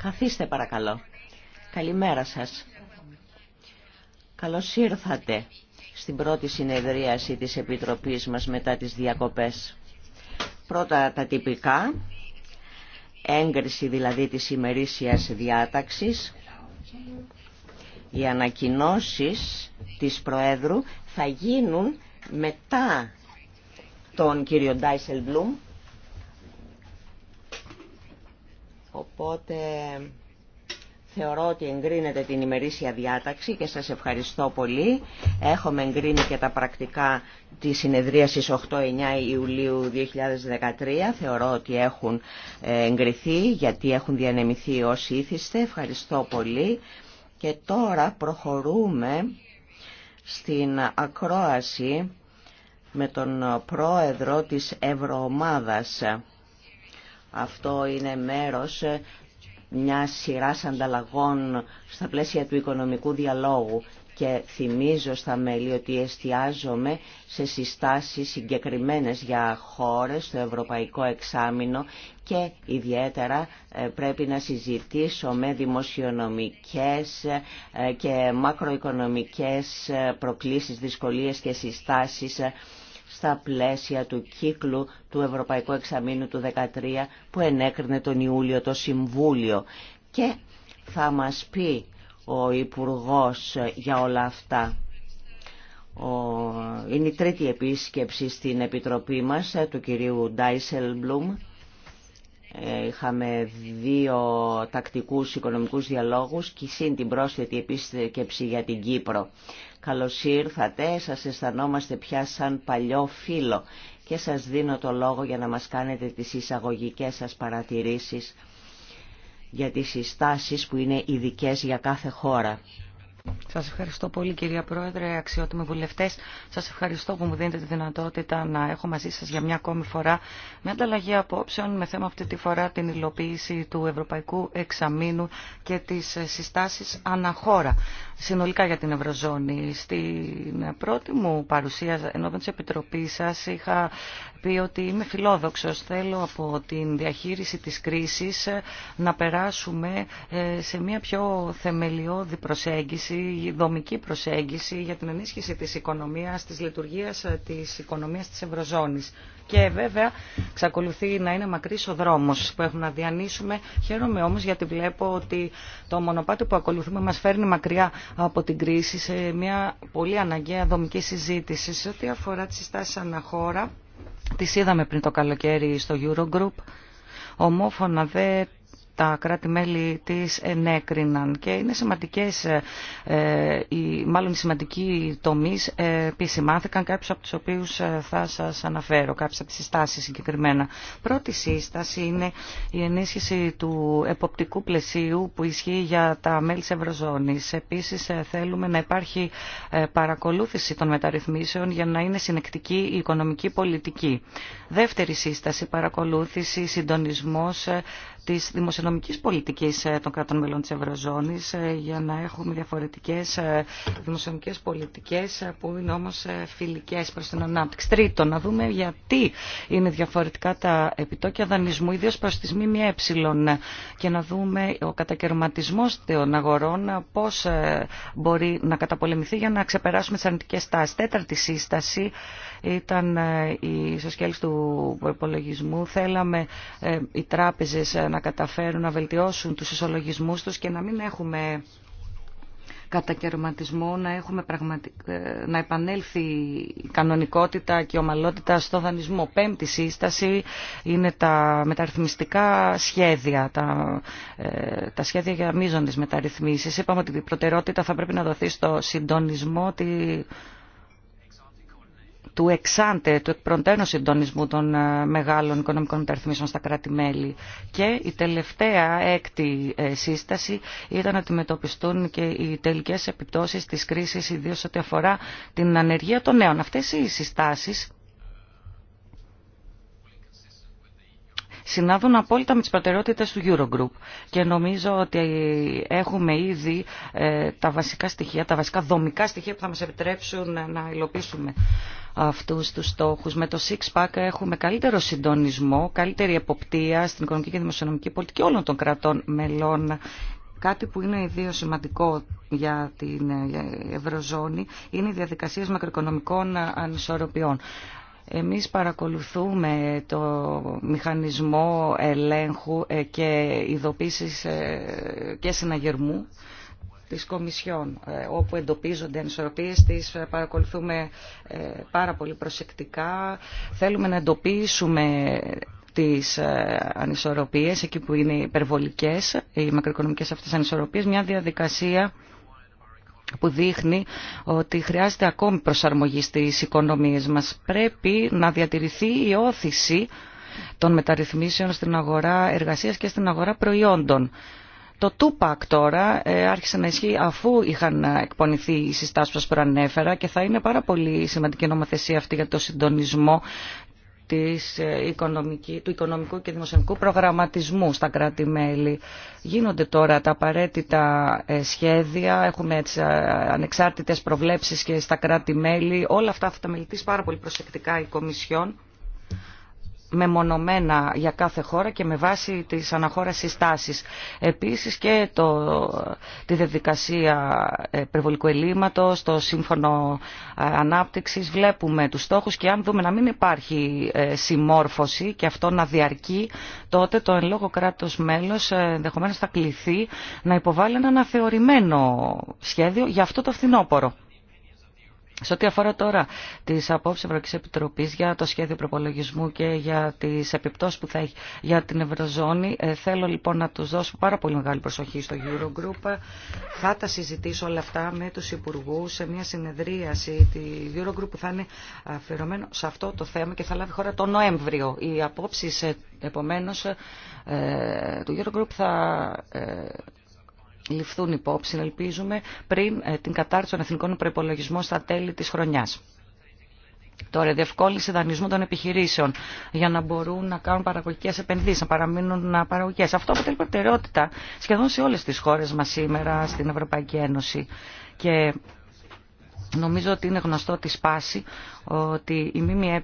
Καθίστε παρακαλώ. Καλημέρα σας. Καλώς ήρθατε στην πρώτη συνεδρίαση της Επιτροπής μας μετά τις διακοπές. Πρώτα τα τυπικά, έγκριση δηλαδή της ημερήσιας διάταξης, οι ανακοινώσεις της Προέδρου θα γίνουν μετά τον κύριο Ντάισελ Οπότε θεωρώ ότι εγκρίνεται την ημερήσια διάταξη και σας ευχαριστώ πολύ. Έχουμε εγκρίνει και τα πρακτικά της συνεδρίασης 8-9 Ιουλίου 2013. Θεωρώ ότι έχουν ε, εγκριθεί γιατί έχουν διανεμηθεί όσοι ήθιστε. Ευχαριστώ πολύ. Και τώρα προχωρούμε στην ακρόαση με τον πρόεδρο της Ευρωομάδας. Αυτό είναι μέρος μια σειρά ανταλλαγών στα πλαίσια του οικονομικού διαλόγου και θυμίζω στα μέλη ότι εστιάζομαι σε συστάσεις συγκεκριμένες για χώρες στο Ευρωπαϊκό Εξάμεινο και ιδιαίτερα ε, πρέπει να συζητήσω με δημοσιονομικές ε, και μακροοικονομικές ε, προκλήσεις, δυσκολίες και συστάσεις στα πλαίσια του κύκλου του Ευρωπαϊκού Εξαμήνου του 2013 που ενέκρινε τον Ιούλιο το Συμβούλιο. Και θα μας πει ο Υπουργός για όλα αυτά. Είναι η τρίτη επίσκεψη στην Επιτροπή μας ε, του κυρίου Ντάισελμπλουμ. Ε, είχαμε δύο τακτικούς οικονομικούς διαλόγους και σύν την πρόσθετη επίσκεψη για την Κύπρο. Καλώς ήρθατε, σας αισθανόμαστε πια σαν παλιό φίλο και σας δίνω το λόγο για να μας κάνετε τις εισαγωγικές σας παρατηρήσεις για τις συστάσεις που είναι ειδικέ για κάθε χώρα. Σας ευχαριστώ πολύ κυρία Πρόεδρε, αξιότιμοι βουλευτές. Σας ευχαριστώ που μου δίνετε τη δυνατότητα να έχω μαζί σας για μια ακόμη φορά με ανταλλαγή απόψεων με θέμα αυτή τη φορά την υλοποίηση του Ευρωπαϊκού Εξαμήνου και τις συστάσεις αναχώρα συνολικά για την Ευρωζώνη. Στην πρώτη μου παρουσία ενώπιον τη επιτροπή σα είχα πει ότι είμαι φιλόδοξο. Θέλω από την διαχείριση της κρίσης να περάσουμε ε, σε μια πιο θεμελιώδη προσέγγιση, δομική προσέγγιση για την ενίσχυση της οικονομίας, της λειτουργία ε, της οικονομίας της Ευρωζώνης. Και βέβαια, ξακολουθεί να είναι μακρύ ο δρόμο που έχουμε να διανύσουμε. Χαίρομαι όμω γιατί βλέπω ότι το μονοπάτι που ακολουθούμε μα φέρνει μακριά από την κρίση σε μια πολύ αναγκαία δομική συζήτηση. Σε ό,τι αφορά τι συστάσει αναχώρα, τι είδαμε πριν το καλοκαίρι στο Eurogroup. Ομόφωνα δε τα κράτη-μέλη της ενέκριναν και είναι σημαντικές, ε, ε, οι, μάλλον οι σημαντικοί τομείς ε, επισημάνθηκαν κάποιου από του οποίου θα σας αναφέρω, κάποιε από τις συστάσεις συγκεκριμένα. Πρώτη σύσταση είναι η ενίσχυση του εποπτικού πλαισίου που ισχύει για τα μέλη της Ευρωζώνης. Επίσης θέλουμε να υπάρχει παρακολούθηση των μεταρρυθμίσεων για να είναι συνεκτική η οικονομική πολιτική. Δεύτερη σύσταση, παρακολούθηση, συντονισμό της δημοσιονομικής πολιτικής ε, των κρατών μελών της Ευρωζώνης ε, για να έχουμε διαφορετικές ε, δημοσιονομικές πολιτικές που είναι όμως φιλικές προς την ανάπτυξη. Τρίτον, να δούμε γιατί είναι διαφορετικά τα επιτόκια δανεισμού, ιδίως προς τις ΜΜΕ και να δούμε ο κατακαιρματισμός των αγορών πώς μπορεί να καταπολεμηθεί για να ξεπεράσουμε τις αρνητικές τάσεις. Τέταρτη σύσταση, ήταν ε, η ισοσκέληση του υπολογισμού. Θέλαμε ε, οι τράπεζες ε, να καταφέρουν να βελτιώσουν τους ισολογισμούς τους και να μην έχουμε κατακαιρματισμό, να, έχουμε να επανέλθει η κανονικότητα και η ομαλότητα στο δανεισμό. Πέμπτη σύσταση είναι τα μεταρρυθμιστικά σχέδια, τα, τα σχέδια για μείζονες μεταρρυθμίσεις. Είπαμε ότι η προτεραιότητα θα πρέπει να δοθεί στο συντονισμό του εξάντε, του εκπροντένου συντονισμού των ε, μεγάλων οικονομικών μεταρρυθμίσεων στα κράτη-μέλη. Και η τελευταία έκτη ε, σύσταση ήταν να αντιμετωπιστούν και οι τελικές επιπτώσεις της κρίσης, ιδίως ό,τι αφορά την ανεργία των νέων. Αυτές οι συστάσεις συνάδουν απόλυτα με τις προτεραιότητες του Eurogroup και νομίζω ότι έχουμε ήδη ε, τα βασικά στοιχεία, τα βασικά δομικά στοιχεία που θα μας επιτρέψουν να υλοποιήσουμε αυτούς τους στόχους. Με το Six Pack έχουμε καλύτερο συντονισμό, καλύτερη εποπτεία στην οικονομική και δημοσιονομική πολιτική όλων των κρατών μελών Κάτι που είναι ιδίω σημαντικό για την ε, Ευρωζώνη είναι οι διαδικασίες μακροοικονομικών ανισορροπιών. Εμείς παρακολουθούμε το μηχανισμό ελέγχου ε, και ειδοποίησης ε, και συναγερμού της Κομισιόν, ε, όπου εντοπίζονται ανισορροπίες, τις παρακολουθούμε πάρα πολύ προσεκτικά. Θέλουμε να εντοπίσουμε τις ανισορροπίες, εκεί που είναι υπερβολικές, οι μακροοικονομικές αυτές ανισορροπίες, μια διαδικασία που δείχνει ότι χρειάζεται ακόμη προσαρμογή στις οικονομίες μας. Πρέπει να διατηρηθεί η όθηση των μεταρρυθμίσεων στην αγορά εργασίας και στην αγορά προϊόντων. Το Tupac τώρα ε, άρχισε να ισχύει αφού είχαν εκπονηθεί οι συστάσεις που σας προανέφερα και θα είναι πάρα πολύ σημαντική νομοθεσία αυτή για το συντονισμό ε, του οικονομικού και δημοσιονομικού προγραμματισμού στα κράτη-μέλη. Γίνονται τώρα τα απαραίτητα ε, σχέδια, έχουμε έτσι ε, ανεξάρτητες προβλέψεις και στα κράτη-μέλη. Όλα αυτά θα τα μελετήσει πάρα πολύ προσεκτικά η Κομισιόν μεμονωμένα για κάθε χώρα και με βάση τις αναχώρας συστάσεις. Επίσης και το, τη διαδικασία ε, περιβολικού ελλείμματος, το σύμφωνο ε, ανάπτυξης, βλέπουμε τους στόχους και αν δούμε να μην υπάρχει ε, συμμόρφωση και αυτό να διαρκεί, τότε το εν λόγω κράτος μέλος ενδεχομένως θα κληθεί να υποβάλει ένα αναθεωρημένο σχέδιο για αυτό το φθινόπωρο. Σε ό,τι αφορά τώρα τι απόψει Ευρωπαϊκή Επιτροπή για το σχέδιο προπολογισμού και για τι επιπτώσει που θα έχει για την Ευρωζώνη, ε, θέλω λοιπόν να του δώσω πάρα πολύ μεγάλη προσοχή στο Eurogroup. Θα τα συζητήσω όλα αυτά με του υπουργού σε μια συνεδρίαση τη Eurogroup που θα είναι αφιερωμένο σε αυτό το θέμα και θα λάβει χώρα το Νοέμβριο. Οι απόψει ε, επομένω ε, του Eurogroup θα ληφθούν υπόψη, ελπίζουμε, πριν ε, την κατάρτιση των εθνικών προπολογισμών στα τέλη της χρονιάς. Τώρα, διευκόλυνση δανεισμού των επιχειρήσεων για να μπορούν να κάνουν παραγωγικέ επενδύσει, να παραμείνουν παραγωγικέ. Αυτό αποτελεί προτεραιότητα σχεδόν σε όλε τι χώρε μα σήμερα στην Ευρωπαϊκή Ένωση. Και Νομίζω ότι είναι γνωστό τη σπάση ότι οι ΜΜΕ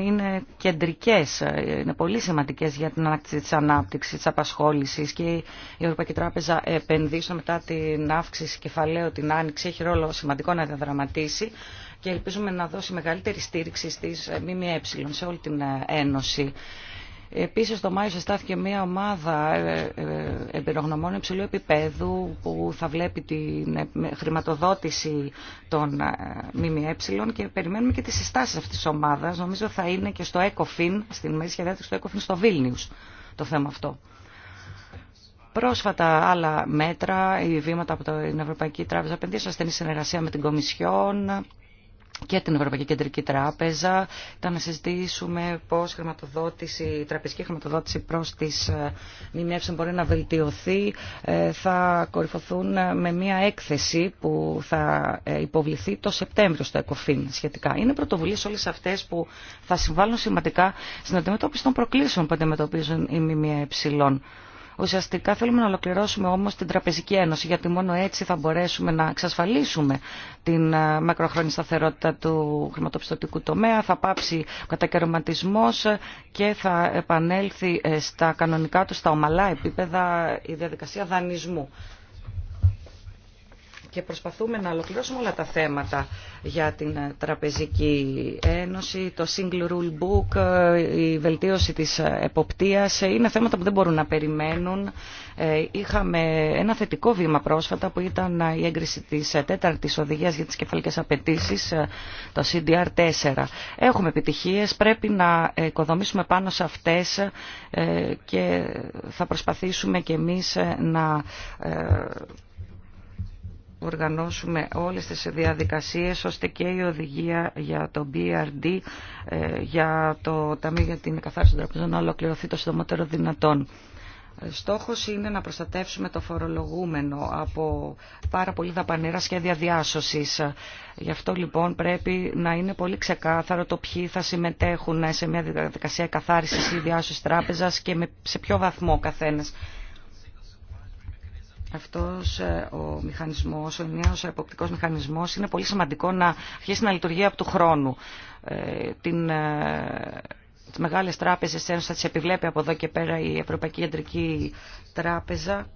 είναι κεντρικές, είναι πολύ σημαντικές για την ανάκτηση της ανάπτυξης, της απασχόλησης και η Ευρωπαϊκή Τράπεζα επενδύσεων μετά την αύξηση κεφαλαίου την άνοιξη έχει ρόλο σημαντικό να διαδραματίσει και ελπίζουμε να δώσει μεγαλύτερη στήριξη στις ΜΜΕ σε όλη την Ένωση. Επίσης το Μάιο συστάθηκε μια ομάδα ε, ε, εμπειρογνωμών υψηλού επίπεδου που θα βλέπει τη ε, χρηματοδότηση των ΜΜΕ και περιμένουμε και τι συστάσει αυτής τη ομάδας. Νομίζω θα είναι και στο ECOFIN, στην μέση σχεδιάτηση του ECOFIN στο Βίλνιους το θέμα αυτό. Πρόσφατα άλλα μέτρα, οι βήματα από την Ευρωπαϊκή Τράπεζα Επενδύσεων, ασθενή συνεργασία με την Κομισιόν, και την Ευρωπαϊκή Κεντρική Τράπεζα ήταν να συζητήσουμε πώς χρηματοδότηση, η τραπεζική χρηματοδότηση προς τις ε, ΜΜΕ μπορεί να βελτιωθεί. Ε, θα κορυφωθούν με μια έκθεση που θα ε, υποβληθεί το Σεπτέμβριο στο ΕΚΟΦΗΝ σχετικά. Είναι πρωτοβουλίες όλες αυτές που θα συμβάλλουν σημαντικά στην αντιμετώπιση των προκλήσεων που αντιμετωπίζουν οι ΜΜΕ. Ουσιαστικά θέλουμε να ολοκληρώσουμε όμως την Τραπεζική Ένωση, γιατί μόνο έτσι θα μπορέσουμε να εξασφαλίσουμε την ε, μακροχρόνια σταθερότητα του χρηματοπιστωτικού τομέα, θα πάψει ο κατακαιρματισμός και θα επανέλθει ε, στα κανονικά του, στα ομαλά επίπεδα η διαδικασία δανεισμού και προσπαθούμε να ολοκληρώσουμε όλα τα θέματα για την Τραπεζική Ένωση, το Single Rule Book, ε, η βελτίωση της εποπτείας. Ε, είναι θέματα που δεν μπορούν να περιμένουν. Ε, είχαμε ένα θετικό βήμα πρόσφατα που ήταν η έγκριση της τέταρτης οδηγίας για τις κεφαλικές απαιτήσεις, το CDR4. Έχουμε επιτυχίες, πρέπει να οικοδομήσουμε πάνω σε αυτές και θα προσπαθήσουμε και εμείς να οργανώσουμε όλες τις διαδικασίες ώστε και η οδηγία για το BRD, ε, για το Ταμείο για την Καθάριση των Τραπεζών να ολοκληρωθεί το συντομότερο δυνατόν. Ε, στόχος είναι να προστατεύσουμε το φορολογούμενο από πάρα πολύ δαπανερά σχέδια διάσωσης. Γι' αυτό λοιπόν πρέπει να είναι πολύ ξεκάθαρο το ποιοι θα συμμετέχουν σε μια διαδικασία καθάρισης ή διάσωσης τράπεζας και σε ποιο βαθμό καθένας. Αυτός ε, ο μηχανισμός, ο νέος εποπτικός μηχανισμός είναι πολύ σημαντικό να αρχίσει να λειτουργεί από του χρόνου. Ε, την, ε, τις μεγάλες τράπεζες ένωσης θα τις επιβλέπει από εδώ και πέρα η Ευρωπαϊκή Κεντρική Τράπεζα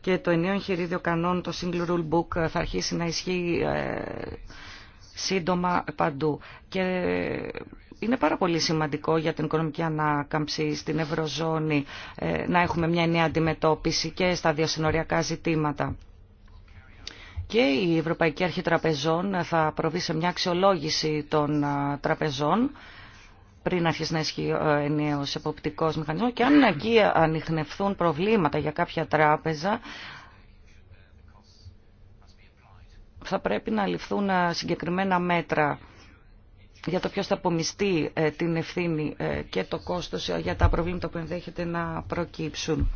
και το ενίο εγχειρίδιο κανόν, το Single Rule Book, θα αρχίσει να ισχύει σύντομα παντού. Και είναι πάρα πολύ σημαντικό για την οικονομική ανάκαμψη στην Ευρωζώνη ε, να έχουμε μια νέα αντιμετώπιση και στα διασυνοριακά ζητήματα. Και η Ευρωπαϊκή Αρχή Τραπεζών θα προβεί σε μια αξιολόγηση των τραπεζών πριν αρχίσει να ισχύει ο ενιαίο εποπτικό μηχανισμό και αν εκεί ανοιχνευθούν προβλήματα για κάποια τράπεζα, θα πρέπει να ληφθούν συγκεκριμένα μέτρα για το ποιος θα απομειστεί ε, την ευθύνη ε, και το κόστος ε, για τα προβλήματα που ενδέχεται να προκύψουν.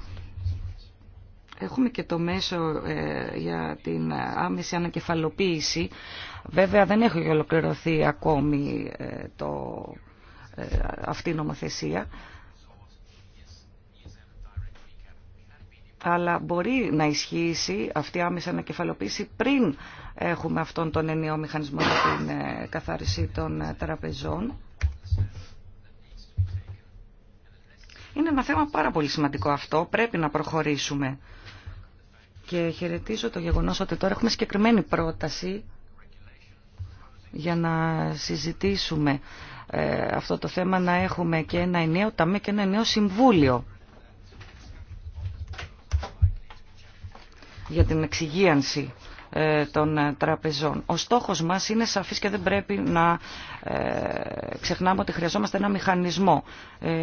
Έχουμε και το μέσο για την άμεση ανακεφαλοποίηση. Βέβαια δεν έχει ολοκληρωθεί ακόμη το, αυτή η νομοθεσία. αλλά μπορεί να ισχύσει αυτή η άμεση ανακεφαλοποίηση πριν έχουμε αυτόν τον ενιαίο μηχανισμό για την ε, καθάριση των ε, τραπεζών. Είναι ένα θέμα πάρα πολύ σημαντικό αυτό, πρέπει να προχωρήσουμε. Και χαιρετίζω το γεγονός ότι τώρα έχουμε συγκεκριμένη πρόταση για να συζητήσουμε ε, αυτό το θέμα, να έχουμε και ένα ενιαίο ταμείο και ένα ενιαίο συμβούλιο για την εξυγίανση ε, των ε, τραπεζών. Ο στόχος μας είναι σαφής και δεν πρέπει να ε, ξεχνάμε ότι χρειαζόμαστε ένα μηχανισμό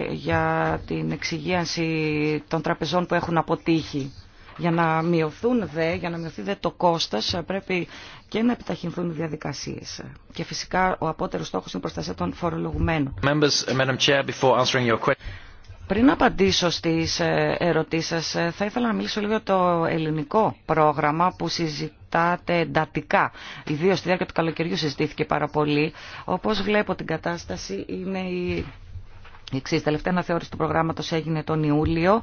για την εξυγίανση των τραπεζών που έχουν αποτύχει. Για να μειωθούν δε, για να μειωθεί δε το κόστος πρέπει και να επιταχυνθούν οι διαδικασίες. Και φυσικά ο απότερος στόχος είναι η προστασία των φορολογουμένων. Members, πριν απαντήσω στις ε, ερωτήσεις σας, ε, θα ήθελα να μιλήσω λίγο για το ελληνικό πρόγραμμα που συζητάτε εντατικά. Ιδίως στη διάρκεια του καλοκαιριού συζητήθηκε πάρα πολύ. Όπως βλέπω την κατάσταση είναι η Εξή, τελευταία αναθεώρηση του προγράμματος έγινε τον Ιούλιο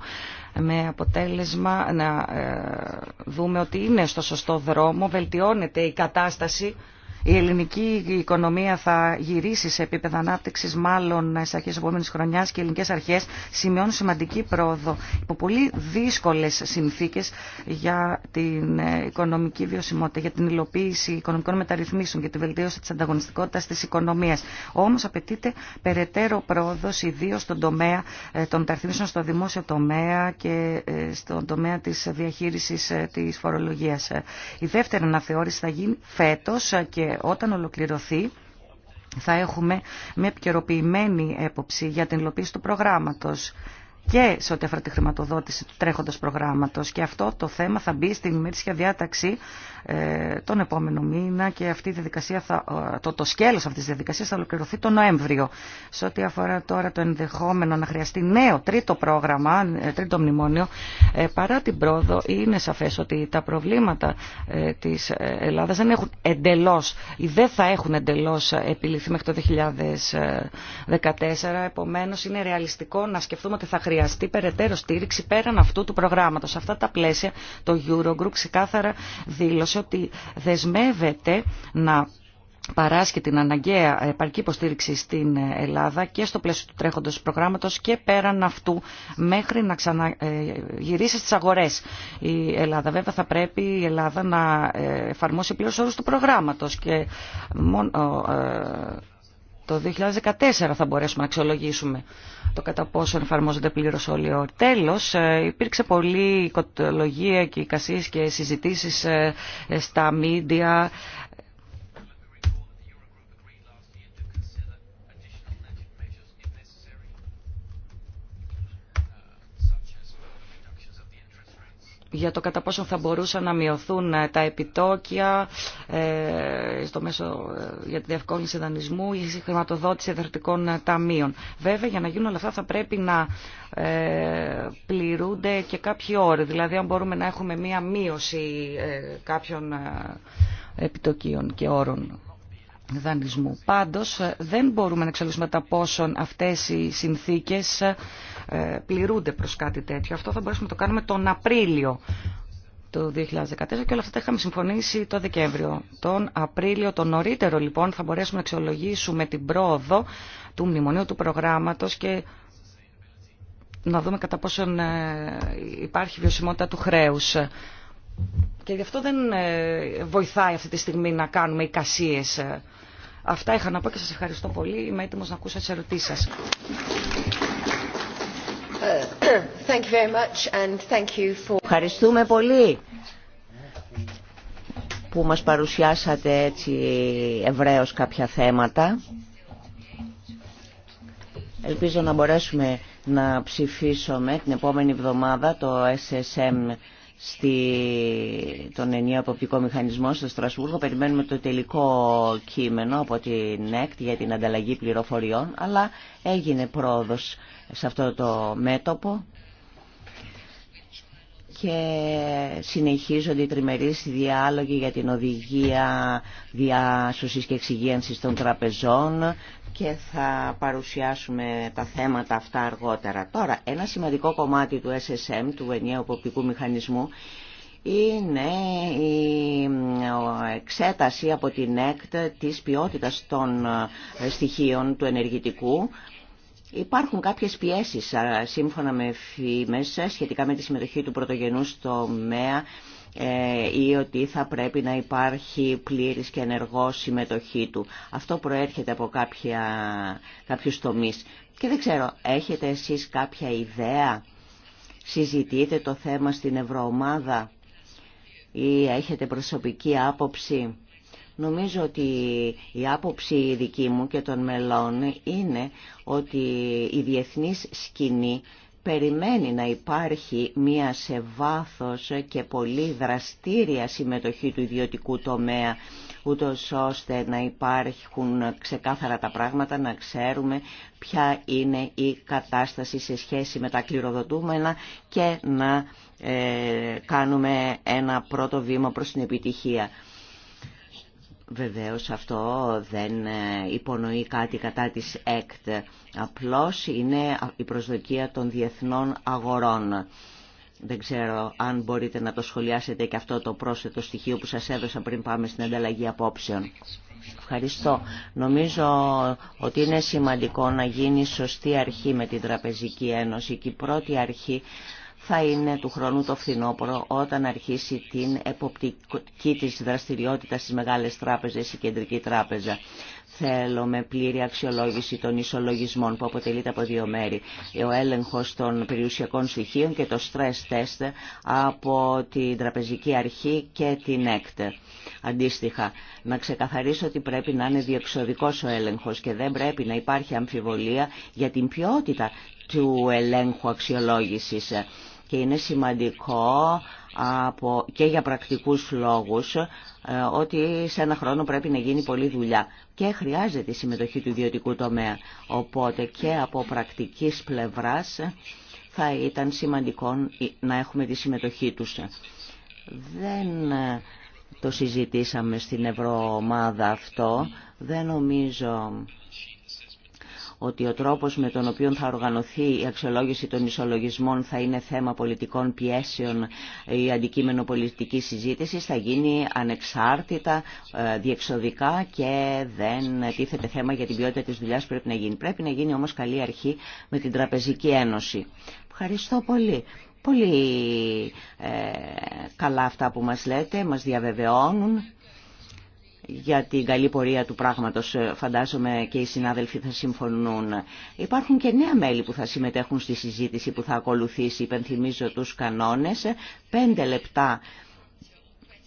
με αποτέλεσμα να ε, δούμε ότι είναι στο σωστό δρόμο, βελτιώνεται η κατάσταση η ελληνική οικονομία θα γυρίσει σε επίπεδα ανάπτυξη μάλλον στι αρχέ τη επόμενη χρονιά και οι ελληνικέ αρχέ σημειώνουν σημαντική πρόοδο υπό πολύ δύσκολε συνθήκε για την ε, οικονομική βιωσιμότητα, για την υλοποίηση οικονομικών μεταρρυθμίσεων και τη βελτίωση τη ανταγωνιστικότητα τη οικονομία. Όμω απαιτείται περαιτέρω πρόοδο, ιδίω στον τομέα ε, των μεταρρυθμίσεων στο δημόσιο τομέα και ε, στον τομέα τη διαχείριση τη φορολογία. Η δεύτερη αναθεώρηση θα γίνει φέτο και όταν ολοκληρωθεί θα έχουμε μια επικαιροποιημένη έποψη για την υλοποίηση του προγράμματος και σε ό,τι αφορά τη χρηματοδότηση του τρέχοντος προγράμματος. Και αυτό το θέμα θα μπει στην ημερήσια διάταξη ε, τον επόμενο μήνα και αυτή η διαδικασία θα, ε, το, το σκέλος αυτής της διαδικασίας θα ολοκληρωθεί τον Νοέμβριο. Σε ό,τι αφορά τώρα το ενδεχόμενο να χρειαστεί νέο τρίτο πρόγραμμα, ε, τρίτο μνημόνιο, παρά την πρόοδο είναι σαφές ότι τα προβλήματα της Ελλάδας δεν έχουν εντελώς ή δεν θα έχουν εντελώς επιληθεί μέχρι το 2014. Επομένως είναι ρεαλιστικό να σκεφτούμε ότι θα χρειαστεί περαιτέρω στήριξη πέραν αυτού του προγράμματος. Σε αυτά τα πλαίσια το Eurogroup ξεκάθαρα δήλωσε ότι δεσμεύεται να παράσχει την αναγκαία επαρκή υποστήριξη στην Ελλάδα και στο πλαίσιο του τρέχοντος προγράμματος και πέραν αυτού μέχρι να ξαναγυρίσει στις αγορές η Ελλάδα. Βέβαια θα πρέπει η Ελλάδα να ε, εφαρμόσει πλήρως όρους του προγράμματος και ε, το 2014 θα μπορέσουμε να αξιολογήσουμε το κατά πόσο εφαρμόζονται πλήρως όλοι οι ε, υπήρξε πολλή οικοτολογία και εικασίες και συζητήσεις ε, ε, στα μίντια για το κατά πόσο θα μπορούσαν να μειωθούν ε, τα επιτόκια ε, στο μέσο ε, για τη διευκόλυνση δανεισμού ή η χρηματοδότηση εδρετικών ταμείων. Βέβαια, για να γίνουν όλα αυτά θα πρέπει να πληρούνται και κάποιοι όροι. Δηλαδή, αν μπορούμε να έχουμε μία μείωση κάποιων επιτοκίων και όρων δανεισμού. Πάντως ε, δεν μπορούμε να εξελίσσουμε τα πόσον αυτές οι συνθήκες ε, πληρούνται προς κάτι τέτοιο. Αυτό θα μπορέσουμε να το κάνουμε τον Απρίλιο του 2014 και όλα αυτά τα είχαμε συμφωνήσει το Δεκέμβριο. Τον Απρίλιο, τον νωρίτερο λοιπόν, θα μπορέσουμε να αξιολογήσουμε την πρόοδο του μνημονίου του προγράμματος και να δούμε κατά πόσον ε, υπάρχει βιωσιμότητα του χρέους. Και γι' αυτό δεν βοηθάει αυτή τη στιγμή να κάνουμε εικασίες Αυτά είχα να πω και σας ευχαριστώ πολύ. Είμαι έτοιμος να ακούσω τις ερωτήσεις σας. Ευχαριστούμε πολύ που μας παρουσιάσατε έτσι ευρέως κάποια θέματα. Ελπίζω να μπορέσουμε να ψηφίσουμε την επόμενη εβδομάδα το SSM στη, τον ενιαίο αποπτικό μηχανισμό στο Στρασβούργο. Περιμένουμε το τελικό κείμενο από την ΕΚΤ για την ανταλλαγή πληροφοριών, αλλά έγινε πρόοδος σε αυτό το μέτωπο και συνεχίζονται οι τριμερείς διάλογοι για την οδηγία διάσωσης και εξυγίανσης των τραπεζών, και θα παρουσιάσουμε τα θέματα αυτά αργότερα. Τώρα, ένα σημαντικό κομμάτι του SSM, του ενιαίου Ποπτικού μηχανισμού, είναι η εξέταση από την ΕΚΤ της ποιότητας των ε, στοιχείων του ενεργητικού. Υπάρχουν κάποιες πιέσεις, σύμφωνα με φήμες, σχετικά με τη συμμετοχή του πρωτογενού στο ΜΕΑ ε, ή ότι θα πρέπει να υπάρχει πλήρης και ενεργό συμμετοχή του. Αυτό προέρχεται από κάποια, κάποιους τομείς. Και δεν ξέρω, έχετε εσείς κάποια ιδέα, συζητείτε το θέμα στην Ευρωομάδα ή έχετε προσωπική άποψη. Νομίζω ότι η άποψη δική μου και των μελών είναι ότι η διεθνής σκηνή περιμένει να υπάρχει μία σε βάθος και πολύ δραστήρια συμμετοχή του ιδιωτικού τομέα, ούτως ώστε να υπάρχουν ξεκάθαρα τα πράγματα, να ξέρουμε ποια είναι η κατάσταση σε σχέση με τα κληροδοτούμενα και να ε, κάνουμε ένα πρώτο βήμα προς την επιτυχία. Βεβαίως αυτό δεν ε, υπονοεί κάτι κατά της ΕΚΤ. Απλώς είναι η προσδοκία των διεθνών αγορών. Δεν ξέρω αν μπορείτε να το σχολιάσετε και αυτό το πρόσθετο στοιχείο που σας έδωσα πριν πάμε στην ανταλλαγή απόψεων. Ευχαριστώ. Νομίζω ότι είναι σημαντικό να γίνει σωστή αρχή με την Τραπεζική Ένωση και η πρώτη αρχή θα είναι του χρόνου το φθινόπωρο όταν αρχίσει την εποπτική της δραστηριότητα στις μεγάλες τράπεζες, η Κεντρική Τράπεζα. Θέλω με πλήρη αξιολόγηση των ισολογισμών που αποτελείται από δύο μέρη. Ο έλεγχος των περιουσιακών στοιχείων και το stress test από την Τραπεζική Αρχή και την ΕΚΤ. Αντίστοιχα, να ξεκαθαρίσω ότι πρέπει να είναι διεξοδικός ο έλεγχος και δεν πρέπει να υπάρχει αμφιβολία για την ποιότητα του ελέγχου αξιολόγησης και είναι σημαντικό από, και για πρακτικούς λόγους ε, ότι σε ένα χρόνο πρέπει να γίνει πολλή δουλειά και χρειάζεται η συμμετοχή του ιδιωτικού τομέα. Οπότε και από πρακτικής πλευράς θα ήταν σημαντικό να έχουμε τη συμμετοχή τους. Δεν ε, το συζητήσαμε στην Ευρωομάδα αυτό. Δεν νομίζω ότι ο τρόπος με τον οποίο θα οργανωθεί η αξιολόγηση των ισολογισμών θα είναι θέμα πολιτικών πιέσεων ή αντικείμενο πολιτικής συζήτησης, θα γίνει ανεξάρτητα, ε, διεξοδικά και δεν τίθεται θέμα για την ποιότητα της δουλειάς που πρέπει να γίνει. Πρέπει να γίνει όμως καλή αρχή με την Τραπεζική Ένωση. Ευχαριστώ πολύ. Πολύ ε, καλά αυτά που μας λέτε, μας διαβεβαιώνουν για την καλή πορεία του πράγματος. Ε, φαντάζομαι και οι συνάδελφοι θα συμφωνούν. Υπάρχουν και νέα μέλη που θα συμμετέχουν στη συζήτηση που θα ακολουθήσει. Υπενθυμίζω τους κανόνες. Πέντε λεπτά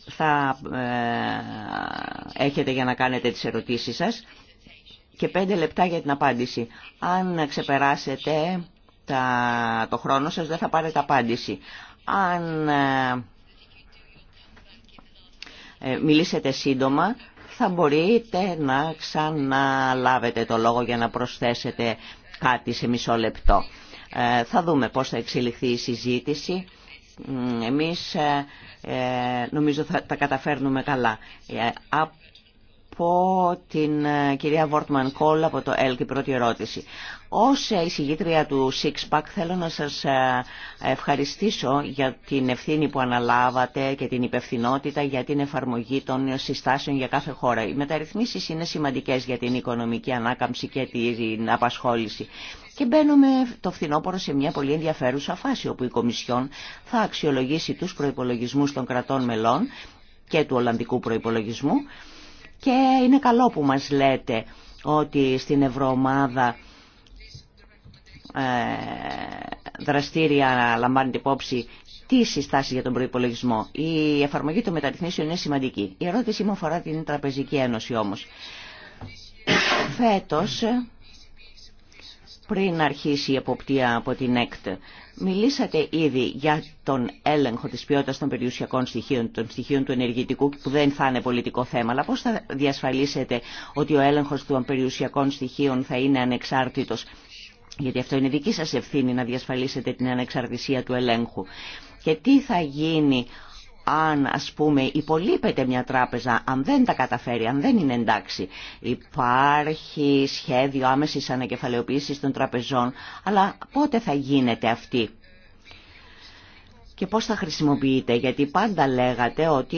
θα ε, έχετε για να κάνετε τις ερωτήσεις σας και πέντε λεπτά για την απάντηση. Αν ξεπεράσετε το χρόνο σας δεν θα πάρετε απάντηση. Αν ε, μιλήσετε σύντομα θα μπορείτε να ξαναλάβετε το λόγο για να προσθέσετε κάτι σε μισό λεπτό. Ε, θα δούμε πώς θα εξελιχθεί η συζήτηση. Εμείς ε, ε, νομίζω θα τα καταφέρνουμε καλά. Από την κυρία Βόρτμαν Κόλ από το ΕΛΚ η πρώτη ερώτηση. Ως εισηγήτρια του Six θέλω να σας ε, ευχαριστήσω για την ευθύνη που αναλάβατε και την υπευθυνότητα για την εφαρμογή των συστάσεων για κάθε χώρα. Οι μεταρρυθμίσεις είναι σημαντικές για την οικονομική ανάκαμψη και την απασχόληση. Και μπαίνουμε το φθινόπωρο σε μια πολύ ενδιαφέρουσα φάση όπου η Κομισιόν θα αξιολογήσει τους προϋπολογισμούς των κρατών μελών και του Ολλανδικού προϋπολογισμού και είναι καλό που μας λέτε ότι στην Ευρωομάδα ε, δραστήρια λαμβάνετε υπόψη τι συστάσει για τον προπολογισμό. Η εφαρμογή των μεταρρυθμίσεων είναι σημαντική. Η ερώτησή μου αφορά την Τραπεζική Ένωση όμω. Φέτο, πριν αρχίσει η εποπτεία από την ΕΚΤ, μιλήσατε ήδη για τον έλεγχο τη ποιότητα των περιουσιακών στοιχείων, των στοιχείων του ενεργητικού, που δεν θα είναι πολιτικό θέμα, αλλά πώ θα διασφαλίσετε ότι ο έλεγχο των περιουσιακών στοιχείων θα είναι ανεξάρτητο γιατί αυτό είναι δική σας ευθύνη να διασφαλίσετε την ανεξαρτησία του ελέγχου. Και τι θα γίνει αν ας πούμε υπολείπεται μια τράπεζα, αν δεν τα καταφέρει, αν δεν είναι εντάξει. Υπάρχει σχέδιο άμεσης ανακεφαλαιοποίησης των τραπεζών, αλλά πότε θα γίνεται αυτή. Και πώς θα χρησιμοποιείτε, γιατί πάντα λέγατε ότι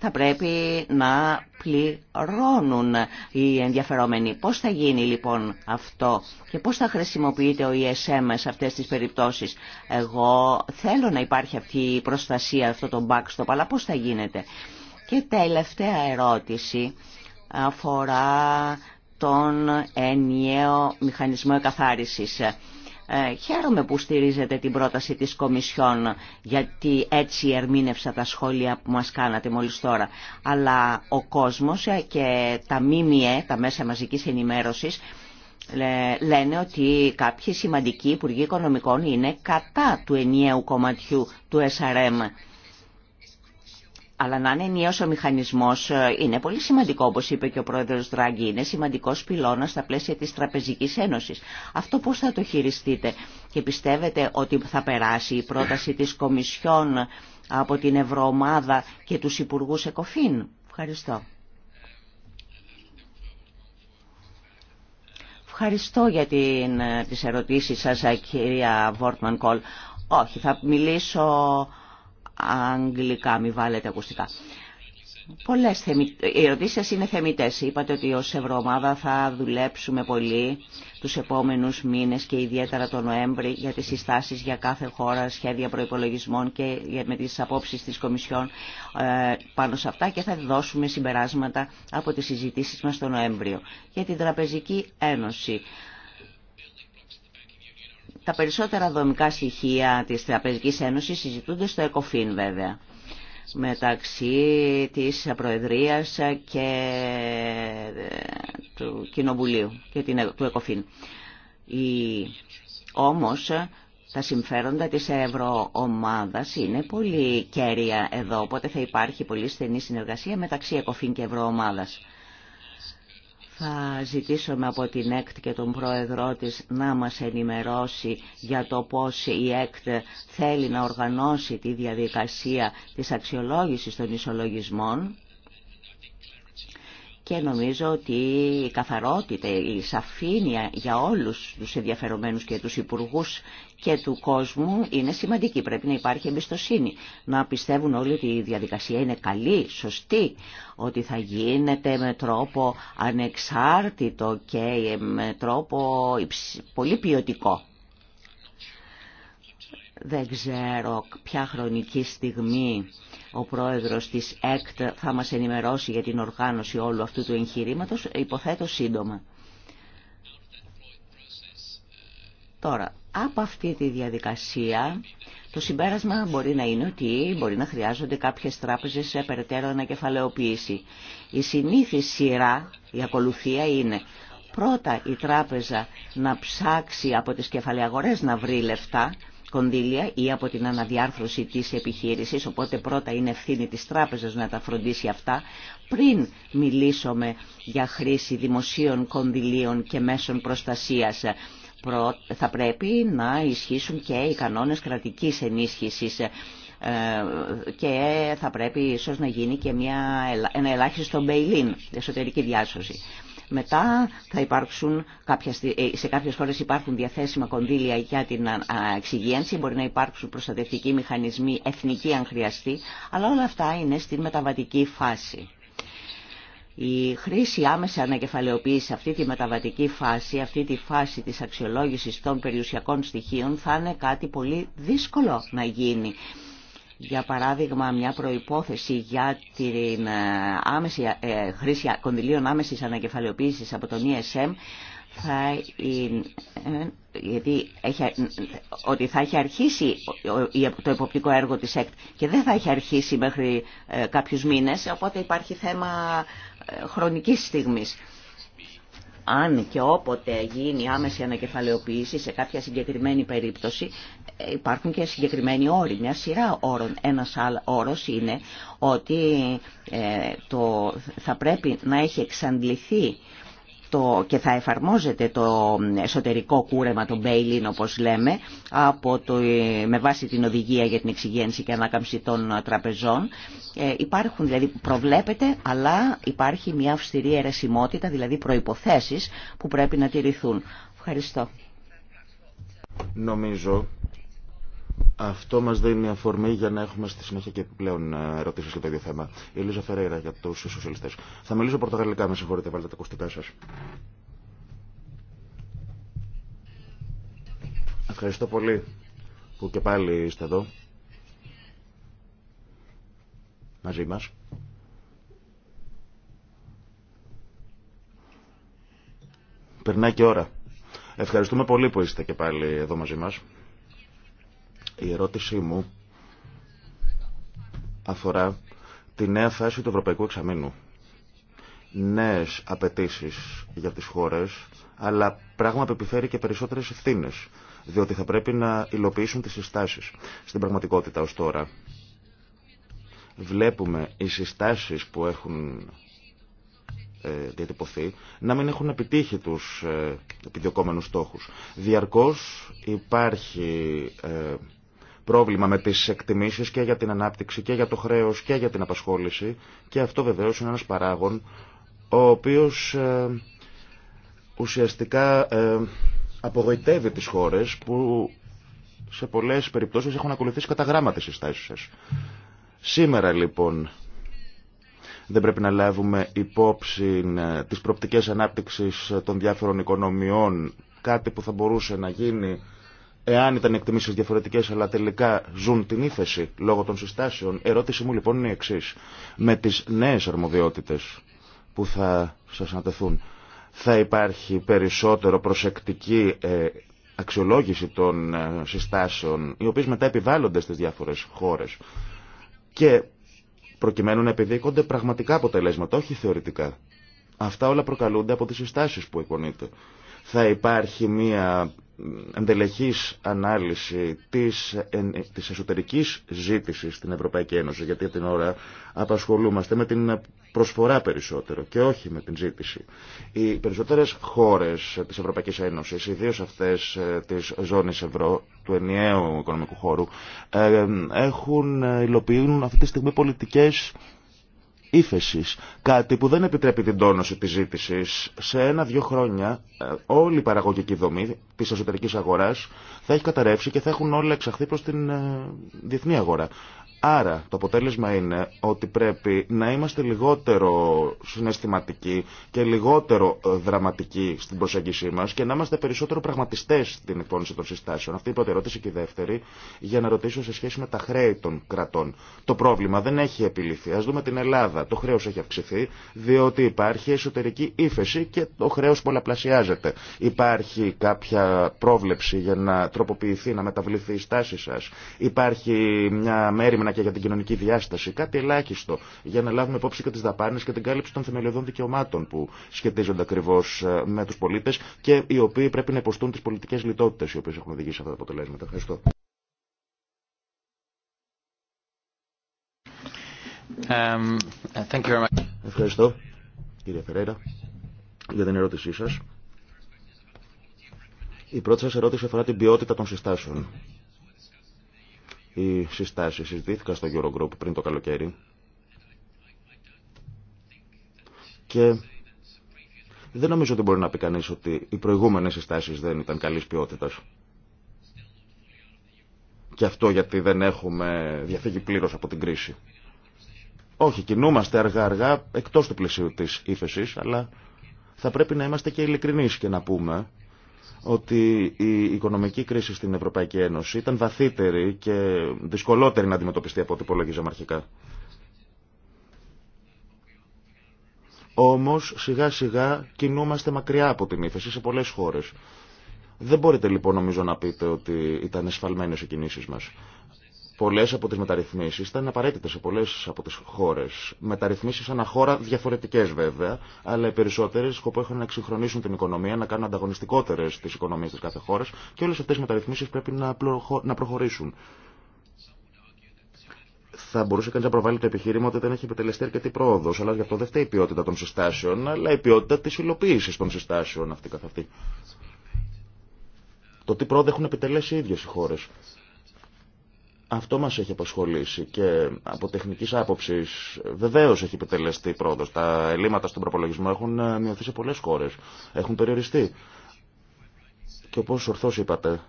θα πρέπει να πληρώνουν οι ενδιαφερόμενοι. Πώς θα γίνει λοιπόν αυτό και πώς θα χρησιμοποιείται ο ESM σε αυτές τις περιπτώσεις. Εγώ θέλω να υπάρχει αυτή η προστασία, αυτό το backstop, αλλά πώς θα γίνεται. Και τελευταία ερώτηση αφορά τον ενιαίο μηχανισμό εκαθάρισης. Ε, χαίρομαι που στηρίζετε την πρόταση της Κομισιόν γιατί έτσι ερμήνευσα τα σχόλια που μας κάνατε μόλις τώρα. Αλλά ο κόσμος ε, και τα ΜΜΕ, τα Μέσα Μαζικής Ενημέρωσης, λένε ότι κάποιοι σημαντικοί υπουργοί οικονομικών είναι κατά του ενιαίου κομματιού του SRM. Αλλά να είναι ενιαίος ο μηχανισμό ε, είναι πολύ σημαντικό, όπω είπε και ο πρόεδρο Δράγκη, είναι σημαντικό πυλώνας στα πλαίσια τη Τραπεζική Ένωση. Αυτό πώ θα το χειριστείτε και πιστεύετε ότι θα περάσει η πρόταση τη Κομισιόν από την Ευρωομάδα και του Υπουργού Εκοφήν. Ευχαριστώ. Ευχαριστώ για ε, τις ερωτήσεις σας, ε, κυρία Βόρτμαν Κόλ. Όχι, θα μιλήσω αγγλικά, μη βάλετε ακουστικά. Πολλές θεμι... Οι ερωτήσεις είναι θεμητές. Είπατε ότι ως Ευρωομάδα θα δουλέψουμε πολύ τους επόμενους μήνες και ιδιαίτερα τον Νοέμβρη για τις συστάσεις για κάθε χώρα, σχέδια προϋπολογισμών και με τις απόψεις της Κομισιόν ε, πάνω σε αυτά και θα δώσουμε συμπεράσματα από τις συζητήσεις μας τον Νοέμβριο. Για την Τραπεζική Ένωση. Τα περισσότερα δομικά στοιχεία της Τραπεζικής Ένωσης συζητούνται στο ΕΚΟΦΗΝ βέβαια μεταξύ της Προεδρίας και ε, του Κοινοβουλίου και του ΕΚΟΦΗΝ. Η... Όμως τα συμφέροντα της Ευρωομάδας είναι πολύ κέρια εδώ, οπότε θα υπάρχει πολύ στενή συνεργασία μεταξύ ΕΚΟΦΗΝ και Ευρωομάδας. Θα ζητήσουμε από την ΕΚΤ και τον Πρόεδρό της να μας ενημερώσει για το πώς η ΕΚΤ θέλει να οργανώσει τη διαδικασία της αξιολόγησης των ισολογισμών και νομίζω ότι η καθαρότητα, η σαφήνεια για όλους τους ενδιαφερομένους και τους υπουργούς και του κόσμου είναι σημαντική. Πρέπει να υπάρχει εμπιστοσύνη, να πιστεύουν όλοι ότι η διαδικασία είναι καλή, σωστή, ότι θα γίνεται με τρόπο ανεξάρτητο και με τρόπο πολύ ποιοτικό. Δεν ξέρω ποια χρονική στιγμή ο πρόεδρος της ΕΚΤ θα μας ενημερώσει για την οργάνωση όλου αυτού του εγχειρήματος, υποθέτω σύντομα. Τώρα, από αυτή τη διαδικασία το συμπέρασμα μπορεί να είναι ότι μπορεί να χρειάζονται κάποιες τράπεζες σε περαιτέρω ανακεφαλαιοποίηση. Η συνήθι σειρά, η ακολουθία είναι πρώτα η τράπεζα να ψάξει από τις κεφαλαιαγορές να βρει λεφτά, κονδύλια ή από την αναδιάρθρωση της επιχείρησης, οπότε πρώτα είναι ευθύνη της τράπεζας να τα φροντίσει αυτά, πριν μιλήσουμε για χρήση δημοσίων κονδυλίων και μέσων προστασίας. Θα πρέπει να ισχύσουν και οι κανόνες κρατικής ενίσχυσης ε, και θα πρέπει ίσως να γίνει και μια, ένα μπεϊλίν, εσωτερική διάσωση. Μετά θα υπάρξουν, ε, σε κάποιες χώρες υπάρχουν διαθέσιμα κονδύλια για την εξυγίανση, μπορεί να υπάρξουν προστατευτικοί μηχανισμοί εθνικοί αν χρειαστεί, αλλά όλα αυτά είναι στην μεταβατική φάση. Η χρήση άμεσα ανακεφαλαιοποίηση αυτή τη μεταβατική φάση, αυτή τη φάση της αξιολόγησης των περιουσιακών στοιχείων θα είναι κάτι πολύ δύσκολο να γίνει για παράδειγμα μια προϋπόθεση για την ε, άμεση, ε, χρήση κονδυλίων άμεσης ανακεφαλαιοποίησης από τον ESM θα ε, γιατί έχει, ότι θα έχει αρχίσει το εποπτικό έργο της ΕΚΤ και δεν θα έχει αρχίσει μέχρι κάποιους μήνες, οπότε υπάρχει θέμα χρονικής στιγμής αν και όποτε γίνει άμεση ανακεφαλαιοποίηση σε κάποια συγκεκριμένη περίπτωση, ε, υπάρχουν και συγκεκριμένοι όροι, μια σειρά όρων. Ένας άλλος όρος είναι ότι ε, το, θα πρέπει να έχει εξαντληθεί το, και θα εφαρμόζεται το εσωτερικό κούρεμα, το bail όπως λέμε, από το, με βάση την οδηγία για την εξυγένση και ανάκαμψη των τραπεζών. Ε, υπάρχουν δηλαδή, προβλέπεται, αλλά υπάρχει μια αυστηρή αιρεσιμότητα, δηλαδή προϋποθέσεις που πρέπει να τηρηθούν. Ευχαριστώ. Νομίζω αυτό μα δίνει αφορμή για να έχουμε στη συνέχεια και επιπλέον ε, ερωτήσει για το ίδιο θέμα. Η Ελίζα Φεραίρα για του σοσιαλιστέ. Θα μιλήσω πορτογαλικά, με συγχωρείτε, βάλτε τα ακουστικά σα. Ευχαριστώ πολύ που και πάλι είστε εδώ μαζί μας. Περνάει και ώρα. Ευχαριστούμε πολύ που είστε και πάλι εδώ μαζί μας. Η ερώτησή μου αφορά τη νέα φάση του Ευρωπαϊκού Εξαμήνου. Νέες απαιτήσει για τις χώρες, αλλά πράγμα που επιφέρει και περισσότερες ευθύνε, διότι θα πρέπει να υλοποιήσουν τις συστάσεις. Στην πραγματικότητα ως τώρα βλέπουμε οι συστάσεις που έχουν ε, διατυπωθεί, να μην έχουν επιτύχει τους ε, επιδιωκόμενους στόχους. Διαρκώς υπάρχει ε, πρόβλημα με τις εκτιμήσεις και για την ανάπτυξη και για το χρέος και για την απασχόληση και αυτό βεβαίως είναι ένας παράγων ο οποίος ε, ουσιαστικά ε, απογοητεύει τις χώρες που σε πολλές περιπτώσεις έχουν ακολουθήσει κατά γράμμα τις συστάσεις Σήμερα λοιπόν δεν πρέπει να λάβουμε υπόψη ε, τις προπτικές ανάπτυξης των διάφορων οικονομιών, κάτι που θα μπορούσε να γίνει εάν ήταν εκτιμήσει διαφορετικές αλλά τελικά ζουν την ύφεση λόγω των συστάσεων. Ερώτηση μου λοιπόν είναι η εξή. Με τις νέε αρμοδιότητες που θα σα ανατεθούν θα υπάρχει περισσότερο προσεκτική ε, αξιολόγηση των ε, συστάσεων οι οποίε μετά επιβάλλονται στις διάφορες χώρες και προκειμένου να επιδείκονται πραγματικά αποτελέσματα, όχι θεωρητικά. Αυτά όλα προκαλούνται από τις συστάσεις που εικονείται. Θα υπάρχει μια εντελεχής ανάλυση της, της εσωτερικής ζήτησης στην Ευρωπαϊκή Ένωση, γιατί την ώρα απασχολούμαστε με την προσφορά περισσότερο και όχι με την ζήτηση. Οι περισσότερες χώρες της Ευρωπαϊκής Ένωσης, ιδίως αυτές ε, της ζώνης ευρώ, του ενιαίου οικονομικού χώρου, ε, έχουν, ε, υλοποιούν αυτή τη στιγμή πολιτικές ύφεση. Κάτι που δεν επιτρέπει την τόνωση τη ζήτηση. Σε ένα-δύο χρόνια ε, όλη η παραγωγική δομή τη εσωτερική αγορά θα έχει καταρρεύσει και θα έχουν όλα εξαχθεί προ την ε, διεθνή αγορά. Άρα το αποτέλεσμα είναι ότι πρέπει να είμαστε λιγότερο συναισθηματικοί και λιγότερο ε, δραματικοί στην προσέγγιση μας και να είμαστε περισσότερο πραγματιστές στην εκπόνηση των συστάσεων. Αυτή η πρώτη ερώτηση και η δεύτερη για να ρωτήσω σε σχέση με τα χρέη των κρατών. Το πρόβλημα δεν έχει επιληθεί. Ας δούμε την Ελλάδα. Ελλάδα. Το χρέο έχει αυξηθεί διότι υπάρχει εσωτερική ύφεση και το χρέο πολλαπλασιάζεται. Υπάρχει κάποια πρόβλεψη για να τροποποιηθεί, να μεταβληθεί η στάση σα. Υπάρχει μια μέρημνα και για την κοινωνική διάσταση. Κάτι ελάχιστο για να λάβουμε υπόψη και τι δαπάνε και την κάλυψη των θεμελιωδών δικαιωμάτων που σχετίζονται ακριβώ ε, με του πολίτε και οι οποίοι πρέπει να υποστούν τι πολιτικέ λιτότητε οι οποίε έχουν οδηγήσει σε αυτά τα αποτελέσματα. Ευχαριστώ. Um, Ευχαριστώ, κύριε Φεραίρα, για την ερώτησή σας. Η πρώτη σας ερώτηση αφορά την ποιότητα των συστάσεων. Οι συστάσεις συζητήθηκαν στο Eurogroup πριν το καλοκαίρι και δεν νομίζω ότι μπορεί να πει κανείς ότι οι προηγούμενες συστάσεις δεν ήταν καλής ποιότητας. Και αυτό γιατί δεν έχουμε διαφύγει πλήρως από την κρίση. Όχι, κινούμαστε αργά-αργά εκτός του πλαισίου της ύφεση, αλλά θα πρέπει να είμαστε και ειλικρινείς και να πούμε ότι η οικονομική κρίση στην Ευρωπαϊκή Ένωση ήταν βαθύτερη και δυσκολότερη να αντιμετωπιστεί από ό,τι υπολογίζαμε αρχικά. Όμως σιγά σιγά κινούμαστε μακριά από την ύφεση σε πολλές χώρες. Δεν μπορείτε λοιπόν νομίζω να πείτε ότι ήταν εσφαλμένες οι κινήσεις μας. Πολλέ από τι μεταρρυθμίσει ήταν απαραίτητε σε πολλέ από τις χώρες. Μεταρρυθμίσεις ανά χώρα διαφορετικές βέβαια, αλλά οι περισσότερες σκοπό έχουν να εξυγχρονίσουν την οικονομία, να κάνουν ανταγωνιστικότερε τι οικονομίε τη κάθε χώρα και όλε αυτέ οι μεταρρυθμίσει πρέπει να προχωρήσουν θα μπορούσε κανεί να προβάλλει το επιχείρημα ότι δεν έχει επιτελεστεί αρκετή πρόοδο. Αλλά γι' αυτό δεν φταίει η ποιότητα των συστάσεων, αλλά η ποιότητα τη υλοποίηση των συστάσεων αυτή καθ' αυτή. Το τι πρόοδο έχουν επιτελέσει οι ίδιε οι χώρε. Αυτό μας έχει απασχολήσει και από τεχνικής άποψης βεβαίως έχει επιτελεστεί πρόοδος. Τα ελλείμματα στον προπολογισμό έχουν ε, μειωθεί σε πολλές χώρες, έχουν περιοριστεί. Και όπως ορθώς είπατε,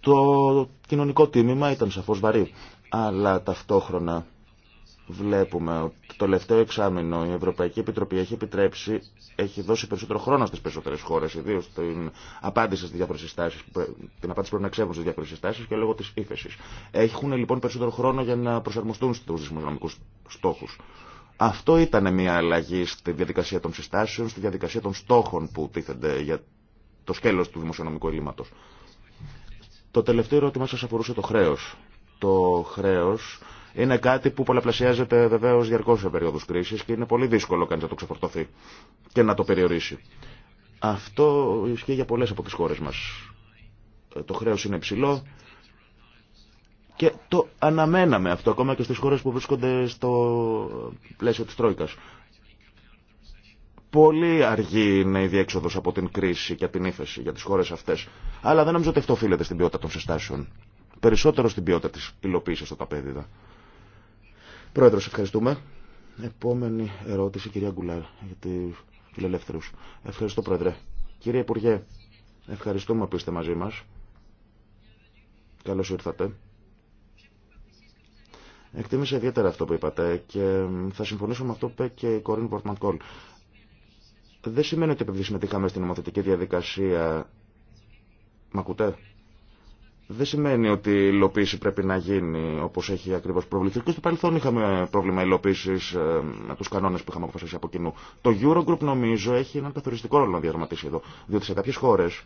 το κοινωνικό τίμημα ήταν σαφώς βαρύ, αλλά ταυτόχρονα βλέπουμε ότι το τελευταίο εξάμεινο η Ευρωπαϊκή Επιτροπή έχει επιτρέψει, έχει δώσει περισσότερο χρόνο στι περισσότερε χώρε, ιδίω την απάντηση στι διάφορε συστάσει, την απάντηση πρέπει να ξέρουν στι διάφορε συστάσει και λόγω τη ύφεση. Έχουν λοιπόν περισσότερο χρόνο για να προσαρμοστούν στου δημοσιονομικούς στόχου. Αυτό ήταν μια αλλαγή στη διαδικασία των συστάσεων, στη διαδικασία των στόχων που τίθενται για το σκέλο του δημοσιονομικού ελλείμματο. Το τελευταίο ερώτημα σα αφορούσε το χρέο. Το χρέο είναι κάτι που πολλαπλασιάζεται βεβαίω διαρκώ σε περίοδου κρίση και είναι πολύ δύσκολο κανεί να το ξεφορτωθεί και να το περιορίσει. Αυτό ισχύει για πολλέ από τι χώρε μα. Ε, το χρέο είναι υψηλό και το αναμέναμε αυτό ακόμα και στι χώρε που βρίσκονται στο πλαίσιο τη Τρόικα. Πολύ αργή είναι η διέξοδο από την κρίση και την ύφεση για τι χώρε αυτέ. Αλλά δεν νομίζω ότι αυτό οφείλεται στην ποιότητα των συστάσεων. Περισσότερο στην ποιότητα τη υλοποίηση των ταπέδιδα. Πρόεδρος, ευχαριστούμε. Επόμενη ερώτηση, κυρία Γκουλάρ, για του φιλελεύθερου. Ευχαριστώ, Πρόεδρε. Κύριε Υπουργέ, ευχαριστούμε που είστε μαζί μας. Καλώς ήρθατε. Εκτίμησα ιδιαίτερα αυτό που είπατε και θα συμφωνήσω με αυτό που είπε και η Κορίν Κόλ. Δεν σημαίνει ότι επειδή συμμετείχαμε στην νομοθετική διαδικασία. Μ' ακούτε? δεν σημαίνει ότι η υλοποίηση πρέπει να γίνει όπως έχει ακριβώς προβληθεί. Και στο παρελθόν είχαμε πρόβλημα υλοποίησης ε, με τους κανόνες που είχαμε αποφασίσει από κοινού. Το Eurogroup νομίζω έχει έναν καθοριστικό ρόλο να διαδραματίσει εδώ. Διότι σε κάποιες χώρες,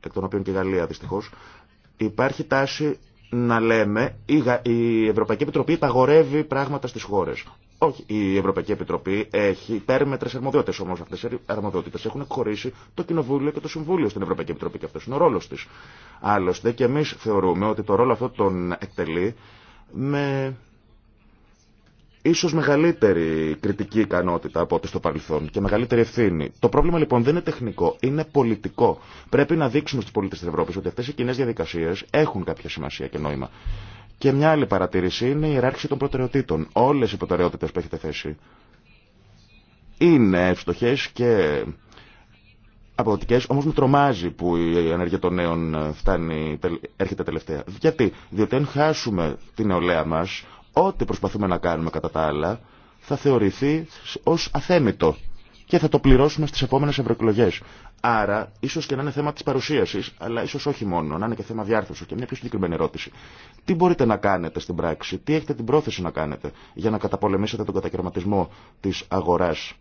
εκ των οποίων και η Γαλλία δυστυχώς, υπάρχει τάση να λέμε η Ευρωπαϊκή Επιτροπή υπαγορεύει πράγματα στις χώρες. Όχι, η Ευρωπαϊκή Επιτροπή έχει υπέρμετρε αρμοδιότητε. Όμω αυτέ οι αρμοδιότητε έχουν χωρίσει το Κοινοβούλιο και το Συμβούλιο στην Ευρωπαϊκή Επιτροπή και αυτό είναι ο ρόλο τη. Άλλωστε και εμεί θεωρούμε ότι το ρόλο αυτό τον εκτελεί με ίσως μεγαλύτερη κριτική ικανότητα από ό,τι στο παρελθόν και μεγαλύτερη ευθύνη. Το πρόβλημα λοιπόν δεν είναι τεχνικό, είναι πολιτικό. Πρέπει να δείξουμε στου πολίτες της Ευρώπη ότι αυτέ οι κοινέ διαδικασίε έχουν κάποια σημασία και νόημα. Και μια άλλη παρατήρηση είναι η ιεράρχηση των προτεραιοτήτων. Όλες οι προτεραιότητες που έχετε θέσει είναι ευστοχές και αποδοτικές, όμως με τρομάζει που η ενέργεια των νέων φτάνει, έρχεται τελευταία. Γιατί, διότι αν χάσουμε την νεολαία μας, ό,τι προσπαθούμε να κάνουμε κατά τα άλλα, θα θεωρηθεί ως αθέμητο και θα το πληρώσουμε στις επόμενε ευρωεκλογέ. Άρα, ίσως και να είναι θέμα της παρουσίαση, αλλά ίσως όχι μόνο, να είναι και θέμα διάρθρωσης και μια πιο συγκεκριμένη ερώτηση. Τι μπορείτε να κάνετε στην πράξη, τι έχετε την πρόθεση να κάνετε για να καταπολεμήσετε τον κατακαιρματισμό της αγοράς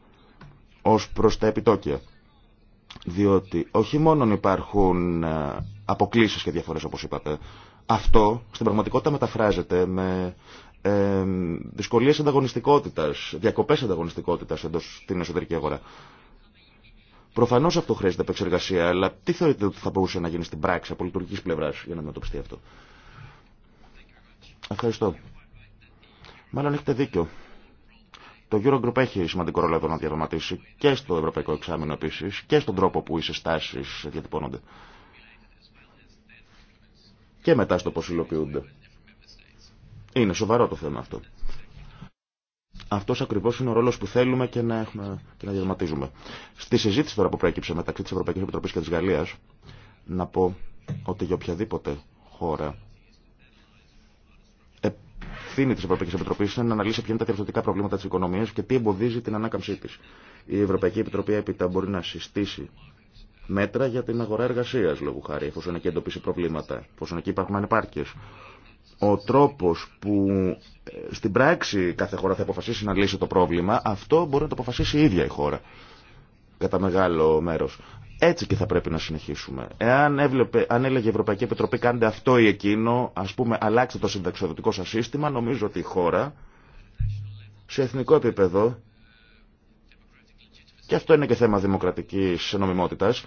ως προ τα επιτόκια. Διότι όχι μόνο υπάρχουν ε, αποκλήσει και διαφορέ, όπω είπατε, αυτό στην πραγματικότητα μεταφράζεται με ε, δυσκολίες ανταγωνιστικότητας, διακοπές ανταγωνιστικότητας εντός στην εσωτερική αγορά. Προφανώς αυτό χρειάζεται επεξεργασία, αλλά τι θεωρείτε ότι θα μπορούσε να γίνει στην πράξη από λειτουργικής πλευράς για να αντιμετωπιστεί αυτό. Ευχαριστώ. Μάλλον έχετε δίκιο. Το Eurogroup έχει σημαντικό ρόλο εδώ να διαδροματίσει και στο Ευρωπαϊκό Εξάμεινο επίση και στον τρόπο που οι συστάσεις διατυπώνονται. Και μετά στο πώ υλοποιούνται. Είναι σοβαρό το θέμα αυτό. Αυτό ακριβώ είναι ο ρόλο που θέλουμε και να, έχουμε, και να διαδραματίζουμε. Στη συζήτηση τώρα που προέκυψε μεταξύ τη Ευρωπαϊκή Επιτροπή και τη Γαλλία, να πω ότι για οποιαδήποτε χώρα ευθύνη τη Ευρωπαϊκή Επιτροπή είναι να αναλύσει ποια είναι τα διαφορετικά προβλήματα τη οικονομία και τι εμποδίζει την ανάκαμψή τη. Η Ευρωπαϊκή Επιτροπή έπειτα μπορεί να συστήσει μέτρα για την αγορά εργασία, λόγω χάρη, εφόσον εκεί εντοπίσει προβλήματα, εφόσον εκεί υπάρχουν ανεπάρκειε ο τρόπος που ε, στην πράξη κάθε χώρα θα αποφασίσει να λύσει το πρόβλημα, αυτό μπορεί να το αποφασίσει η ίδια η χώρα κατά μεγάλο μέρος. Έτσι και θα πρέπει να συνεχίσουμε. Εάν έβλεπε, αν έλεγε η Ευρωπαϊκή Επιτροπή κάντε αυτό ή εκείνο, ας πούμε αλλάξτε το συνταξιοδοτικό σας σύστημα, νομίζω ότι η χώρα σε εθνικό επίπεδο και αυτό είναι και θέμα δημοκρατικής νομιμότητας,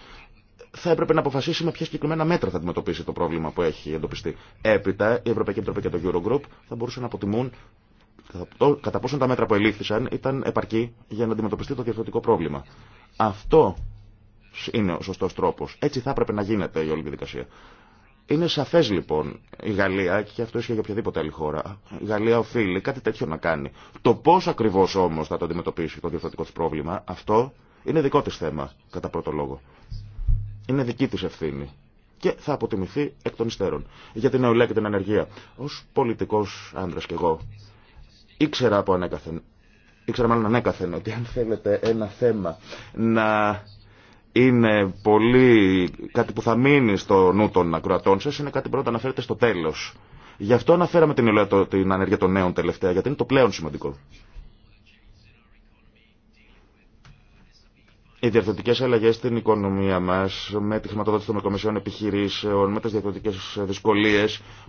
θα έπρεπε να αποφασίσει με ποια συγκεκριμένα μέτρα θα αντιμετωπίσει το πρόβλημα που έχει εντοπιστεί. Έπειτα, η Ευρωπαϊκή Επιτροπή και το Eurogroup θα μπορούσαν να αποτιμούν κατά πόσον τα μέτρα που ελήφθησαν ήταν επαρκή για να αντιμετωπιστεί το διαφορετικό πρόβλημα. Αυτό είναι ο σωστό τρόπο. Έτσι θα έπρεπε να γίνεται η όλη διαδικασία. Είναι σαφέ λοιπόν η Γαλλία, και αυτό ισχύει για οποιαδήποτε άλλη χώρα, η Γαλλία οφείλει κάτι τέτοιο να κάνει. Το πώ ακριβώ όμω θα το αντιμετωπίσει το διαφορετικό πρόβλημα, αυτό είναι δικό τη θέμα, κατά πρώτο λόγο. Είναι δική τη ευθύνη και θα αποτιμηθεί εκ των υστέρων. Για την νεολαία και την ανεργία. Ως πολιτικός άντρα κι εγώ ήξερα από ανέκαθεν, ήξερα μάλλον ανέκαθεν ότι αν θέλετε ένα θέμα να είναι πολύ κάτι που θα μείνει στο νου των ακροατών σα, είναι κάτι που να αναφέρεται στο τέλος. Γι' αυτό αναφέραμε την, την ανεργία των νέων τελευταία, γιατί είναι το πλέον σημαντικό. Οι διαρθρωτικέ αλλαγέ στην οικονομία μα, με τη χρηματοδότηση των μικρομεσαίων επιχειρήσεων, με τι διαρθρωτικέ δυσκολίε,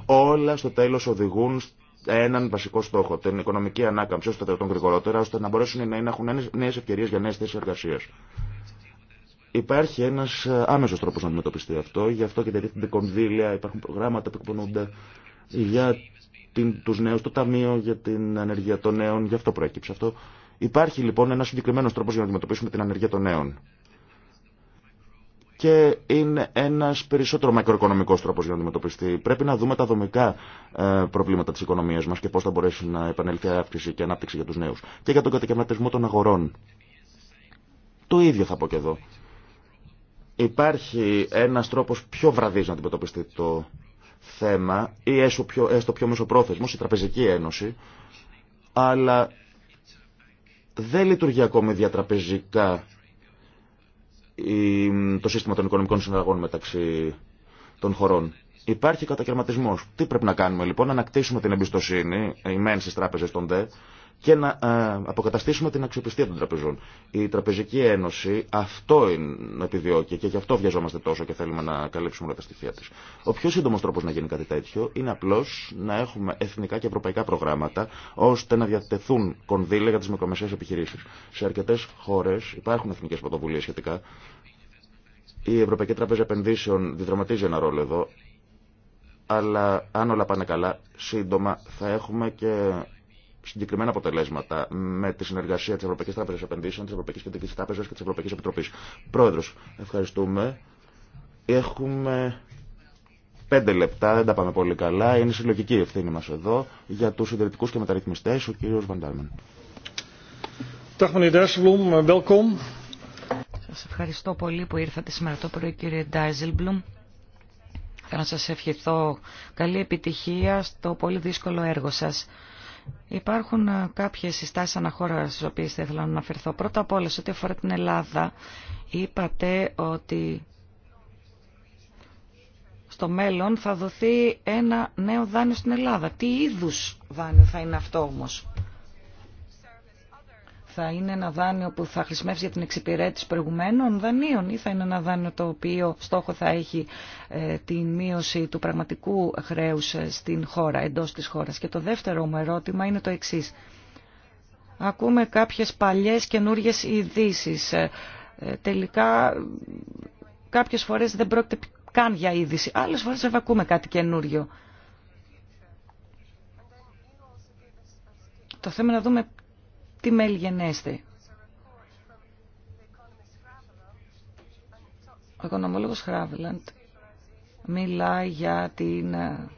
όλα στο τέλο οδηγούν έναν βασικό στόχο, την οικονομική ανάκαμψη όσο το γρηγορότερα, ώστε να μπορέσουν να έχουν νέε ευκαιρίε για νέε θέσει εργασία. Υπάρχει ένα άμεσο τρόπο να αντιμετωπιστεί αυτό, γι' αυτό και διατίθενται κονδύλια, υπάρχουν προγράμματα που εκπονούνται για του νέου, το Ταμείο για την Ανεργία των Νέων, γι' αυτό προέκυψε αυτό. Υπάρχει λοιπόν ένα συγκεκριμένο τρόπο για να αντιμετωπίσουμε την ανεργία των νέων. Και είναι ένα περισσότερο μακροοικονομικό τρόπο για να αντιμετωπιστεί. Πρέπει να δούμε τα δομικά ε, προβλήματα τη οικονομία μα και πώ θα μπορέσει να επανέλθει αύξηση και ανάπτυξη για του νέου. Και για τον κατακαιρματισμό των αγορών. Το ίδιο θα πω και εδώ. Υπάρχει ένα τρόπο πιο βραδύ να αντιμετωπιστεί το θέμα ή έστω πιο, έστω πιο μεσοπρόθεσμο, η εστω πιο Ένωση. Αλλά δεν λειτουργεί ακόμη διατραπεζικά το σύστημα των οικονομικών συναλλαγών μεταξύ των χωρών. Υπάρχει κατακαιρματισμό. Τι πρέπει να κάνουμε λοιπόν, να ανακτήσουμε την εμπιστοσύνη, οι μένε στι τράπεζε των ΔΕ, και να ε, αποκαταστήσουμε την αξιοπιστία των τραπεζών. Η Τραπεζική Ένωση αυτό είναι επιδιώκει και γι' αυτό βιαζόμαστε τόσο και θέλουμε να καλύψουμε όλα τα στοιχεία τη. Ο πιο σύντομο τρόπο να γίνει κάτι τέτοιο είναι απλώ να έχουμε εθνικά και ευρωπαϊκά προγράμματα ώστε να διατεθούν κονδύλια για τι μικρομεσαίε επιχειρήσει. Σε αρκετέ χώρε υπάρχουν εθνικέ πρωτοβουλίε σχετικά. Η Ευρωπαϊκή Τράπεζα Επενδύσεων διδραματίζει ένα ρόλο εδώ, αλλά αν όλα πάνε καλά, σύντομα θα έχουμε και συγκεκριμένα αποτελέσματα με τη συνεργασία τη Ευρωπαϊκή Τράπεζα Επενδύσεων, τη Ευρωπαϊκή Κεντρική Τράπεζα και τη Ευρωπαϊκή Επιτροπή. Πρόεδρο, ευχαριστούμε. Έχουμε πέντε λεπτά, δεν τα πάμε πολύ καλά. Είναι συλλογική η ευθύνη μα εδώ για του συντηρητικού και μεταρρυθμιστέ, ο κύριο Βαντάλμεν. Σας ευχαριστώ πολύ που ήρθατε σήμερα το πρωί κύριε Ντάιζελμπλουμ. Θέλω να σας ευχηθώ καλή επιτυχία στο πολύ δύσκολο έργο σα. Υπάρχουν ε, κάποιες συστάσεις αναχώρα στις οποίες θα ήθελα να αναφερθώ. Πρώτα απ' όλα, ό,τι αφορά την Ελλάδα, είπατε ότι στο μέλλον θα δοθεί ένα νέο δάνειο στην Ελλάδα. Τι είδους δάνειο θα είναι αυτό όμως θα είναι ένα δάνειο που θα χρησιμεύσει για την εξυπηρέτηση προηγουμένων δανείων ή θα είναι ένα δάνειο το οποίο στόχο θα έχει ε, την μείωση του πραγματικού χρέους ε, στην χώρα, εντός της χώρας. Και το δεύτερο μου ερώτημα είναι το εξής. Ακούμε κάποιες παλιές καινούριε ειδήσει. Ε, τελικά κάποιες φορές δεν πρόκειται καν για είδηση. Άλλες φορές δεν ακούμε κάτι καινούριο. Το θέμα να δούμε τι μέλη γενέστε. Ο οικονομολόγος Χράβελαντ μιλάει για την ε,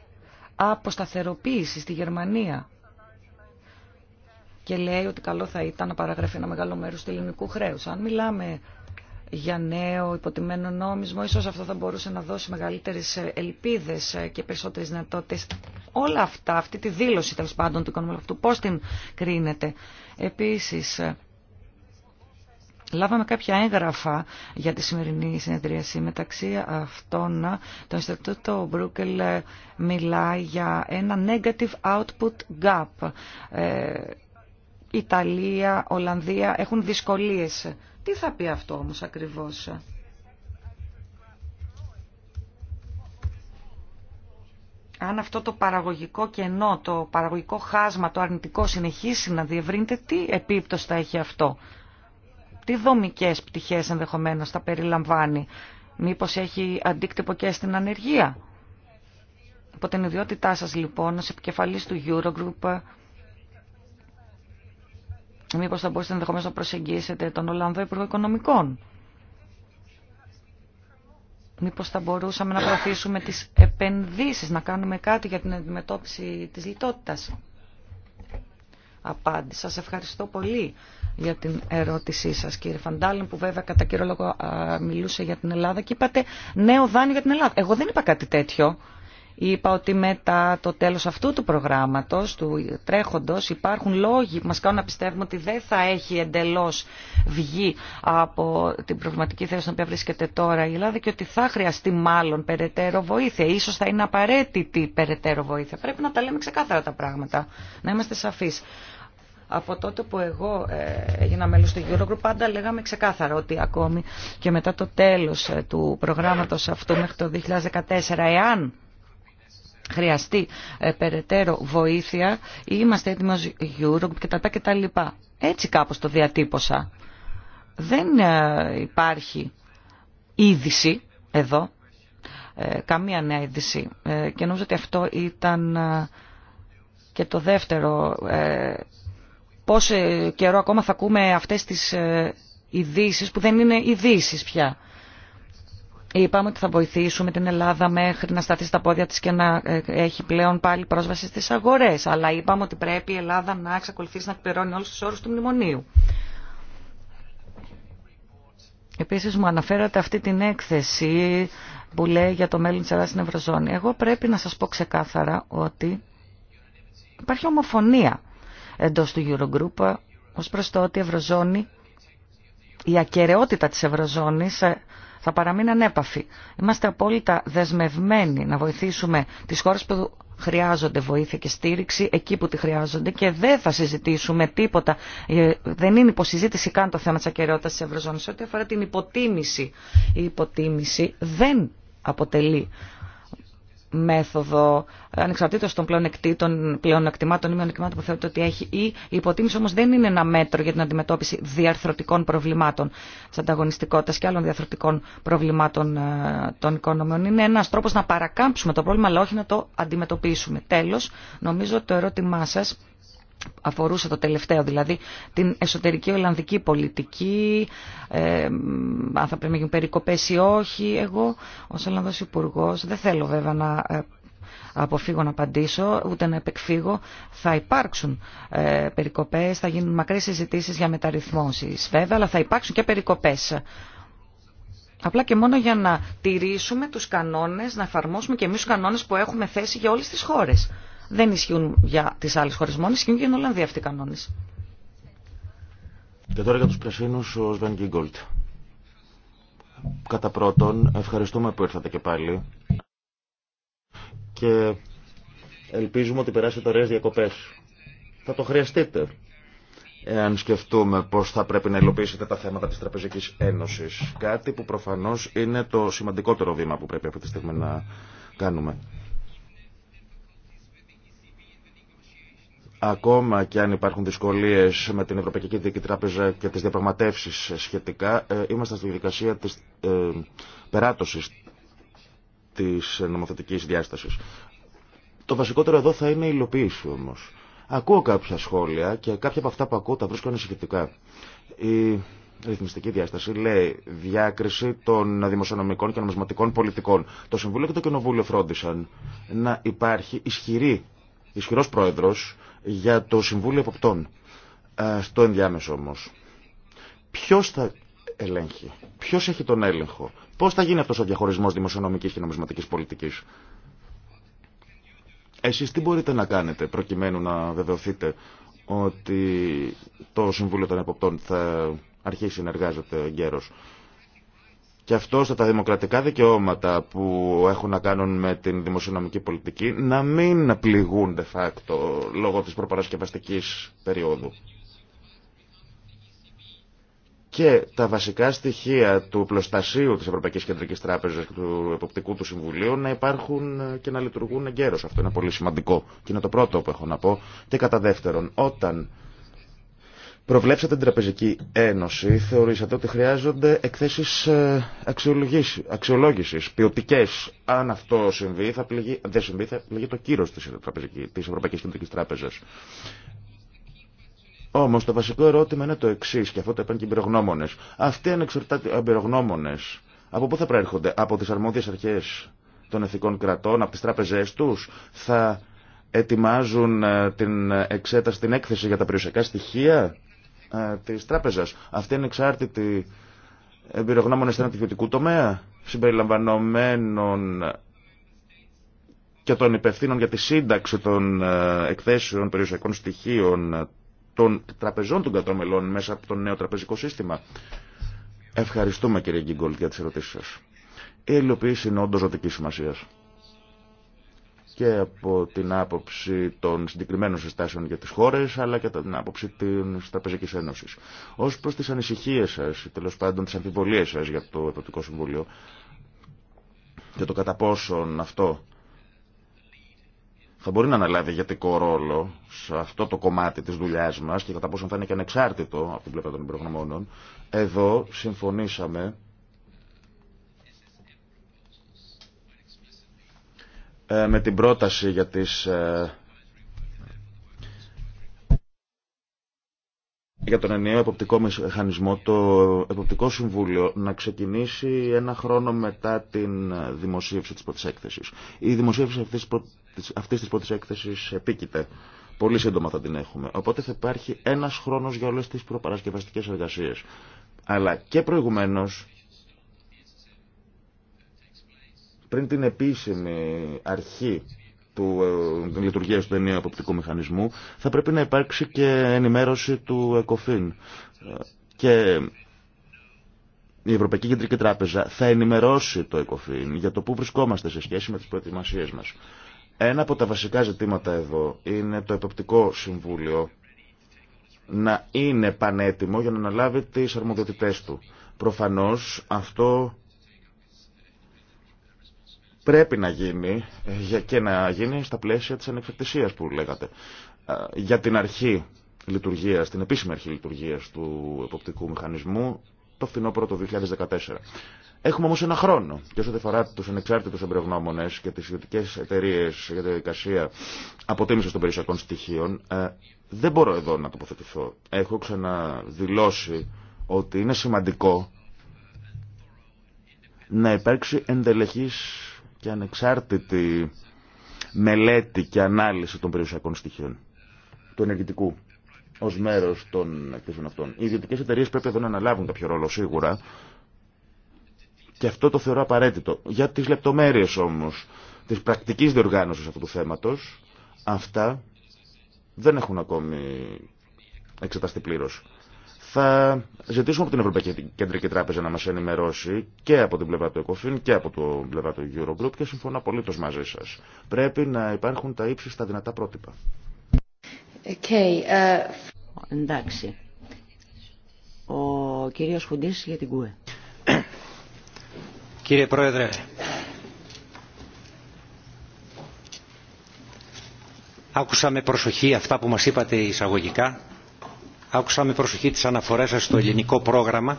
αποσταθεροποίηση στη Γερμανία και λέει ότι καλό θα ήταν να παραγραφεί ένα μεγάλο μέρος του ελληνικού χρέους. Αν μιλάμε για νέο υποτιμένο νόμισμο. Ίσως αυτό θα μπορούσε να δώσει μεγαλύτερες ελπίδες και περισσότερες δυνατότητες. Όλα αυτά, αυτή τη δήλωση τέλο πάντων του οικονομικού αυτού, πώς την κρίνεται. Επίσης, Λάβαμε κάποια έγγραφα για τη σημερινή συνεδρίαση. Μεταξύ αυτών, το Ινστιτούτο Μπρούκελ μιλάει για ένα negative output gap. Ε, Ιταλία, Ολλανδία έχουν δυσκολίες τι θα πει αυτό όμως ακριβώς. Αν αυτό το παραγωγικό κενό, το παραγωγικό χάσμα, το αρνητικό συνεχίσει να διευρύνεται, τι επίπτωση θα έχει αυτό. Τι δομικές πτυχές ενδεχομένως θα περιλαμβάνει. Μήπως έχει αντίκτυπο και στην ανεργία. Από την ιδιότητά σας λοιπόν ως επικεφαλής του Eurogroup Μήπως θα μπορούσατε ενδεχομένως να προσεγγίσετε τον Ολλανδό Υπουργό Οικονομικών. Μήπως θα μπορούσαμε να προωθήσουμε τις επενδύσεις, να κάνουμε κάτι για την αντιμετώπιση της λιτότητας. Απάντησα. Σας ευχαριστώ πολύ για την ερώτησή σας κύριε Φαντάλεν που βέβαια κατά κύριο λόγο μιλούσε για την Ελλάδα και είπατε νέο δάνειο για την Ελλάδα. Εγώ δεν είπα κάτι τέτοιο. Είπα ότι μετά το τέλος αυτού του προγράμματος, του τρέχοντος, υπάρχουν λόγοι που μας κάνουν να πιστεύουμε ότι δεν θα έχει εντελώς βγει από την προβληματική θέση στην οποία βρίσκεται τώρα η Ελλάδα και ότι θα χρειαστεί μάλλον περαιτέρω βοήθεια. Ίσως θα είναι απαραίτητη περαιτέρω βοήθεια. Πρέπει να τα λέμε ξεκάθαρα τα πράγματα, να είμαστε σαφείς. Από τότε που εγώ ε, έγινα μέλος του Eurogroup πάντα λέγαμε ξεκάθαρα ότι ακόμη και μετά το τέλος ε, του προγράμματος αυτού μέχρι το 2014 εάν χρειαστεί ε, περαιτέρω βοήθεια ή είμαστε έτοιμοι Europe τα λοιπά Έτσι κάπως το διατύπωσα. Δεν ε, υπάρχει είδηση εδώ, ε, καμία νέα είδηση και νομίζω ότι αυτό ήταν και το δεύτερο. Πόσο καιρό ακόμα θα ακούμε αυτές τις ειδήσει που δεν είναι ειδήσει πια. Είπαμε ότι θα βοηθήσουμε την Ελλάδα μέχρι να σταθεί στα πόδια της και να ε, έχει πλέον πάλι πρόσβαση στις αγορές. Αλλά είπαμε ότι πρέπει η Ελλάδα να εξακολουθήσει να εκπληρώνει όλους τους όρους του μνημονίου. Επίσης μου αναφέρατε αυτή την έκθεση που λέει για το μέλλον της Ελλάδας στην Ευρωζώνη. Εγώ πρέπει να σας πω ξεκάθαρα ότι υπάρχει ομοφωνία εντός του Eurogroup ως προς το ότι η Ευρωζώνη, η ακαιρεότητα της Ευρωζώνης ε, θα παραμείνει ανέπαφη. Είμαστε απόλυτα δεσμευμένοι να βοηθήσουμε τις χώρες που χρειάζονται βοήθεια και στήριξη εκεί που τη χρειάζονται και δεν θα συζητήσουμε τίποτα. Ε, δεν είναι υποσυζήτηση καν το θέμα της ακαιρεότητας της Ευρωζώνης. Ό,τι αφορά την υποτίμηση, η υποτίμηση δεν αποτελεί μέθοδο, ανεξαρτήτως των πλεονεκτημάτων ή μειονεκτημάτων που θεωρείται ότι έχει, η υποτίμηση όμως δεν είναι ένα μέτρο για την αντιμετώπιση διαρθρωτικών προβλημάτων τη ανταγωνιστικότητας και άλλων διαρθρωτικών προβλημάτων ε, των οικονομιών. Είναι ένας τρόπος να παρακάμψουμε το πρόβλημα, αλλά όχι να το αντιμετωπίσουμε. Τέλος, νομίζω το ερώτημά σας αφορούσε το τελευταίο, δηλαδή την εσωτερική Ολλανδική πολιτική, ε, αν θα πρέπει να γίνουν περικοπές ή όχι. Εγώ ως Ολλανδός υπουργό, δεν θέλω βέβαια να ε, αποφύγω να απαντήσω, ούτε να επεκφύγω. Θα υπάρξουν ε, περικοπές, θα γίνουν μακρές συζητήσεις για μεταρρυθμώσεις βέβαια, αλλά θα υπάρξουν και περικοπές. Απλά και μόνο για να τηρήσουμε τους κανόνες, να εφαρμόσουμε και εμείς τους κανόνες που έχουμε θέσει για όλες τις χώρες. Δεν ισχύουν για τι άλλε χώρε μόνο, ισχύουν για την Ολλανδία αυτοί οι κανόνες. Και τώρα για του πρασίνους ο Σβέν Γκίγκολτ. Κατά πρώτον, ευχαριστούμε που ήρθατε και πάλι. Και ελπίζουμε ότι περάσετε ωραίε διακοπέ. Θα το χρειαστείτε. Εάν σκεφτούμε πώς θα πρέπει να υλοποιήσετε τα θέματα της Τραπεζικής Ένωσης. Κάτι που προφανώς είναι το σημαντικότερο βήμα που πρέπει αυτή τη στιγμή να κάνουμε. Ακόμα και αν υπάρχουν δυσκολίε με την Ευρωπαϊκή Κεντρική Τράπεζα και τι διαπραγματεύσει σχετικά, ε, είμαστε στη διαδικασία τη ε, περάτωσης της νομοθετικής διάστασης. Το βασικότερο εδώ θα είναι η υλοποίηση όμω. Ακούω κάποια σχόλια και κάποια από αυτά που ακούω τα βρίσκω ανησυχητικά. Η ρυθμιστική διάσταση λέει διάκριση των δημοσιονομικών και νομισματικών πολιτικών. Το Συμβούλιο και το Κοινοβούλιο φρόντισαν να υπάρχει ισχυρή, ισχυρός πρόεδρος για το Συμβούλιο Εποπτών. Ε, στο ενδιάμεσο όμως. Ποιος θα ελέγχει, ποιος έχει τον έλεγχο, πώς θα γίνει αυτός ο διαχωρισμός δημοσιονομικής και νομισματικής πολιτικής. Εσείς τι μπορείτε να κάνετε προκειμένου να βεβαιωθείτε ότι το Συμβούλιο των Εποπτών θα αρχίσει να εργάζεται γέρος και αυτό στα τα δημοκρατικά δικαιώματα που έχουν να κάνουν με την δημοσιονομική πολιτική να μην πληγούν de facto λόγω της προπαρασκευαστικής περίοδου. Και τα βασικά στοιχεία του πλωστασίου της Ευρωπαϊκής Κεντρικής Τράπεζας και του Εποπτικού του Συμβουλίου να υπάρχουν και να λειτουργούν εγκαίρως. Αυτό είναι πολύ σημαντικό και είναι το πρώτο που έχω να πω. Και κατά δεύτερον, όταν προβλέψατε την Τραπεζική Ένωση, θεωρήσατε ότι χρειάζονται εκθέσεις ε, αξιολόγησης, ποιοτικέ. Αν αυτό συμβεί, θα πληγεί, δεν συμβεί, θα πληγεί το κύρος της, της Ευρωπαϊκής Κεντρικής Τράπεζας. Όμως το βασικό ερώτημα είναι το εξή και αυτό το είπαν και οι πυρογνώμονες. Αυτοί οι πυρογνώμονες, από πού θα προέρχονται, από τις αρμόδιες αρχές των εθνικών κρατών, από τις τράπεζές τους, θα ετοιμάζουν ε, την εξέταση, την έκθεση για τα περιουσιακά στοιχεία ε, τη τράπεζας. Αυτή είναι εξάρτητη εμπειρογνώμων στην τομέα συμπεριλαμβανομένων και των υπευθύνων για τη σύνταξη των ε, εκθέσεων περιουσιακών στοιχείων ε, των τραπεζών των κατώμελών μέσα από το νέο τραπεζικό σύστημα. Ευχαριστούμε κύριε Γκίγκολτ για τις ερωτήσεις σας. Η υλοποίηση είναι όντως ζωτική σημασίας και από την άποψη των συγκεκριμένων συστάσεων για τις χώρες αλλά και από την άποψη της Τραπεζικής Ένωσης. Ως προς τις ανησυχίες σας, τέλος πάντων τις αμφιβολίες σας για το Εποπτικό Συμβουλίο και το κατά πόσον αυτό θα μπορεί να αναλάβει ηγετικό ρόλο σε αυτό το κομμάτι της δουλειάς μας και κατά πόσον θα είναι και ανεξάρτητο από την πλευρά των υπερογνωμόνων, εδώ συμφωνήσαμε Ε, με την πρόταση για τις ε, για τον ενιαίο εποπτικό μηχανισμό, το Εποπτικό Συμβούλιο να ξεκινήσει ένα χρόνο μετά την δημοσίευση της πρώτης έκθεσης. Η δημοσίευση αυτής, αυτής της πρώτης έκθεσης επίκειται. Πολύ σύντομα θα την έχουμε. Οπότε θα υπάρχει ένας χρόνος για όλες τις προπαρασκευαστικές εργασίες. Αλλά και προηγουμένως πριν την επίσημη αρχή του ε, λειτουργίας του Ενίου αποπτικού μηχανισμού θα πρέπει να υπάρξει και ενημέρωση του ΕΚΟΦΗΝ. Ε, και η Ευρωπαϊκή Κεντρική Τράπεζα θα ενημερώσει το ΕΚΟΦΗΝ για το πού βρισκόμαστε σε σχέση με τις προετοιμασίες μας. Ένα από τα βασικά ζητήματα εδώ είναι το Εποπτικό Συμβούλιο να είναι πανέτοιμο για να αναλάβει τις αρμοδιότητές του. Προφανώς αυτό πρέπει να γίνει ε, και να γίνει στα πλαίσια της ανεξαρτησίας που λέγατε. Ε, για την αρχή λειτουργίας, την επίσημη αρχή λειτουργίας του εποπτικού μηχανισμού το φθινόπωρο το 2014. Έχουμε όμω ένα χρόνο. Και όσο αφορά του ανεξάρτητου εμπρευνόμονε και τι ιδιωτικέ εταιρείε για τη διαδικασία αποτίμηση των περιουσιακών στοιχείων, ε, δεν μπορώ εδώ να τοποθετηθώ. Έχω ξαναδηλώσει ότι είναι σημαντικό να υπάρξει εντελεχής και ανεξάρτητη μελέτη και ανάλυση των περιουσιακών στοιχείων του ενεργητικού ω μέρο των εκτίσεων αυτών. Οι ιδιωτικέ εταιρείε πρέπει εδώ να αναλάβουν κάποιο ρόλο σίγουρα και αυτό το θεωρώ απαραίτητο. Για τι λεπτομέρειε όμω τη πρακτική διοργάνωση αυτού του θέματο, αυτά δεν έχουν ακόμη εξεταστεί πλήρω. Θα ζητήσουμε από την Ευρωπαϊκή Κεντρική Τράπεζα να μα ενημερώσει και από την πλευρά του ΕΚΟΦΗΝ και από την πλευρά του Eurogroup και συμφωνώ απολύτω μαζί σα. Πρέπει να υπάρχουν τα ύψιστα δυνατά πρότυπα. Okay, ε, Εντάξει. Ο κύριο Φουντή για την ΚΟΕ. Κύριε Πρόεδρε, άκουσα με προσοχή αυτά που μας είπατε εισαγωγικά Άκουσα με προσοχή τις αναφορές σας στο ελληνικό πρόγραμμα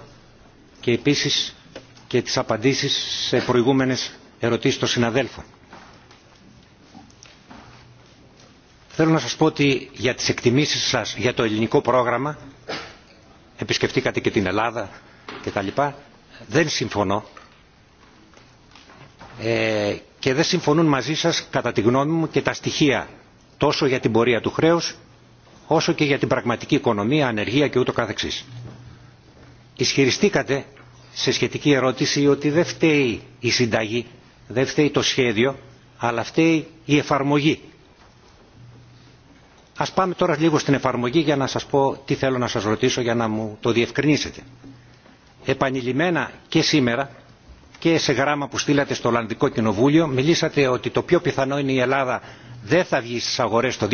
και επίσης και τις απαντήσεις σε προηγούμενες ερωτήσεις των συναδέλφων. Θέλω να σας πω ότι για τις εκτιμήσεις σας για το ελληνικό πρόγραμμα επισκεφτήκατε και την Ελλάδα και τα λοιπά, δεν συμφωνώ ε, και δεν συμφωνούν μαζί σας κατά τη γνώμη μου και τα στοιχεία τόσο για την πορεία του χρέους όσο και για την πραγματική οικονομία, ανεργία και ούτω καθεξής. Ισχυριστήκατε σε σχετική ερώτηση ότι δεν φταίει η συνταγή, δεν φταίει το σχέδιο, αλλά φταίει η εφαρμογή. Ας πάμε τώρα λίγο στην εφαρμογή για να σας πω τι θέλω να σας ρωτήσω για να μου το διευκρινίσετε. Επανειλημμένα και σήμερα και σε γράμμα που στείλατε στο Ολλανδικό Κοινοβούλιο μιλήσατε ότι το πιο πιθανό είναι η Ελλάδα δεν θα βγει στις αγορές το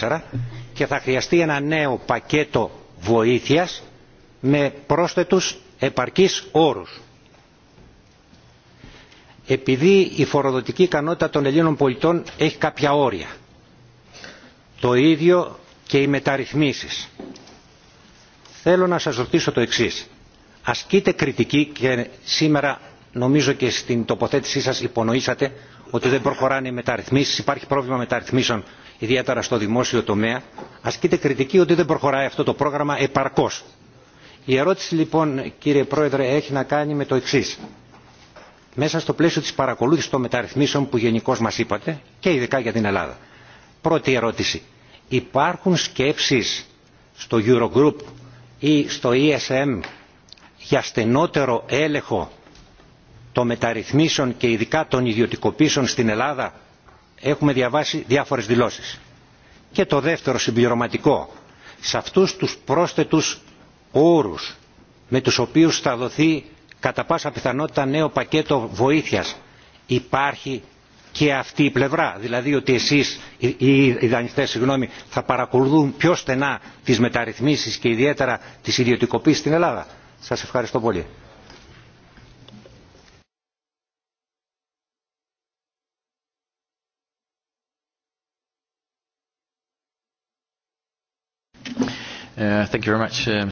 2014 και θα χρειαστεί ένα νέο πακέτο βοήθειας με πρόσθετους επαρκείς όρους. Επειδή η φοροδοτική ικανότητα των Ελλήνων πολιτών έχει κάποια όρια, το ίδιο και οι μεταρρυθμίσεις, θέλω να σας ρωτήσω το εξής. Ασκείτε κριτική και σήμερα νομίζω και στην τοποθέτησή σας υπονοήσατε ότι δεν προχωράνε οι μεταρρυθμίσεις, υπάρχει πρόβλημα μεταρρυθμίσεων ιδιαίτερα στο δημόσιο τομέα. Ασκείται κριτική ότι δεν προχωράει αυτό το πρόγραμμα επαρκώς. Η ερώτηση λοιπόν κύριε Πρόεδρε έχει να κάνει με το εξή. Μέσα στο πλαίσιο της παρακολούθησης των μεταρρυθμίσεων που γενικώ μας είπατε και ειδικά για την Ελλάδα. Πρώτη ερώτηση. Υπάρχουν σκέψεις στο Eurogroup ή στο ESM για στενότερο έλεγχο των μεταρρυθμίσεων και ειδικά των ιδιωτικοποίησεων στην Ελλάδα έχουμε διαβάσει διάφορες δηλώσεις. Και το δεύτερο συμπληρωματικό, σε αυτούς τους πρόσθετους όρους με τους οποίους θα δοθεί κατά πάσα πιθανότητα νέο πακέτο βοήθειας υπάρχει και αυτή η πλευρά, δηλαδή ότι εσείς οι δανειστές συγγνώμη, θα παρακολουθούν πιο στενά τις μεταρρυθμίσεις και ιδιαίτερα τις ιδιωτικοποίησεις στην Ελλάδα. Σας ευχαριστώ πολύ. Um,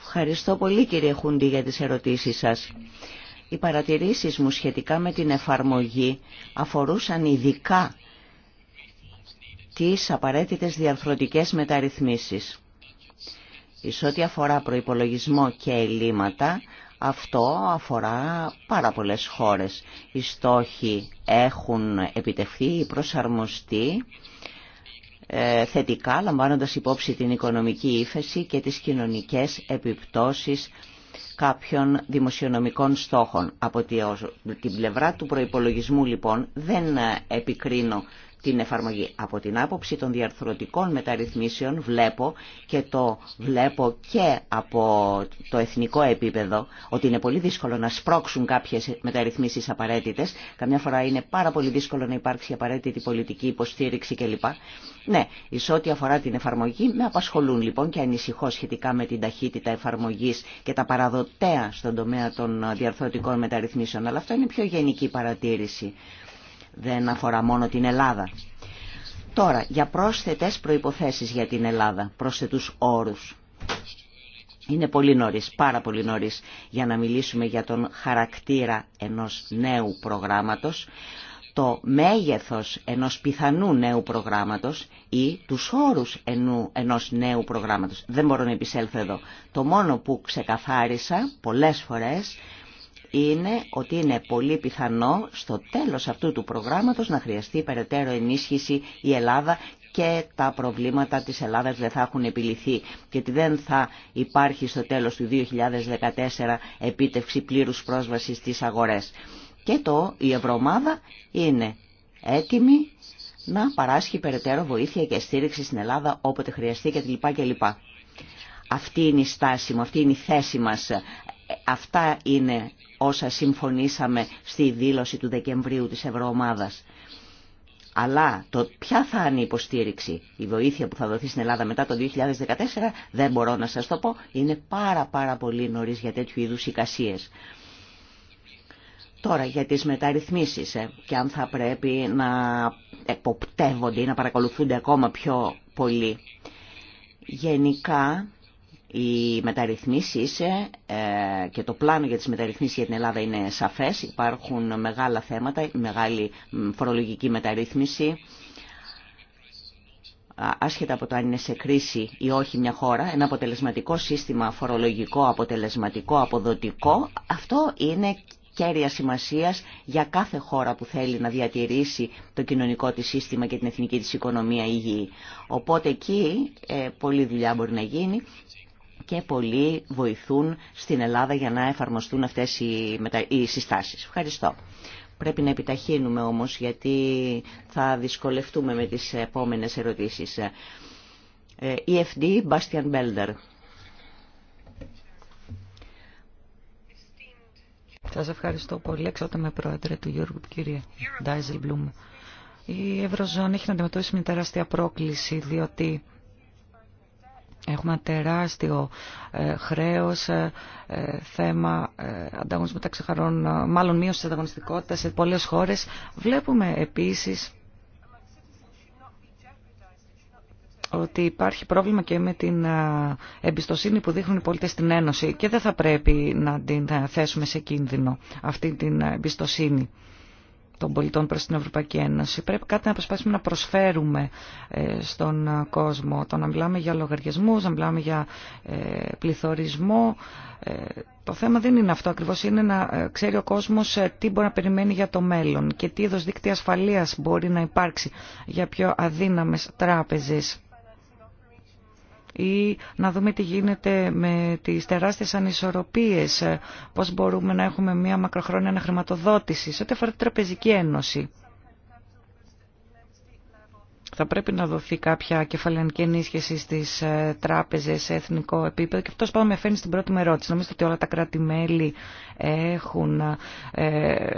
Ευχαριστώ πολύ κύριε Χούντι για τις ερωτήσεις σας. Οι παρατηρήσεις μου σχετικά με την εφαρμογή αφορούσαν ειδικά τις απαραίτητες διαρθρωτικές μεταρρυθμίσεις. Εις ό,τι αφορά προϋπολογισμό και ελλείμματα, αυτό αφορά πάρα πολλές χώρες. Οι στόχοι έχουν επιτευχθεί ή προσαρμοστεί ε, θετικά λαμβάνοντας υπόψη την οικονομική ύφεση και τις κοινωνικές επιπτώσεις κάποιων δημοσιονομικών στόχων. Από την πλευρά του προϋπολογισμού λοιπόν δεν ε, επικρίνω την εφαρμογή. Από την άποψη των διαρθρωτικών μεταρρυθμίσεων βλέπω και το βλέπω και από το εθνικό επίπεδο ότι είναι πολύ δύσκολο να σπρώξουν κάποιες μεταρρυθμίσεις απαραίτητες. Καμιά φορά είναι πάρα πολύ δύσκολο να υπάρξει απαραίτητη πολιτική υποστήριξη κλπ. Ναι, εις ό,τι αφορά την εφαρμογή με απασχολούν λοιπόν και ανησυχώ σχετικά με την ταχύτητα εφαρμογής και τα παραδοτέα στον τομέα των διαρθρωτικών μεταρρυθμίσεων. Αλλά αυτό είναι πιο γενική παρατήρηση δεν αφορά μόνο την Ελλάδα. Τώρα, για πρόσθετες προϋποθέσεις για την Ελλάδα, πρόσθετους όρους. Είναι πολύ νωρίς, πάρα πολύ νωρίς, για να μιλήσουμε για τον χαρακτήρα ενός νέου προγράμματος, το μέγεθος ενός πιθανού νέου προγράμματος ή τους όρους ενός νέου προγράμματος. Δεν μπορώ να επισέλθω εδώ. Το μόνο που ξεκαθάρισα πολλές φορές είναι ότι είναι πολύ πιθανό στο τέλος αυτού του προγράμματος να χρειαστεί περαιτέρω ενίσχυση η Ελλάδα και τα προβλήματα της Ελλάδας δεν θα έχουν επιληθεί και ότι δεν θα υπάρχει στο τέλος του 2014 επίτευξη πλήρους πρόσβασης στις αγορές. Και το, η Ευρωμάδα είναι έτοιμη να παράσχει περαιτέρω βοήθεια και στήριξη στην Ελλάδα όποτε χρειαστεί κλπ. Αυτή είναι η στάση μου, αυτή είναι η θέση μας. Αυτά είναι όσα συμφωνήσαμε στη δήλωση του Δεκεμβρίου της Ευρωομάδας. Αλλά το ποια θα είναι η υποστήριξη, η βοήθεια που θα δοθεί στην Ελλάδα μετά το 2014, δεν μπορώ να σας το πω. Είναι πάρα πάρα πολύ νωρίς για τέτοιου είδους εικασίες. Τώρα για τις μεταρρυθμίσεις ε, και αν θα πρέπει να εποπτεύονται ή να παρακολουθούνται ακόμα πιο πολύ. Γενικά οι ε, και το πλάνο για τι μεταρρυθμίσει για την Ελλάδα είναι σαφές. Υπάρχουν μεγάλα θέματα, μεγάλη φορολογική μεταρρύθμιση. Άσχετα από το αν είναι σε κρίση ή όχι μια χώρα, ένα αποτελεσματικό σύστημα φορολογικό, αποτελεσματικό, αποδοτικό, αυτό είναι κέρια σημασία για κάθε χώρα που θέλει να διατηρήσει το κοινωνικό τη σύστημα και την εθνική τη οικονομία υγιή. Οπότε εκεί ε, πολλή δουλειά μπορεί να γίνει και πολλοί βοηθούν στην Ελλάδα για να εφαρμοστούν αυτές οι συστάσεις. Ευχαριστώ. Πρέπει να επιταχύνουμε όμως γιατί θα δυσκολευτούμε με τις επόμενες ερωτήσεις. EFD, ε, Bastian Belder. Σας ευχαριστώ πολύ, πρόεδρε του Γιώργου, κύριε Ντάιζελ Μπλουμ. Η Ευρωζώνη έχει να αντιμετωπίσει μια τεράστια πρόκληση, διότι Έχουμε τεράστιο ε, χρέος, ε, ε, θέμα ανταγωνισμού μεταξύ χαρών, μάλλον μείωση της ανταγωνιστικότητα σε πολλές χώρες. Βλέπουμε επίσης ότι υπάρχει πρόβλημα και με την εμπιστοσύνη που δείχνουν οι πολίτες στην Ένωση και δεν θα πρέπει να την θέσουμε σε κίνδυνο αυτή την εμπιστοσύνη των πολιτών προς την Ευρωπαϊκή Ένωση. Πρέπει κάτι να προσπαθήσουμε να προσφέρουμε ε, στον ε, κόσμο. Το να μιλάμε για λογαριασμούς, να μιλάμε για ε, πληθωρισμό. Το θέμα δεν είναι αυτό ακριβώς, είναι να ξέρει ο κόσμος τι μπορεί να περιμένει για το μέλλον και τι είδος δίκτυα ασφαλείας μπορεί να υπάρξει για πιο αδύναμες τράπεζες ή να δούμε τι γίνεται με τις τεράστιες ανισορροπίες, πώς μπορούμε να έχουμε μια μακροχρόνια αναχρηματοδότηση σε ό,τι αφορά την Τραπεζική Ένωση. Θα πρέπει να δοθεί κάποια κεφαλαιανική ενίσχυση στις ε, τράπεζες σε εθνικό επίπεδο και αυτό πάνω με φαίνει στην πρώτη μου ερώτηση. Νομίζω ότι όλα τα κράτη-μέλη έχουν ε,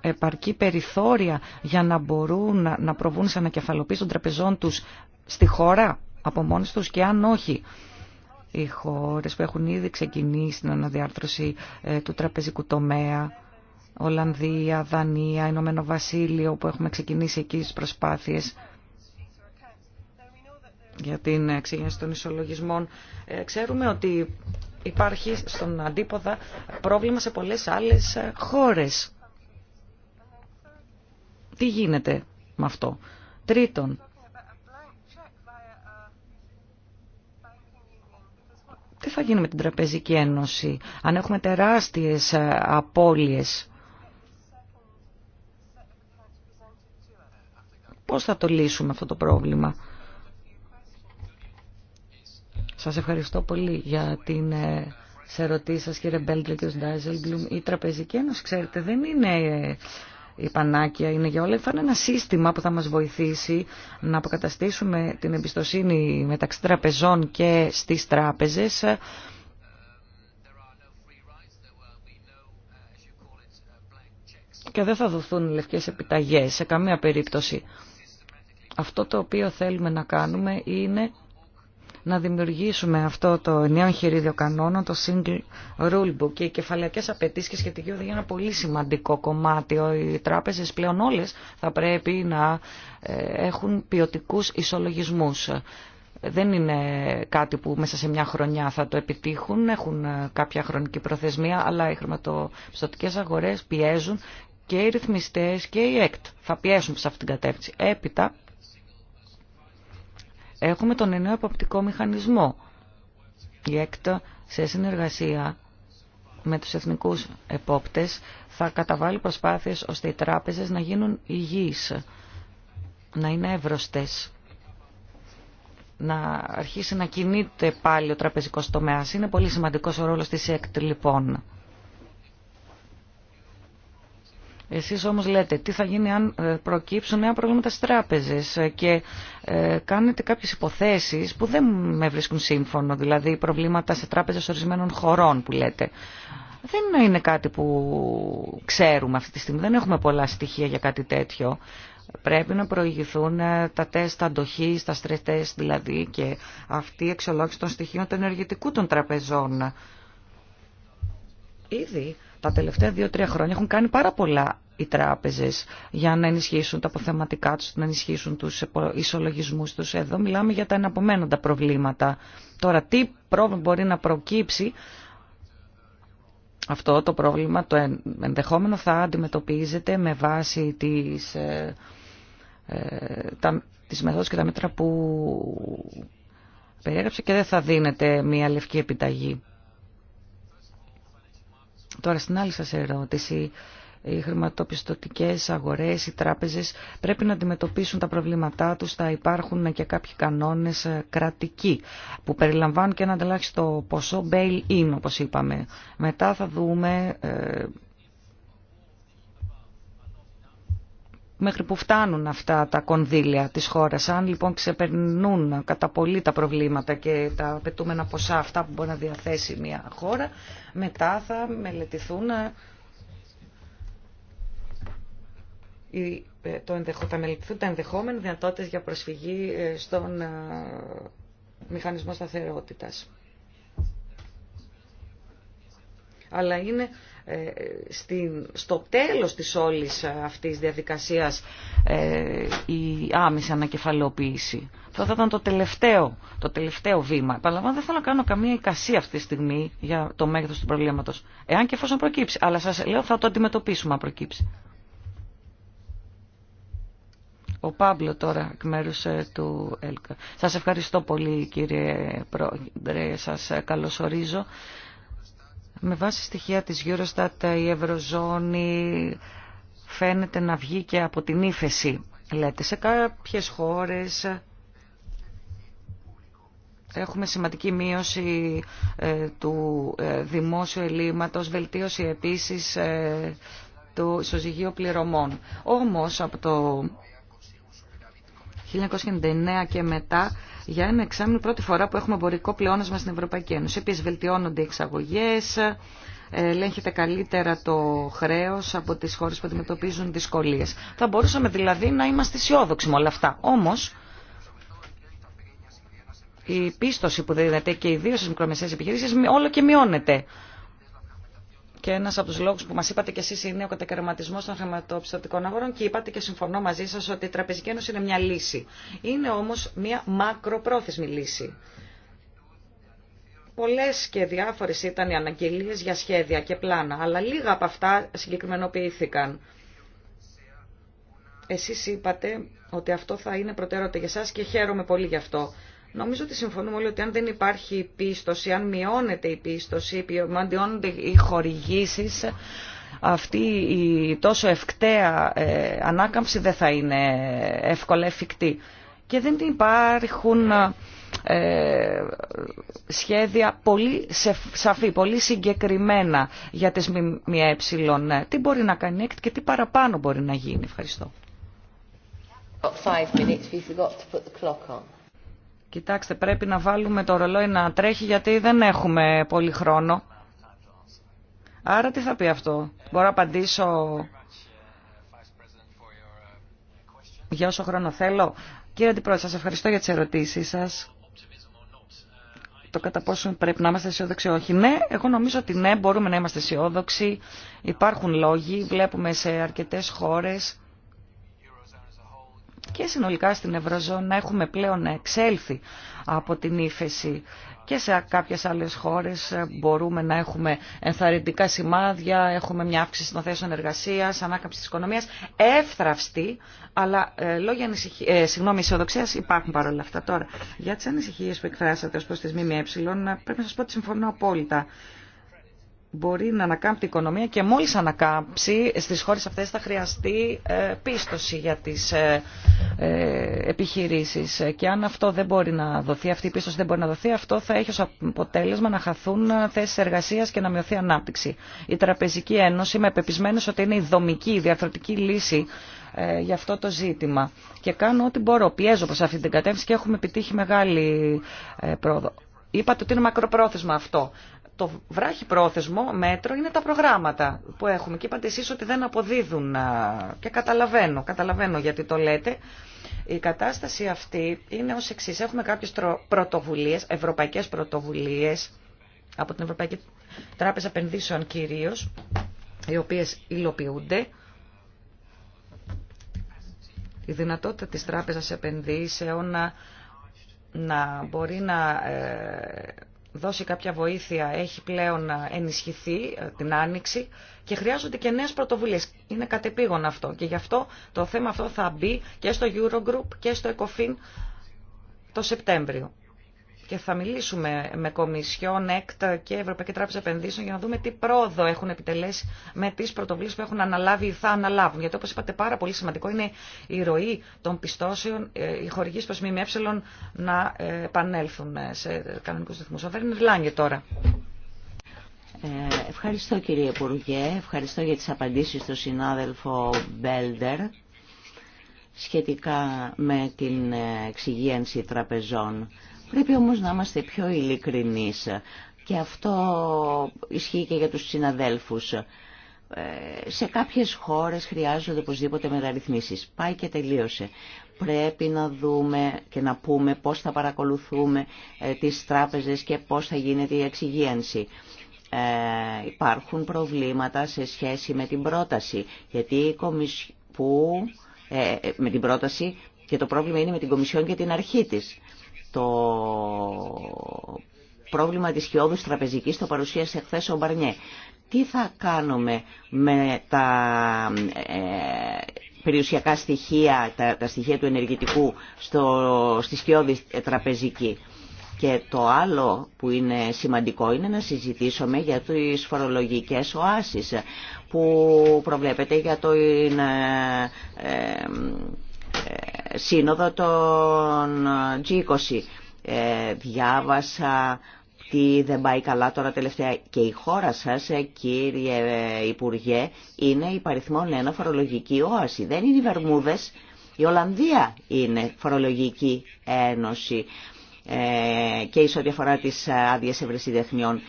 επαρκή περιθώρια για να μπορούν να προβούν σε ανακεφαλοποίηση των τραπεζών τους στη χώρα από μόνες τους και αν όχι οι χώρες που έχουν ήδη ξεκινήσει την αναδιάρθρωση ε, του τραπεζικού τομέα, Ολλανδία, Δανία, Ηνωμένο Βασίλειο που έχουμε ξεκινήσει εκεί τις προσπάθειες για την εξήγηση των ισολογισμών. Ε, ξέρουμε ότι υπάρχει στον αντίποδα πρόβλημα σε πολλές άλλες ε, χώρες. Τι γίνεται με αυτό. Τρίτον, Τι θα γίνει με την Τραπεζική Ένωση αν έχουμε τεράστιες ε, απώλειες. Πώς θα το λύσουμε αυτό το πρόβλημα. Σας ευχαριστώ πολύ για την ε, σε ερωτήσεις σας κύριε Μπέλτρικ, και ο Σντάιζελμπλουμ. Η Τραπεζική Ένωση, ξέρετε, δεν είναι ε, η Πανάκια είναι για όλα. Θα είναι ένα σύστημα που θα μας βοηθήσει να αποκαταστήσουμε την εμπιστοσύνη μεταξύ τραπεζών και στις τράπεζες. Και δεν θα δοθούν λευκές επιταγές σε καμία περίπτωση. Αυτό το οποίο θέλουμε να κάνουμε είναι να δημιουργήσουμε αυτό το νέο εγχειρίδιο κανόνων, το Single Rulebook και οι κεφαλαιακές απαιτήσεις και σχετική οδηγία είναι ένα πολύ σημαντικό κομμάτι. Οι τράπεζες πλέον όλες θα πρέπει να ε, έχουν ποιοτικού ισολογισμούς. Δεν είναι κάτι που μέσα σε μια χρονιά θα το επιτύχουν, έχουν ε, κάποια χρονική προθεσμία, αλλά οι χρηματοπιστωτικέ αγορές πιέζουν και οι ρυθμιστές και οι ΕΚΤ θα πιέσουν σε αυτήν την κατεύθυνση. Έπειτα, Έχουμε τον νέο εποπτικό μηχανισμό. Η ΕΚΤΑ σε συνεργασία με τους εθνικούς επόπτες θα καταβάλει προσπάθειες ώστε οι τράπεζες να γίνουν υγιείς, να είναι ευρωστές να αρχίσει να κινείται πάλι ο τραπεζικός τομέας. Είναι πολύ σημαντικός ο ρόλος της ΕΚΤ λοιπόν. Εσείς όμως λέτε τι θα γίνει αν ε, προκύψουν νέα προβλήματα στις τράπεζες ε, και ε, κάνετε κάποιες υποθέσεις που δεν με βρίσκουν σύμφωνο, δηλαδή προβλήματα σε τράπεζες ορισμένων χωρών που λέτε. Δεν είναι κάτι που ξέρουμε αυτή τη στιγμή, δεν έχουμε πολλά στοιχεία για κάτι τέτοιο. Πρέπει να προηγηθούν τα τεστ αντοχή, τα stress δηλαδή και αυτή η εξολόγηση των στοιχείων του ενεργητικού των τραπεζών. Ήδη τα τελευταία δύο-τρία χρόνια έχουν κάνει πάρα πολλά οι τράπεζες για να ενισχύσουν τα αποθεματικά τους, να ενισχύσουν τους ισολογισμού τους. Εδώ μιλάμε για τα εναπομένοντα προβλήματα. Τώρα τι πρόβλημα μπορεί να προκύψει αυτό το πρόβλημα, το ενδεχόμενο θα αντιμετωπίζεται με βάση τις, ε, ε, τα, τις μεθόδους και τα μέτρα που περιέγραψε και δεν θα δίνεται μια λευκή επιταγή. Τώρα στην άλλη σας ερώτηση, οι χρηματοπιστωτικές αγορές, οι τράπεζες πρέπει να αντιμετωπίσουν τα προβλήματά τους, θα υπάρχουν και κάποιοι κανόνες ε, κρατικοί που περιλαμβάνουν και ένα ανταλλάξει το ποσό bail-in όπως είπαμε. Μετά θα δούμε ε, μέχρι που φτάνουν αυτά τα κονδύλια της χώρας. Αν λοιπόν ξεπερνούν κατά πολύ τα προβλήματα και τα απαιτούμενα ποσά αυτά που μπορεί να διαθέσει μια χώρα, μετά θα μελετηθούν ε, ε, θα μελετηθούν τα ενδεχόμενα δυνατότητες για προσφυγή ε, στον μηχανισμό σταθερότητας. Αλλά είναι ε, στο τέλος της όλης αυτής διαδικασίας ε, η άμεση ανακεφαλαιοποίηση. Αυτό θα ήταν το τελευταίο, το τελευταίο βήμα. Επαναλαμβάνω, δεν θέλω να κάνω καμία εικασία αυτή τη στιγμή για το μέγεθος του προβλήματος. Εάν και εφόσον προκύψει. Αλλά σας λέω θα το αντιμετωπίσουμε αν προκύψει. Ο Πάμπλο τώρα, εκ μέρου ε, του ΕΛΚΑ. Σας ευχαριστώ πολύ κύριε Πρόεδρε, σας καλωσορίζω με βάση στοιχεία της Eurostat η Ευρωζώνη φαίνεται να βγει και από την ύφεση. Λέτε, σε κάποιες χώρες έχουμε σημαντική μείωση ε, του ε, δημόσιου ελλείμματος, βελτίωση επίσης ε, του ισοζυγίου πληρωμών. Όμως από το 1999 και μετά για ένα εξάμεινο πρώτη φορά που έχουμε εμπορικό πλεόνασμα στην Ευρωπαϊκή Ένωση. Επίσης βελτιώνονται οι εξαγωγές, ελέγχεται καλύτερα το χρέος από τις χώρες που αντιμετωπίζουν δυσκολίες. Θα μπορούσαμε δηλαδή να είμαστε αισιόδοξοι με όλα αυτά. Όμως, η πίστοση που δίνεται και ιδίω στις μικρομεσαίες επιχειρήσεις όλο και μειώνεται. Και ένα από του λόγου που μα είπατε κι εσεί είναι ο κατακαιρματισμό των χρηματοπιστωτικών αγορών και είπατε και συμφωνώ μαζί σα ότι η Τραπεζική Ένωση είναι μια λύση. Είναι όμω μια μακροπρόθεσμη λύση. Πολλέ και διάφορε ήταν οι αναγγελίε για σχέδια και πλάνα, αλλά λίγα από αυτά συγκεκριμενοποιήθηκαν. Εσείς είπατε ότι αυτό θα είναι προτεραιότητα για εσά και χαίρομαι πολύ γι' αυτό. Νομίζω ότι συμφωνούμε όλοι ότι αν δεν υπάρχει πίστοση, αν μειώνεται η πίστοση, μειώνονται οι χορηγήσει, αυτή η τόσο ευκταία ε, ανάκαμψη δεν θα είναι εύκολα εφικτή. Και δεν υπάρχουν ε, σχέδια πολύ σαφή, πολύ συγκεκριμένα για τις ΜΜΕ. Τι μπορεί να κάνει έκτη και τι παραπάνω μπορεί να γίνει. Ευχαριστώ. Κοιτάξτε, πρέπει να βάλουμε το ρολόι να τρέχει γιατί δεν έχουμε πολύ χρόνο. Άρα τι θα πει αυτό. Μπορώ να απαντήσω για όσο χρόνο θέλω. Κύριε Αντιπρόεδρε, σας ευχαριστώ για τις ερωτήσεις σας. Το κατά πόσο πρέπει να είμαστε αισιόδοξοι όχι. Ναι, εγώ νομίζω ότι ναι, μπορούμε να είμαστε αισιόδοξοι. Υπάρχουν λόγοι, βλέπουμε σε αρκετές χώρες και συνολικά στην Ευρωζώνη έχουμε πλέον εξέλθει από την ύφεση και σε κάποιες άλλες χώρες μπορούμε να έχουμε ενθαρρυντικά σημάδια, έχουμε μια αύξηση των θέσεων εργασίας, ανάκαμψη της οικονομίας, εύθραυστη, αλλά ε, λόγια ανησυχία, ε, συγγνώμη, υπάρχουν παρόλα αυτά. Τώρα, για τις ανησυχίες που εκφράσατε ως προς τις ΜΜΕ, πρέπει να σας πω ότι συμφωνώ απόλυτα μπορεί να ανακάμπτει η οικονομία και μόλις ανακάμψει στις χώρες αυτές θα χρειαστεί ε, πίστοση για τις ε, ε, επιχειρήσεις και αν αυτό δεν μπορεί να δοθεί, αυτή η πίστοση δεν μπορεί να δοθεί, αυτό θα έχει ως αποτέλεσμα να χαθούν θέσεις εργασίας και να μειωθεί η ανάπτυξη. Η Τραπεζική Ένωση με πεπισμένος ότι είναι η δομική, η διαρθρωτική λύση για αυτό το ζήτημα και κάνω ό,τι μπορώ, πιέζω προς αυτή την κατεύθυνση και έχουμε επιτύχει μεγάλη πρόοδο. Είπατε ότι είναι μακροπρόθεσμα αυτό το βράχι πρόθεσμο μέτρο είναι τα προγράμματα που έχουμε. Και είπατε εσείς ότι δεν αποδίδουν και καταλαβαίνω, καταλαβαίνω γιατί το λέτε. Η κατάσταση αυτή είναι ως εξής. Έχουμε κάποιες πρωτοβουλίες, ευρωπαϊκές πρωτοβουλίες από την Ευρωπαϊκή Τράπεζα Επενδύσεων κυρίως, οι οποίες υλοποιούνται. Η δυνατότητα της Τράπεζας Επενδύσεων να, να μπορεί να ε, δώσει κάποια βοήθεια έχει πλέον ε, ενισχυθεί ε, την άνοιξη και χρειάζονται και νέες πρωτοβουλίες. Είναι κατεπήγον αυτό και γι' αυτό το θέμα αυτό θα μπει και στο Eurogroup και στο ECOFIN το Σεπτέμβριο και θα μιλήσουμε με Κομισιόν, ΕΚΤΑ και Ευρωπαϊκή Τράπεζα Επενδύσεων για να δούμε τι πρόοδο έχουν επιτελέσει με τι πρωτοβουλίε που έχουν αναλάβει ή θα αναλάβουν. Γιατί όπω είπατε, πάρα πολύ σημαντικό είναι η ροή των πιστώσεων, ε, οι χορηγίε προ ΜΜΕ να ε, επανέλθουν ε, σε κανονικού ρυθμού. Ο Βέρνερ τώρα. Ε, ευχαριστώ κύριε Υπουργέ, ευχαριστώ για τις απαντήσεις του συνάδελφο Μπέλντερ σχετικά με την εξυγίανση τραπεζών. Πρέπει όμως να είμαστε πιο ειλικρινείς και αυτό ισχύει και για τους συναδέλφους. Ε, σε κάποιες χώρες χρειάζονται οπωσδήποτε μεταρρυθμίσεις. Πάει και τελείωσε. Πρέπει να δούμε και να πούμε πώς θα παρακολουθούμε ε, τις τράπεζες και πώς θα γίνεται η εξυγίανση. Ε, υπάρχουν προβλήματα σε σχέση με την πρόταση γιατί με την πρόταση και το πρόβλημα είναι με την Κομισιόν και την αρχή της το πρόβλημα της χειόδους τραπεζικής το παρουσίασε χθε ο Μπαρνιέ. Τι θα κάνουμε με τα ε, περιουσιακά στοιχεία, τα, στοιχεία του ενεργητικού στο, στη σκιώδη τραπεζική. Και το άλλο που είναι σημαντικό είναι να συζητήσουμε για τις φορολογικές οάσεις που προβλέπεται για το ε, ε, σύνοδο των G20. Ε, διάβασα τι δεν πάει καλά τώρα τελευταία. Και η χώρα σας, ε, κύριε Υπουργέ, είναι υπαριθμόν ένα φορολογική όαση. Δεν είναι οι Βερμούδες. Η Ολλανδία είναι φορολογική ένωση ε, και εις ό,τι αφορά τις άδειες ευρεσιτεχνιών.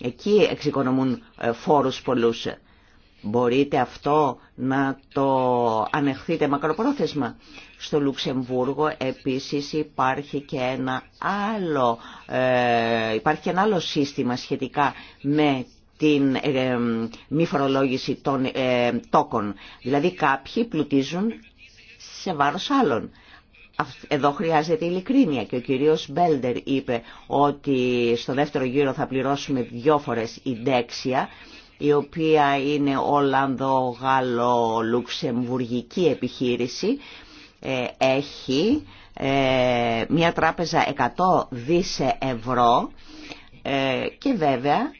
εκεί εξοικονομούν φόρους πολλούς. Μπορείτε αυτό να το ανεχθείτε μακροπρόθεσμα. Στο Λουξεμβούργο επίσης υπάρχει και ένα άλλο, ε, υπάρχει άλλο σύστημα σχετικά με την ε, ε μη φορολόγηση των ε, τόκων. Δηλαδή κάποιοι πλουτίζουν σε βάρος άλλων. Εδώ χρειάζεται ειλικρίνεια και ο κύριος Μπέλντερ είπε ότι στο δεύτερο γύρο θα πληρώσουμε δυο φορές η δέξια η οποία είναι Ολλανδο-Γάλλο-Λουξεμβουργική επιχείρηση, ε, έχει ε, μια τράπεζα 100 δις ευρώ ε, και βέβαια,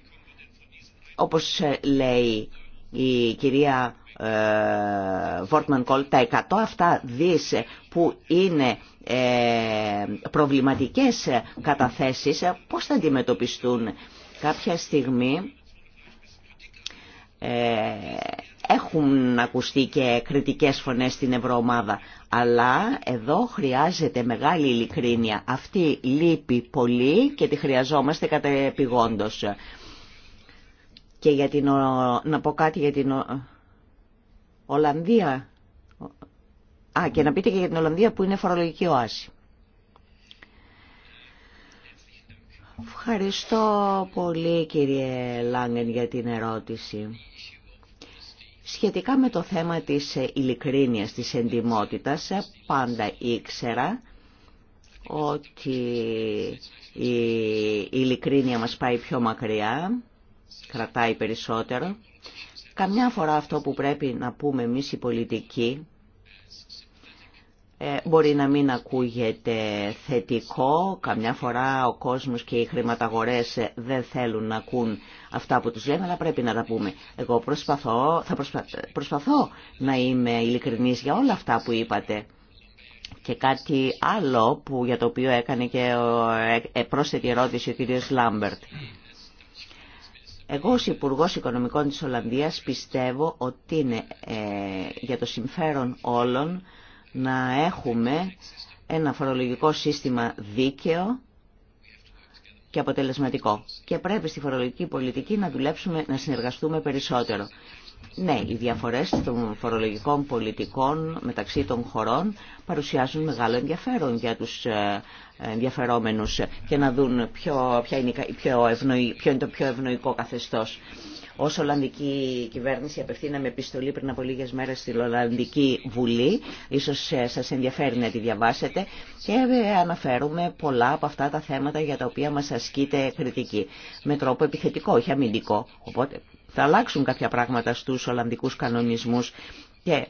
όπως λέει η κυρία Βόρτμαν Κόλ, τα 100 αυτά δις που είναι προβληματικές καταθέσεις, πώς θα αντιμετωπιστούν κάποια στιγμή ε, έχουν ακουστεί και κριτικές φωνές στην Ευρωομάδα. Αλλά εδώ χρειάζεται μεγάλη ειλικρίνεια. Αυτή λείπει πολύ και τη χρειαζόμαστε επιγόντως Και για την, να πω κάτι για την Ολλανδία. Α, και να πείτε και για την Ολλανδία που είναι φορολογική οάση. Ευχαριστώ πολύ κύριε Λάγκεν για την ερώτηση. Σχετικά με το θέμα της ειλικρίνειας, της εντιμότητας, πάντα ήξερα ότι η ειλικρίνεια μας πάει πιο μακριά, κρατάει περισσότερο. Καμιά φορά αυτό που πρέπει να πούμε εμείς οι πολιτικοί ε, μπορεί να μην ακούγεται θετικό, καμιά φορά ο κόσμος και οι χρηματαγορές ε, δεν θέλουν να ακούν αυτά που τους λέμε, αλλά πρέπει να τα πούμε. Εγώ προσπαθώ, θα προσπαθώ να είμαι ειλικρινής για όλα αυτά που είπατε. Και κάτι άλλο που, για το οποίο έκανε και ο, ε, ε πρόσθετη ερώτηση ο κ. Λάμπερτ. Εγώ ως υπουργό Οικονομικών της Ολλανδίας πιστεύω ότι είναι για το συμφέρον όλων να έχουμε ένα φορολογικό σύστημα δίκαιο και αποτελεσματικό. Και πρέπει στη φορολογική πολιτική να δουλέψουμε, να συνεργαστούμε περισσότερο. Ναι, οι διαφορές των φορολογικών πολιτικών μεταξύ των χωρών παρουσιάζουν μεγάλο ενδιαφέρον για τους ε, ενδιαφερόμενους και να δουν ποιο, είναι, ποιο είναι το πιο ευνοϊκό καθεστώς ω Ολλανδική κυβέρνηση απευθύναμε επιστολή πριν από λίγες μέρες στην Ολλανδική Βουλή. Ίσως ε, σας ενδιαφέρει να τη διαβάσετε. Και ε, αναφέρουμε πολλά από αυτά τα θέματα για τα οποία μας ασκείται κριτική. Με τρόπο επιθετικό, όχι αμυντικό. Οπότε θα αλλάξουν κάποια πράγματα στους Ολλανδικού κανονισμούς και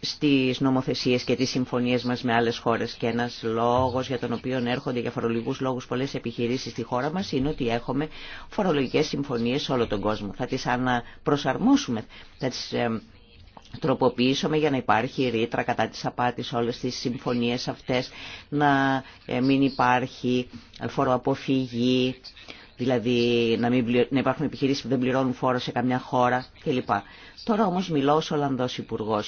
στις νομοθεσίες και τις συμφωνίες μας με άλλες χώρες και ένας λόγος για τον οποίο έρχονται για φορολογικούς λόγους πολλές επιχειρήσεις στη χώρα μας είναι ότι έχουμε φορολογικές συμφωνίες σε όλο τον κόσμο. Θα τις αναπροσαρμόσουμε, θα τις ε, τροποποιήσουμε για να υπάρχει ρήτρα κατά της απάτης όλες τις συμφωνίες αυτές, να ε, μην υπάρχει φοροαποφυγή, δηλαδή να, μην, να υπάρχουν επιχειρήσεις που δεν πληρώνουν φόρο σε καμιά χώρα κλπ. Τώρα όμως μιλώ ως Ολλανδός υπουργό.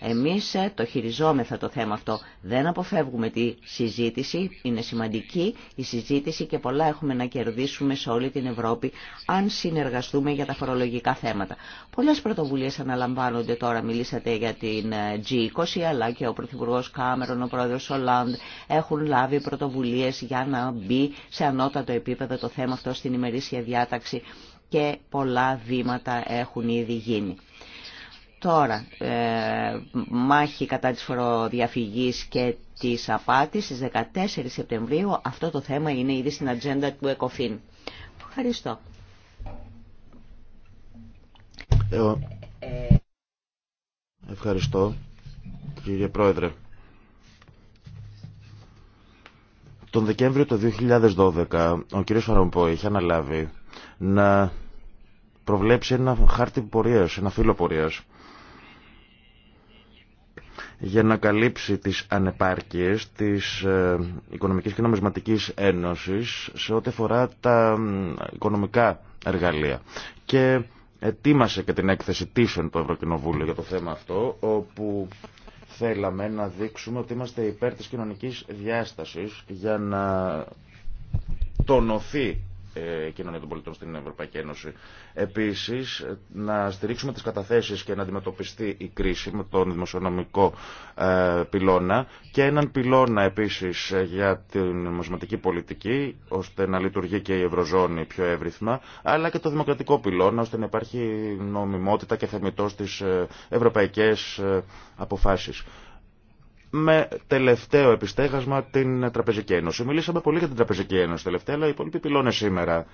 Εμείς ε, το χειριζόμεθα το θέμα αυτό. Δεν αποφεύγουμε τη συζήτηση, είναι σημαντική η συζήτηση και πολλά έχουμε να κερδίσουμε σε όλη την Ευρώπη αν συνεργαστούμε για τα φορολογικά θέματα. Πολλές πρωτοβουλίες αναλαμβάνονται τώρα, μιλήσατε για την ε, G20 αλλά και ο Πρωθυπουργό Κάμερον, ο Πρόεδρος Ολλάντ έχουν λάβει πρωτοβουλίες για να μπει σε ανώτατο επίπεδο το θέμα αυτό στην ημερήσια διάταξη και πολλά βήματα έχουν ήδη γίνει. Τώρα, ε, μάχη κατά της φοροδιαφυγής και της απάτης στις 14 Σεπτεμβρίου. Αυτό το θέμα είναι ήδη στην ατζέντα του ΕΚΟΦΗΝ. Ευχαριστώ. Ε, ευχαριστώ, κύριε Πρόεδρε. Τον Δεκέμβριο του 2012 ο κ. Φαραμπό είχε αναλάβει να προβλέψει ένα χάρτη πορείας, ένα φύλλο πορείας για να καλύψει τις ανεπάρκειες της ε, Οικονομικής και Νομισματικής Ένωσης σε ό,τι αφορά τα οικονομικά εργαλεία. Και ετοίμασε και την έκθεση τίσεων του Ευρωκοινοβούλου για το θέμα αυτό, όπου θέλαμε να δείξουμε ότι είμαστε υπέρ της κοινωνικής διάστασης για να τονωθεί ε, κοινωνία των πολιτών στην Ευρωπαϊκή Ένωση. Επίση, να στηρίξουμε τι καταθέσει και να αντιμετωπιστεί η κρίση με τον δημοσιονομικό ε, πυλώνα και έναν πυλώνα επίση ε, για την νομισματική πολιτική, ώστε να λειτουργεί και η Ευρωζώνη πιο εύρυθμα, αλλά και το δημοκρατικό πυλώνα, ώστε να υπάρχει νομιμότητα και θεμητό στι ευρωπαϊκέ αποφάσει με τελευταίο επιστέγασμα την Τραπεζική Ένωση. Μιλήσαμε πολύ για την Τραπεζική Ένωση τελευταία, αλλά οι υπόλοιποι πυλώνε σήμερα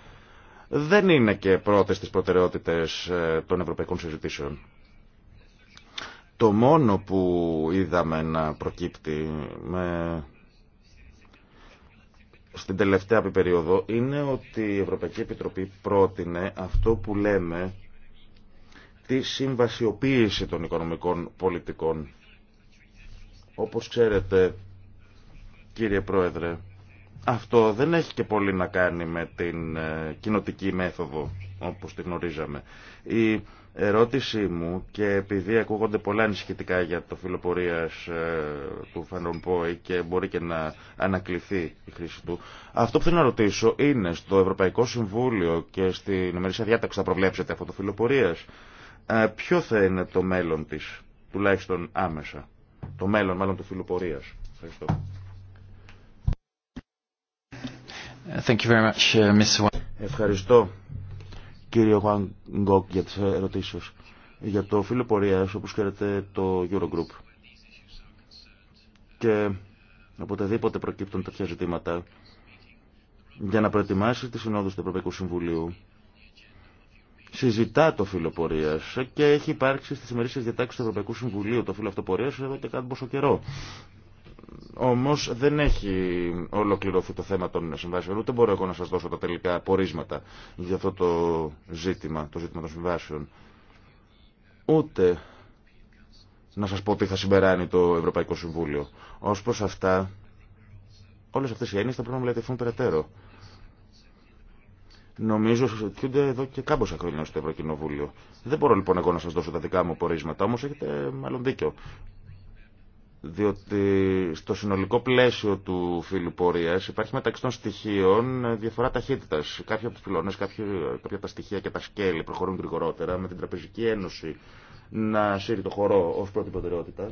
δεν είναι και πρώτε τι προτεραιότητες ε, των ευρωπαϊκών συζητήσεων. Το μόνο που είδαμε να προκύπτει με... στην τελευταία περίοδο είναι ότι η Ευρωπαϊκή Επιτροπή πρότεινε αυτό που λέμε τη συμβασιοποίηση των οικονομικών πολιτικών όπως ξέρετε, κύριε Πρόεδρε, αυτό δεν έχει και πολύ να κάνει με την ε, κοινοτική μέθοδο όπως τη γνωρίζαμε. Η ερώτησή μου και επειδή ακούγονται πολλά ανησυχητικά για το φιλοπορίας ε, του Φανρομπόη και μπορεί και να ανακληθεί η χρήση του, αυτό που θέλω να ρωτήσω είναι στο Ευρωπαϊκό Συμβούλιο και στην ημερήσια διάταξη θα προβλέψετε αυτό το φιλοπορίας, ε, ποιο θα είναι το μέλλον της, τουλάχιστον άμεσα το μέλλον μάλλον του φιλοπορία. Ευχαριστώ. Thank you very much, uh, Mr. Ευχαριστώ κύριο Χουάν Γκόκ για τις ερωτήσεις. Για το φίλο πορείας, όπως ξέρετε, το Eurogroup. Και οποτεδήποτε προκύπτουν τέτοια ζητήματα, για να προετοιμάσει τη συνόδου του Ευρωπαϊκού Συμβουλίου, συζητά το φύλλο πορεία και έχει υπάρξει στι ημερήσει διατάξει του Ευρωπαϊκού Συμβουλίου το φύλλο αυτοπορία εδώ και κάτι πόσο καιρό. Όμω δεν έχει ολοκληρωθεί το θέμα των συμβάσεων, ούτε μπορώ εγώ να σα δώσω τα τελικά πορίσματα για αυτό το ζήτημα, το ζήτημα των συμβάσεων. Ούτε να σας πω τι θα συμπεράνει το Ευρωπαϊκό Συμβούλιο. Ω προ αυτά, Όλε αυτέ οι έννοιε θα πρέπει να μελετηθούν περαιτέρω. Νομίζω συζητιούνται εδώ και κάμποσα χρόνια στο Ευρωκοινοβούλιο. Δεν μπορώ λοιπόν εγώ να σα δώσω τα δικά μου πορίσματα, όμω έχετε μάλλον δίκιο. Διότι στο συνολικό πλαίσιο του φύλου πορεία υπάρχει μεταξύ των στοιχείων διαφορά ταχύτητα. Κάποιοι από του πυλώνε, κάποια από τα στοιχεία και τα σκέλη προχωρούν γρηγορότερα με την Τραπεζική Ένωση να σύρει το χορό ω πρώτη προτεραιότητα.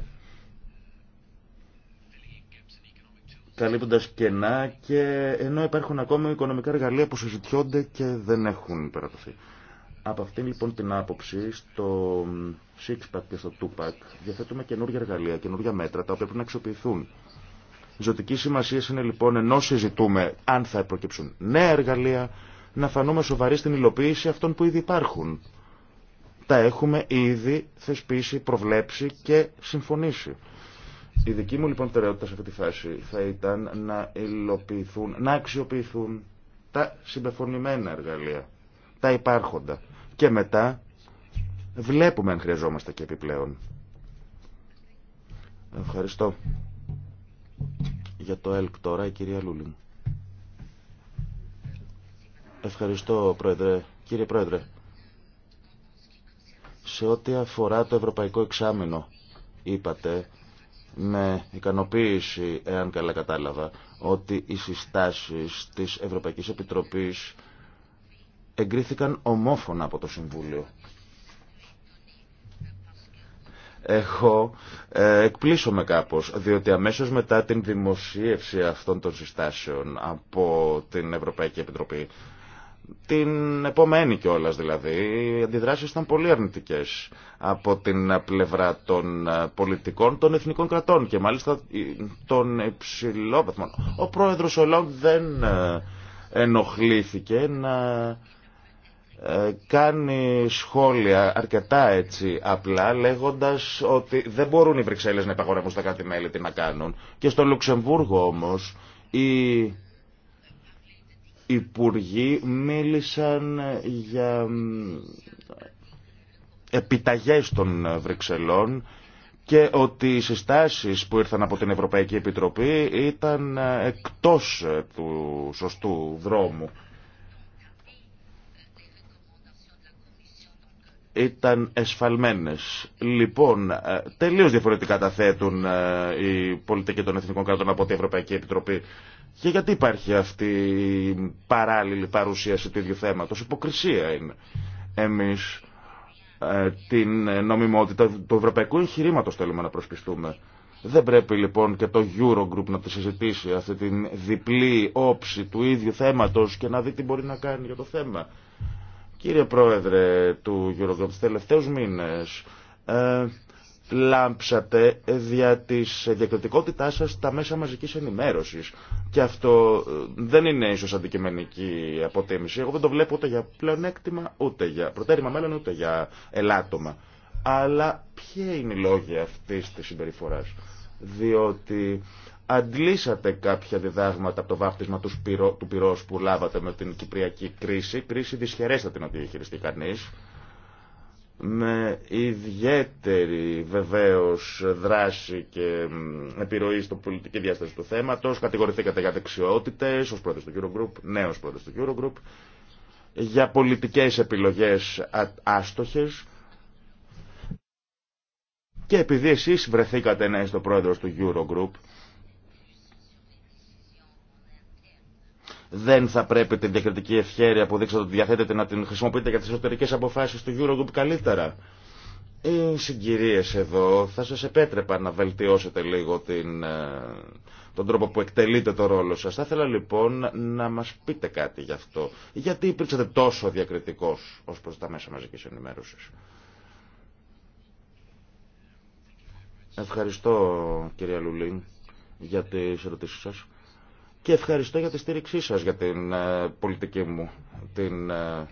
καλύπτοντα κενά και ενώ υπάρχουν ακόμα οικονομικά εργαλεία που συζητιώνται και δεν έχουν υπερατωθεί. Από αυτήν λοιπόν την άποψη, στο Sixpack και στο Tupac διαθέτουμε καινούργια εργαλεία, καινούργια μέτρα τα οποία πρέπει να αξιοποιηθούν. Ζωτική σημασία είναι λοιπόν ενώ συζητούμε αν θα προκύψουν νέα εργαλεία, να φανούμε σοβαροί στην υλοποίηση αυτών που ήδη υπάρχουν. Τα έχουμε ήδη θεσπίσει, προβλέψει και συμφωνήσει. Η δική μου λοιπόν προτεραιότητα σε αυτή τη φάση θα ήταν να υλοποιηθούν, να αξιοποιηθούν τα συμπεφωνημένα εργαλεία, τα υπάρχοντα. Και μετά βλέπουμε αν χρειαζόμαστε και επιπλέον. Ευχαριστώ. Για το ΕΛΚ τώρα η κυρία Λούλιν. Ευχαριστώ πρόεδρε. Κύριε Πρόεδρε, σε ό,τι αφορά το Ευρωπαϊκό Εξάμεινο, είπατε με ικανοποίηση, εάν καλά κατάλαβα, ότι οι συστάσεις της Ευρωπαϊκής Επιτροπής εγκρίθηκαν ομόφωνα από το Συμβούλιο. Έχω ε, κάπως, διότι αμέσως μετά την δημοσίευση αυτών των συστάσεων από την Ευρωπαϊκή Επιτροπή την επόμενη κιόλας δηλαδή. Οι αντιδράσεις ήταν πολύ αρνητικές από την πλευρά των ε, πολιτικών των εθνικών κρατών και μάλιστα ε, των υψηλόπεθμών. Ο πρόεδρος Ολόγκ δεν ε, ενοχλήθηκε να κάνει σχόλια αρκετά έτσι απλά λέγοντας ότι δεν μπορούν οι Βρυξέλλες να υπαγορεύουν στα κάτι μέλη τι να κάνουν. Και στο Λουξεμβούργο όμως η υπουργοί μίλησαν για επιταγές των Βρυξελών και ότι οι συστάσεις που ήρθαν από την Ευρωπαϊκή Επιτροπή ήταν εκτός του σωστού δρόμου. ήταν εσφαλμένες. Λοιπόν, τελείως διαφορετικά τα θέτουν ε, οι πολιτικοί των Εθνικών Κρατών από την Ευρωπαϊκή Επιτροπή και γιατί υπάρχει αυτή η παράλληλη παρουσίαση του ίδιου θέματος. Υποκρισία είναι. Εμείς ε, την νομιμότητα του ευρωπαϊκού εγχειρήματο θέλουμε να προσπιστούμε. Δεν πρέπει λοιπόν και το Eurogroup να τη συζητήσει αυτή την διπλή όψη του ίδιου θέματος και να δει τι μπορεί να κάνει για το θέμα. Κύριε Πρόεδρε του Eurogroup, τις τελευταίους ε, λάμψατε δια της διακριτικότητάς σας τα μέσα μαζικής ενημέρωσης. Και αυτό ε, δεν είναι ίσως αντικειμενική αποτίμηση. Εγώ δεν το βλέπω ούτε για πλεονέκτημα, ούτε για προτέρημα μέλλον, ούτε για ελάττωμα. Αλλά ποια είναι η λόγια αυτής της συμπεριφοράς. Διότι αντλήσατε κάποια διδάγματα από το βάπτισμα του, πυρό, πυρός που λάβατε με την κυπριακή κρίση. Κρίση δυσχερέστατη να τη χειριστεί κανείς με ιδιαίτερη βεβαίως δράση και επιρροή στο πολιτική διάσταση του θέματος. Κατηγορηθήκατε για δεξιότητες ως πρόεδρος του Eurogroup, νέος ναι, πρόεδρος του Eurogroup, για πολιτικές επιλογές άστοχες. Και επειδή εσείς βρεθήκατε να είστε πρόεδρος του Eurogroup, δεν θα πρέπει την διακριτική ευχαίρεια που δείξατε ότι διαθέτεται να την χρησιμοποιείτε για τι εσωτερικέ αποφάσει του Eurogroup καλύτερα. Οι συγκυρίε εδώ θα σα επέτρεπα να βελτιώσετε λίγο ε, τον τρόπο που εκτελείτε το ρόλο σα. Θα ήθελα λοιπόν να μα πείτε κάτι γι' αυτό. Γιατί υπήρξατε τόσο διακριτικό ω προ τα μέσα μαζική ενημέρωση. Ευχαριστώ κυρία Λουλή για τις ερωτήσεις σας και ευχαριστώ για τη στήριξή σας για την ε, πολιτική μου, την, ε,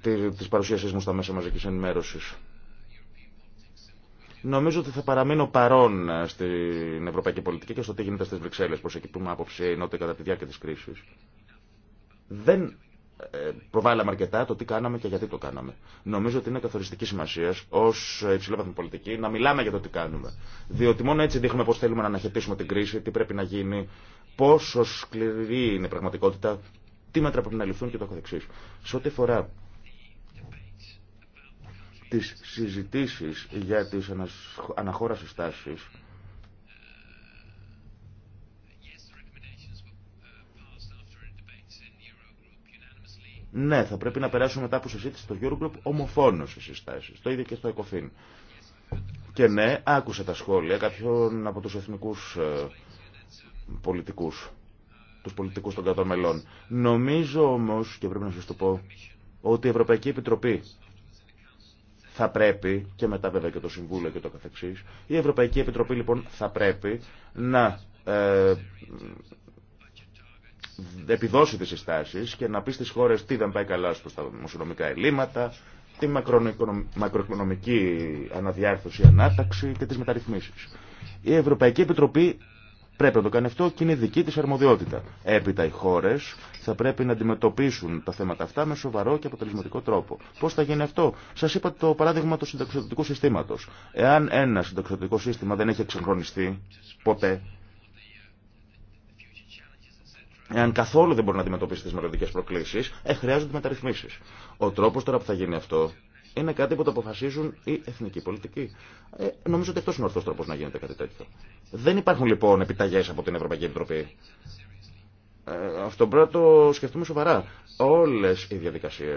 τη, της παρουσίασής μου στα μέσα μαζικής ενημέρωσης. Νομίζω ότι θα παραμείνω παρόν ε, στην ευρωπαϊκή πολιτική και στο τι γίνεται στις Βρυξέλλες, προς εκεί που είμαι άποψη ενώ κατά τη διάρκεια της κρίσης. Δεν ε, προβάλαμε αρκετά το τι κάναμε και γιατί το κάναμε. Νομίζω ότι είναι καθοριστική σημασία ω υψηλόβαθμη πολιτική να μιλάμε για το τι κάνουμε. Διότι μόνο έτσι δείχνουμε πώ θέλουμε να αναχαιτήσουμε την κρίση, τι πρέπει να γίνει, πόσο σκληρή είναι η πραγματικότητα, τι μέτρα πρέπει να ληφθούν και το καθεξή. Σε ό,τι αφορά τι συζητήσει για τι αναχώρασει τάσει, Ναι, θα πρέπει να περάσουμε μετά από συζήτηση στο Eurogroup ομοφόνο οι συστάσει. Το ίδιο και στο ΕΚΟΦΗΝ. Και ναι, άκουσα τα σχόλια κάποιων από του εθνικού ε, πολιτικού, του πολιτικού των κρατών μελών. Νομίζω όμω, και πρέπει να σα το πω, ότι η Ευρωπαϊκή Επιτροπή θα πρέπει, και μετά βέβαια και το Συμβούλιο και το καθεξής, η Ευρωπαϊκή Επιτροπή λοιπόν θα πρέπει να ε, επιδώσει τις συστάσεις και να πει στις χώρες τι δεν πάει καλά στους τα δημοσιονομικά ελλείμματα, τη μακροοικονομική αναδιάρθρωση, ανάταξη και τις μεταρρυθμίσεις. Η Ευρωπαϊκή Επιτροπή πρέπει να το κάνει αυτό και είναι δική της αρμοδιότητα. Έπειτα οι χώρες θα πρέπει να αντιμετωπίσουν τα θέματα αυτά με σοβαρό και αποτελεσματικό τρόπο. Πώς θα γίνει αυτό. Σας είπα το παράδειγμα του συνταξιδοτικού συστήματος. Εάν ένα συνταξιδοτικό σύστημα δεν έχει εξυγχρονιστεί ποτέ, εάν καθόλου δεν μπορεί να αντιμετωπίσει τι μελλοντικέ προκλήσει, ε, χρειάζονται μεταρρυθμίσει. Ο τρόπο τώρα που θα γίνει αυτό είναι κάτι που το αποφασίζουν οι εθνικοί πολιτικοί. Ε, νομίζω ότι αυτό είναι ο ορθό τρόπο να γίνεται κάτι τέτοιο. Δεν υπάρχουν λοιπόν επιταγέ από την Ευρωπαϊκή Επιτροπή. Ε, αυτό πρέπει να το σκεφτούμε σοβαρά. Όλε οι διαδικασίε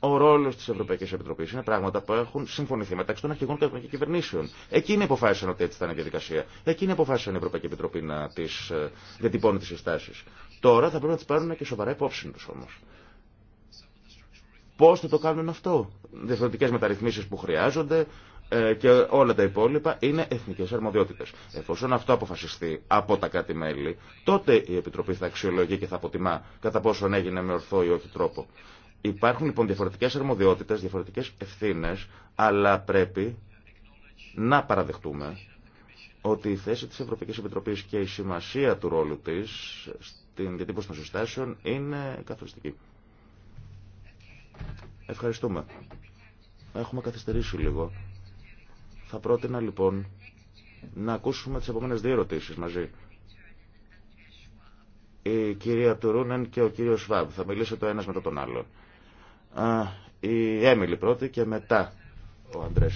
ο ρόλο τη Ευρωπαϊκή Επιτροπή. Είναι πράγματα που έχουν συμφωνηθεί μεταξύ των αρχηγών και κυβερνήσεων. Εκείνοι αποφάσισαν ότι έτσι θα είναι η διαδικασία. Εκείνοι αποφάσισαν η Ευρωπαϊκή Επιτροπή να τι ε, διατυπώνει τι συστάσει. Τώρα θα πρέπει να τι πάρουν και σοβαρά υπόψη του όμω. Πώ θα το κάνουν αυτό. Διαφορετικέ μεταρρυθμίσει που χρειάζονται ε, και όλα τα υπόλοιπα είναι εθνικέ αρμοδιότητε. Εφόσον αυτό αποφασιστεί από τα κάτι μελη τότε η Επιτροπή θα αξιολογεί και θα αποτιμά κατά πόσον έγινε με ορθό ή όχι τρόπο. Υπάρχουν λοιπόν διαφορετικές αρμοδιότητες, διαφορετικές ευθύνες, αλλά πρέπει να παραδεχτούμε ότι η θέση της Ευρωπαϊκής Επιτροπής και η σημασία του ρόλου της στην διατύπωση των συστάσεων είναι καθοριστική. Ευχαριστούμε. Έχουμε καθυστερήσει λίγο. Θα πρότεινα λοιπόν να ακούσουμε τις επόμενες δύο ερωτήσεις μαζί. Η κυρία Τουρούνεν και ο κύριος Σβάμπ θα μιλήσετε το ένας μετά τον άλλο η Έμιλη πρώτη και μετά ο Αντρέ.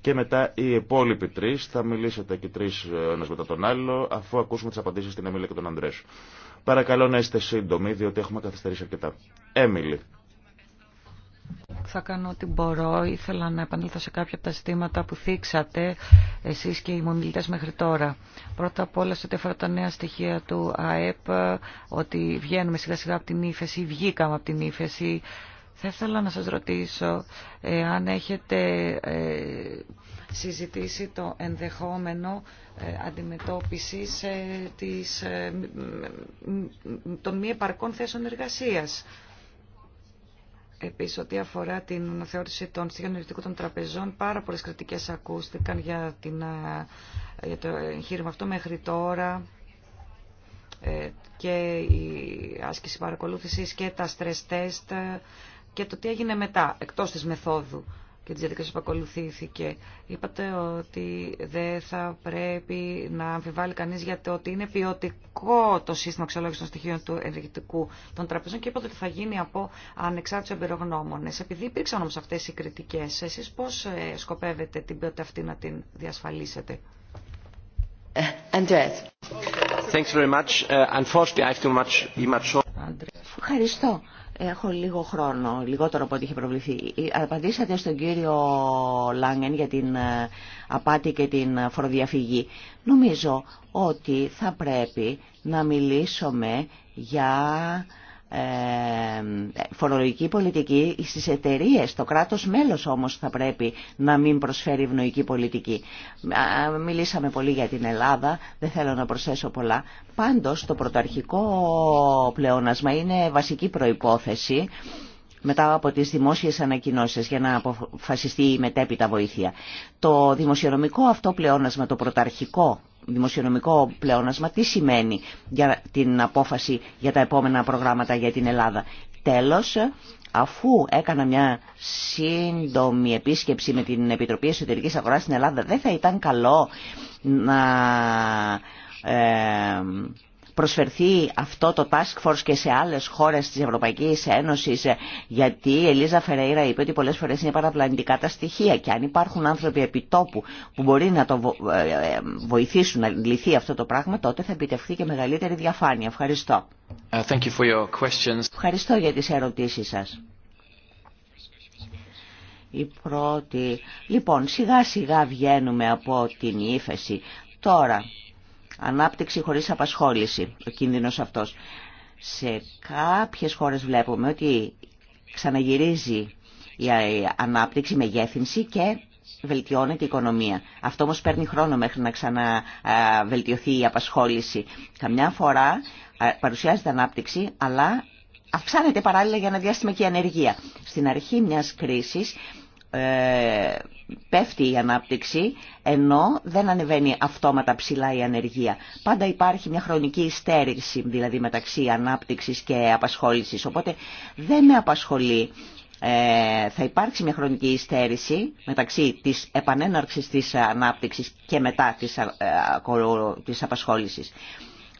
Και μετά οι υπόλοιποι τρει θα μιλήσετε και τρει ε, ένα μετά τον άλλο, αφού ακούσουμε τι απαντήσει στην Έμιλη και τον Αντρέ. Παρακαλώ να είστε σύντομοι, διότι έχουμε καθυστερήσει αρκετά. Έμιλη. Θα κάνω ό,τι μπορώ. Ήθελα να επανέλθω σε κάποια από τα ζητήματα που θίξατε εσείς και οι μομιλητές μέχρι τώρα. Πρώτα απ' όλα, σε ό,τι τα νέα στοιχεία του ΑΕΠ, ότι βγαίνουμε σιγά-σιγά από την ύφεση, βγήκαμε από την ύφεση. Θα ήθελα να σας ρωτήσω αν έχετε ε, συζητήσει το ενδεχόμενο ε, αντιμετώπισης ε, της, των μη επαρκών θέσεων εργασίας Επίση, ό,τι αφορά την αναθεώρηση των στοιχείων ενεργητικού των τραπεζών, πάρα πολλέ κριτικέ ακούστηκαν για, την, ε, για το εγχείρημα αυτό μέχρι τώρα ε, και η άσκηση παρακολούθησης και τα stress test και το τι έγινε μετά, εκτός της μεθόδου και τις διαδικασίες που ακολουθήθηκε. Είπατε ότι δεν θα πρέπει να αμφιβάλλει κανείς γιατί το ότι είναι ποιοτικό το σύστημα αξιολόγησης των στοιχείων του ενεργητικού των τραπεζών και είπατε ότι θα γίνει από ανεξάρτητους εμπειρογνώμονες. Επειδή υπήρξαν όμως αυτές οι κριτικές, εσείς πώς ε, σκοπεύετε την ποιότητα αυτή να την διασφαλίσετε. Ευχαριστώ. Έχω λίγο χρόνο, λιγότερο από ό,τι είχε προβληθεί. Απαντήσατε στον κύριο Λάγκεν για την ε, απάτη και την φοροδιαφυγή. Νομίζω ότι θα πρέπει να μιλήσουμε για ε, φορολογική πολιτική στις εταιρείε. Το κράτος μέλος όμως θα πρέπει να μην προσφέρει ευνοϊκή πολιτική. Μιλήσαμε πολύ για την Ελλάδα, δεν θέλω να προσθέσω πολλά. Πάντως το πρωταρχικό πλεόνασμα είναι βασική προϋπόθεση μετά από τις δημόσιες ανακοινώσεις για να αποφασιστεί η μετέπειτα βοήθεια. Το δημοσιονομικό αυτό πλεόνασμα, το πρωταρχικό δημοσιονομικό πλεόνασμα, τι σημαίνει για την απόφαση για τα επόμενα προγράμματα για την Ελλάδα. Τέλος, αφού έκανα μια σύντομη επίσκεψη με την Επιτροπή Εσωτερικής Αγοράς στην Ελλάδα, δεν θα ήταν καλό να... Ε, προσφερθεί αυτό το task force και σε άλλες χώρες της Ευρωπαϊκής Ένωσης γιατί η Ελίζα Φερέιρα είπε ότι πολλές φορές είναι παραπλανητικά τα στοιχεία και αν υπάρχουν άνθρωποι επιτόπου που μπορεί να το ε, ε, βοηθήσουν να λυθεί αυτό το πράγμα τότε θα επιτευχθεί και μεγαλύτερη διαφάνεια. Ευχαριστώ. Uh, thank you for your questions. Ευχαριστώ για τις ερωτήσεις σας. Λοιπόν, σιγά σιγά βγαίνουμε από την ύφεση. Τώρα, Ανάπτυξη χωρίς απασχόληση, ο κίνδυνος αυτός. Σε κάποιες χώρες βλέπουμε ότι ξαναγυρίζει η ανάπτυξη, με μεγέθυνση και βελτιώνεται η οικονομία. Αυτό όμως παίρνει χρόνο μέχρι να ξαναβελτιωθεί η απασχόληση. Καμιά φορά ε, παρουσιάζεται ανάπτυξη, αλλά αυξάνεται παράλληλα για ένα διάστημα και η ανεργία. Στην αρχή μιας κρίσης ε, πέφτει η ανάπτυξη ενώ δεν ανεβαίνει αυτόματα ψηλά η ανεργία. Πάντα υπάρχει μια χρονική υστέρηση δηλαδή μεταξύ ανάπτυξης και απασχόλησης. Οπότε δεν με απασχολεί ε, θα υπάρξει μια χρονική υστέρηση μεταξύ της επανέναρξης της ανάπτυξης και μετά της ε, απασχόλησης.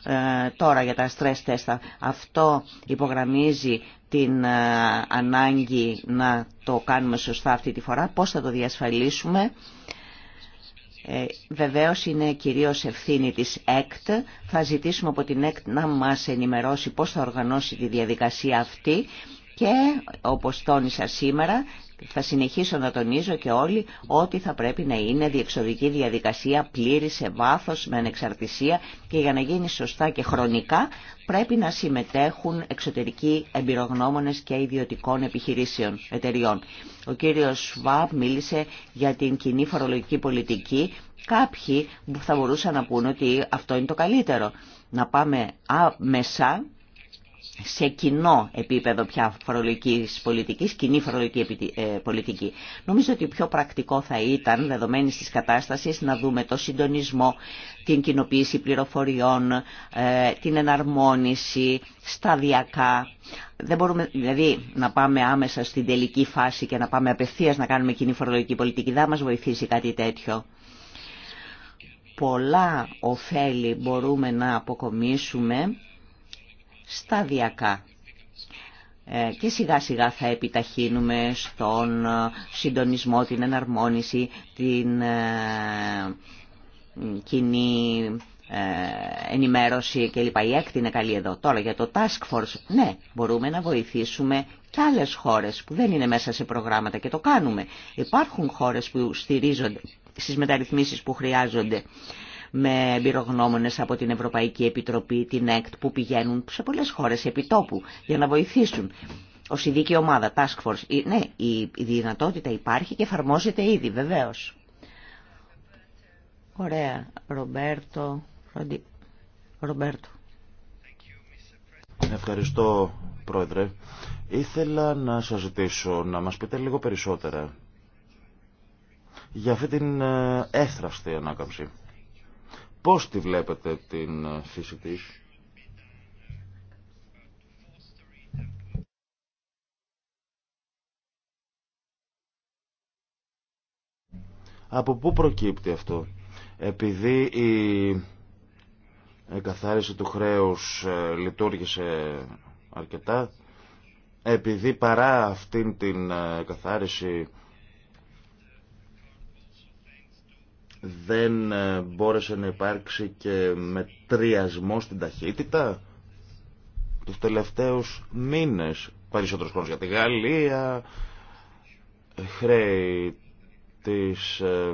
Ε, τώρα για τα stress test. Αυτό υπογραμμίζει την ε, ανάγκη να το κάνουμε σωστά αυτή τη φορά. Πώς θα το διασφαλίσουμε. Ε, βεβαίως είναι κυρίως ευθύνη της ΕΚΤ. Θα ζητήσουμε από την ΕΚΤ να μας ενημερώσει πώς θα οργανώσει τη διαδικασία αυτή και όπως τόνισα σήμερα θα συνεχίσω να τονίζω και όλοι ότι θα πρέπει να είναι διεξοδική διαδικασία πλήρη σε βάθος με ανεξαρτησία και για να γίνει σωστά και χρονικά πρέπει να συμμετέχουν εξωτερικοί εμπειρογνώμονες και ιδιωτικών επιχειρήσεων εταιριών. Ο κύριος ΣΒΑΠ μίλησε για την κοινή φορολογική πολιτική. Κάποιοι θα μπορούσαν να πούν ότι αυτό είναι το καλύτερο. Να πάμε άμεσα σε κοινό επίπεδο πια φορολογικής πολιτικής, κοινή φορολογική ε, πολιτική. Νομίζω ότι πιο πρακτικό θα ήταν, δεδομένη της κατάστασης, να δούμε το συντονισμό, την κοινοποίηση πληροφοριών, ε, την εναρμόνιση, σταδιακά. Δεν μπορούμε δηλαδή να πάμε άμεσα στην τελική φάση και να πάμε απευθείας να κάνουμε κοινή φορολογική πολιτική. Δεν μας βοηθήσει κάτι τέτοιο πολλά ωφέλη μπορούμε να αποκομίσουμε σταδιακά ε, και σιγά σιγά θα επιταχύνουμε στον ε, συντονισμό, την εναρμόνιση, την ε, κοινή ενημέρωση κλπ. Η έκτη είναι καλή εδώ. Τώρα για το Task Force, ναι, μπορούμε να βοηθήσουμε και άλλες χώρες που δεν είναι μέσα σε προγράμματα και το κάνουμε. Υπάρχουν χώρες που στηρίζονται στις μεταρρυθμίσεις που χρειάζονται με εμπειρογνώμονες από την Ευρωπαϊκή Επιτροπή, την ΕΚΤ, που πηγαίνουν σε πολλές χώρες επιτόπου για να βοηθήσουν. Ω ειδική ομάδα, task force. Ναι, η δυνατότητα υπάρχει και εφαρμόζεται ήδη, βεβαίω. Ωραία. Ρομπέρτο. Ρομπέρτο. Ευχαριστώ, Πρόεδρε. Ήθελα να σας ζητήσω να μας πείτε λίγο περισσότερα για αυτή την έθραυστη ε, ανάκαμψη. Πώς τη βλέπετε την ε, φύση της. Από πού προκύπτει αυτό. Επειδή η εκαθάριση του χρέους ε, λειτουργήσε αρκετά, επειδή παρά αυτήν την ε, καθάριση... δεν ε, μπόρεσε να υπάρξει και μετριασμό στην ταχύτητα τους τελευταίους μήνες περισσότερος χρόνος για τη Γαλλία χρέη της, ε,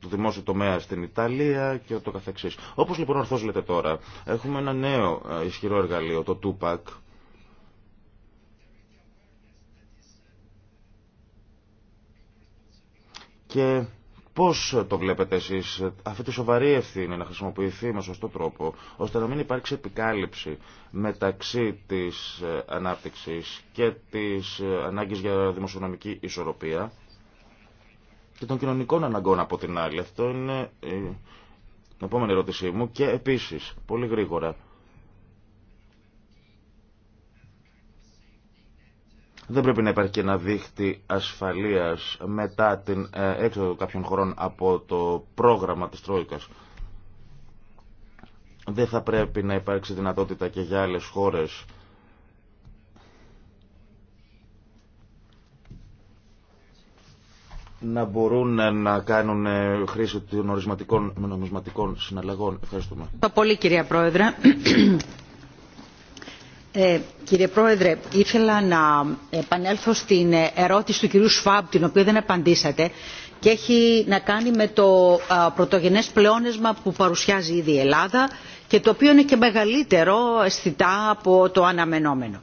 του δημόσιου τομέα στην Ιταλία και ούτω καθεξής. Όπως λοιπόν ορθώς λέτε τώρα, έχουμε ένα νέο ε, ισχυρό εργαλείο, το Tupac, και Πώς το βλέπετε εσείς αυτή τη σοβαρή ευθύνη να χρησιμοποιηθεί με σωστό τρόπο ώστε να μην υπάρξει επικάλυψη μεταξύ της ε, ανάπτυξης και της ε, ανάγκης για δημοσιονομική ισορροπία και των κοινωνικών αναγκών από την άλλη. Αυτό είναι ε, η επόμενη ερώτησή μου και επίσης πολύ γρήγορα Δεν πρέπει να υπάρχει και ένα δίχτυ ασφαλείας μετά την ε, έξοδο κάποιων χωρών από το πρόγραμμα της Τρόικας. Δεν θα πρέπει να υπάρξει δυνατότητα και για άλλες χώρες να μπορούν να κάνουν ε, χρήση των ορισματικών νομισματικών συναλλαγών. Ευχαριστούμε. πολύ κυρία ε, κύριε πρόεδρε ήθελα να επανέλθω στην ερώτηση του κυρίου Σφαμπ την οποία δεν απαντήσατε και έχει να κάνει με το πρωτογενές πλεόνασμα που παρουσιάζει ήδη η Ελλάδα και το οποίο είναι και μεγαλύτερο αισθητά από το αναμενόμενο.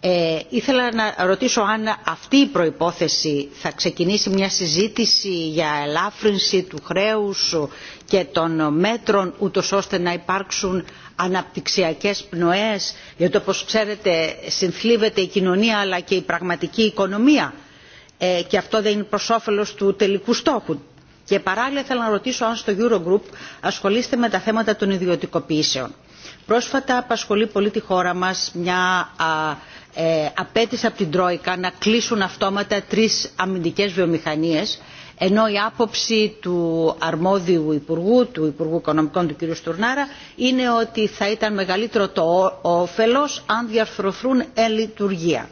Ε, ήθελα να ρωτήσω αν αυτή η προϋπόθεση θα ξεκινήσει μια συζήτηση για ελάφρυνση του χρέους και των μέτρων ούτως ώστε να υπάρξουν αναπτυξιακές πνοές γιατί όπως ξέρετε συνθλίβεται η κοινωνία αλλά και η πραγματική οικονομία ε, και αυτό δεν είναι προς όφελος του τελικού στόχου. Και παράλληλα θέλω να ρωτήσω αν στο Eurogroup ασχολείστε με τα θέματα των ιδιωτικοποιήσεων. Πρόσφατα απασχολεί πολύ τη χώρα μας μια α, ε, απέτηση από την Τρόικα να κλείσουν αυτόματα τρεις αμυντικές βιομηχανίες ενώ η άποψη του αρμόδιου Υπουργού, του Υπουργού Οικονομικών του κ. Στουρνάρα, είναι ότι θα ήταν μεγαλύτερο το όφελος αν διαρθρωθούν εν λειτουργία.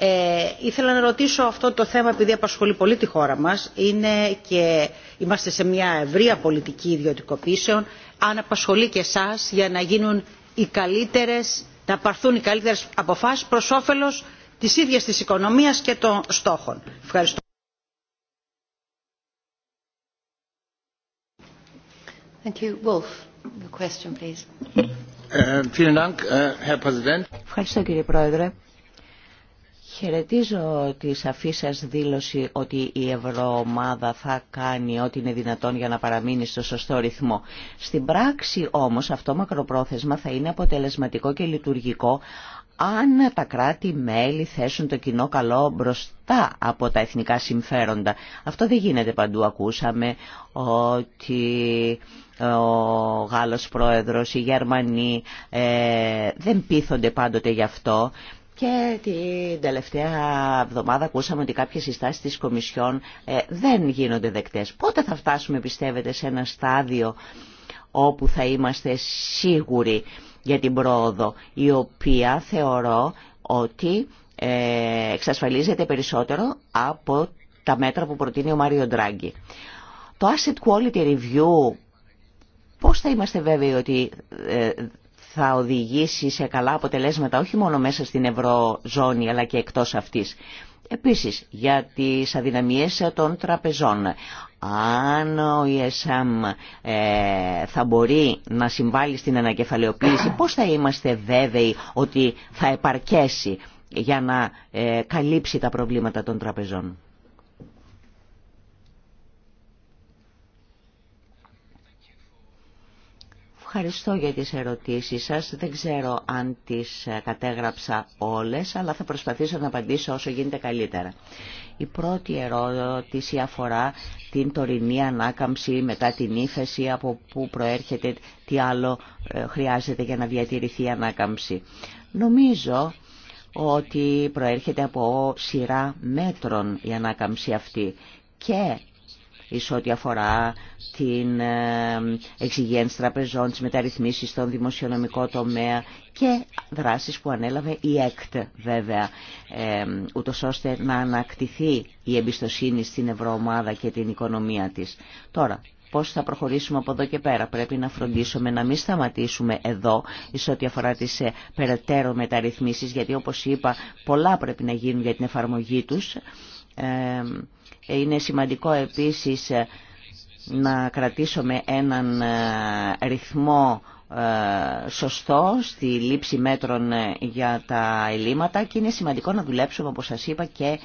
Ε, ήθελα να ρωτήσω αυτό το θέμα επειδή απασχολεί πολύ τη χώρα μας είναι και είμαστε σε μια ευρεία πολιτική ιδιωτικοποίησεων αν απασχολεί και εσάς για να γίνουν οι καλύτερες να πάρθουν οι καλύτερες αποφάσεις προς όφελος της ίδιας της οικονομίας και των στόχων. Ευχαριστώ. Uh, uh, Ευχαριστώ κύριε Πρόεδρε. Χαιρετίζω τη σαφή σα δήλωση ότι η Ευρωομάδα θα κάνει ό,τι είναι δυνατόν για να παραμείνει στο σωστό ρυθμό. Στην πράξη όμως αυτό μακροπρόθεσμα θα είναι αποτελεσματικό και λειτουργικό αν τα κράτη-μέλη θέσουν το κοινό καλό μπροστά από τα εθνικά συμφέροντα. Αυτό δεν γίνεται παντού. Ακούσαμε ότι ο Γάλλος πρόεδρος, οι Γερμανοί ε, δεν πείθονται πάντοτε γι' αυτό. Και την τελευταία εβδομάδα ακούσαμε ότι κάποιες συστάσεις της Κομισιόν ε, δεν γίνονται δεκτές. Πότε θα φτάσουμε πιστεύετε σε ένα στάδιο όπου θα είμαστε σίγουροι για την πρόοδο η οποία θεωρώ ότι ε, εξασφαλίζεται περισσότερο από τα μέτρα που προτείνει ο Μάριο Ντράγκη. Το Asset Quality Review Πώς θα είμαστε βέβαιοι ότι ε, θα οδηγήσει σε καλά αποτελέσματα όχι μόνο μέσα στην ευρωζώνη αλλά και εκτός αυτής. Επίσης, για τις αδυναμίες των τραπεζών. Αν ο ESM ε, θα μπορεί να συμβάλλει στην ανακεφαλαιοποίηση, πώς θα είμαστε βέβαιοι ότι θα επαρκέσει για να ε, καλύψει τα προβλήματα των τραπεζών. Ευχαριστώ για τις ερωτήσεις σας. Δεν ξέρω αν τις ε, κατέγραψα όλες, αλλά θα προσπαθήσω να απαντήσω όσο γίνεται καλύτερα. Η πρώτη ερώτηση αφορά την τωρινή ανάκαμψη μετά την ύφεση, από πού προέρχεται, τι άλλο ε, χρειάζεται για να διατηρηθεί η ανάκαμψη. Νομίζω ότι προέρχεται από σειρά μέτρων η ανάκαμψη αυτή και η ό,τι αφορά την ε, εξυγένση τραπεζών, τις μεταρρυθμίσεις στον δημοσιονομικό τομέα και δράσεις που ανέλαβε η ΕΚΤ βέβαια, ε, ώστε να ανακτηθεί η εμπιστοσύνη στην Ευρωομάδα και την οικονομία της. Τώρα, πώς θα προχωρήσουμε από εδώ και πέρα. Πρέπει να φροντίσουμε να μην σταματήσουμε εδώ εις ό,τι αφορά τις ε, περαιτέρω μεταρρυθμίσεις, γιατί όπως είπα πολλά πρέπει να γίνουν για την εφαρμογή τους. Ε, είναι σημαντικό επίσης ε, να κρατήσουμε έναν ε, ρυθμό ε, σωστό στη λήψη μέτρων για τα ελλείμματα και είναι σημαντικό να δουλέψουμε, όπως σας είπα, και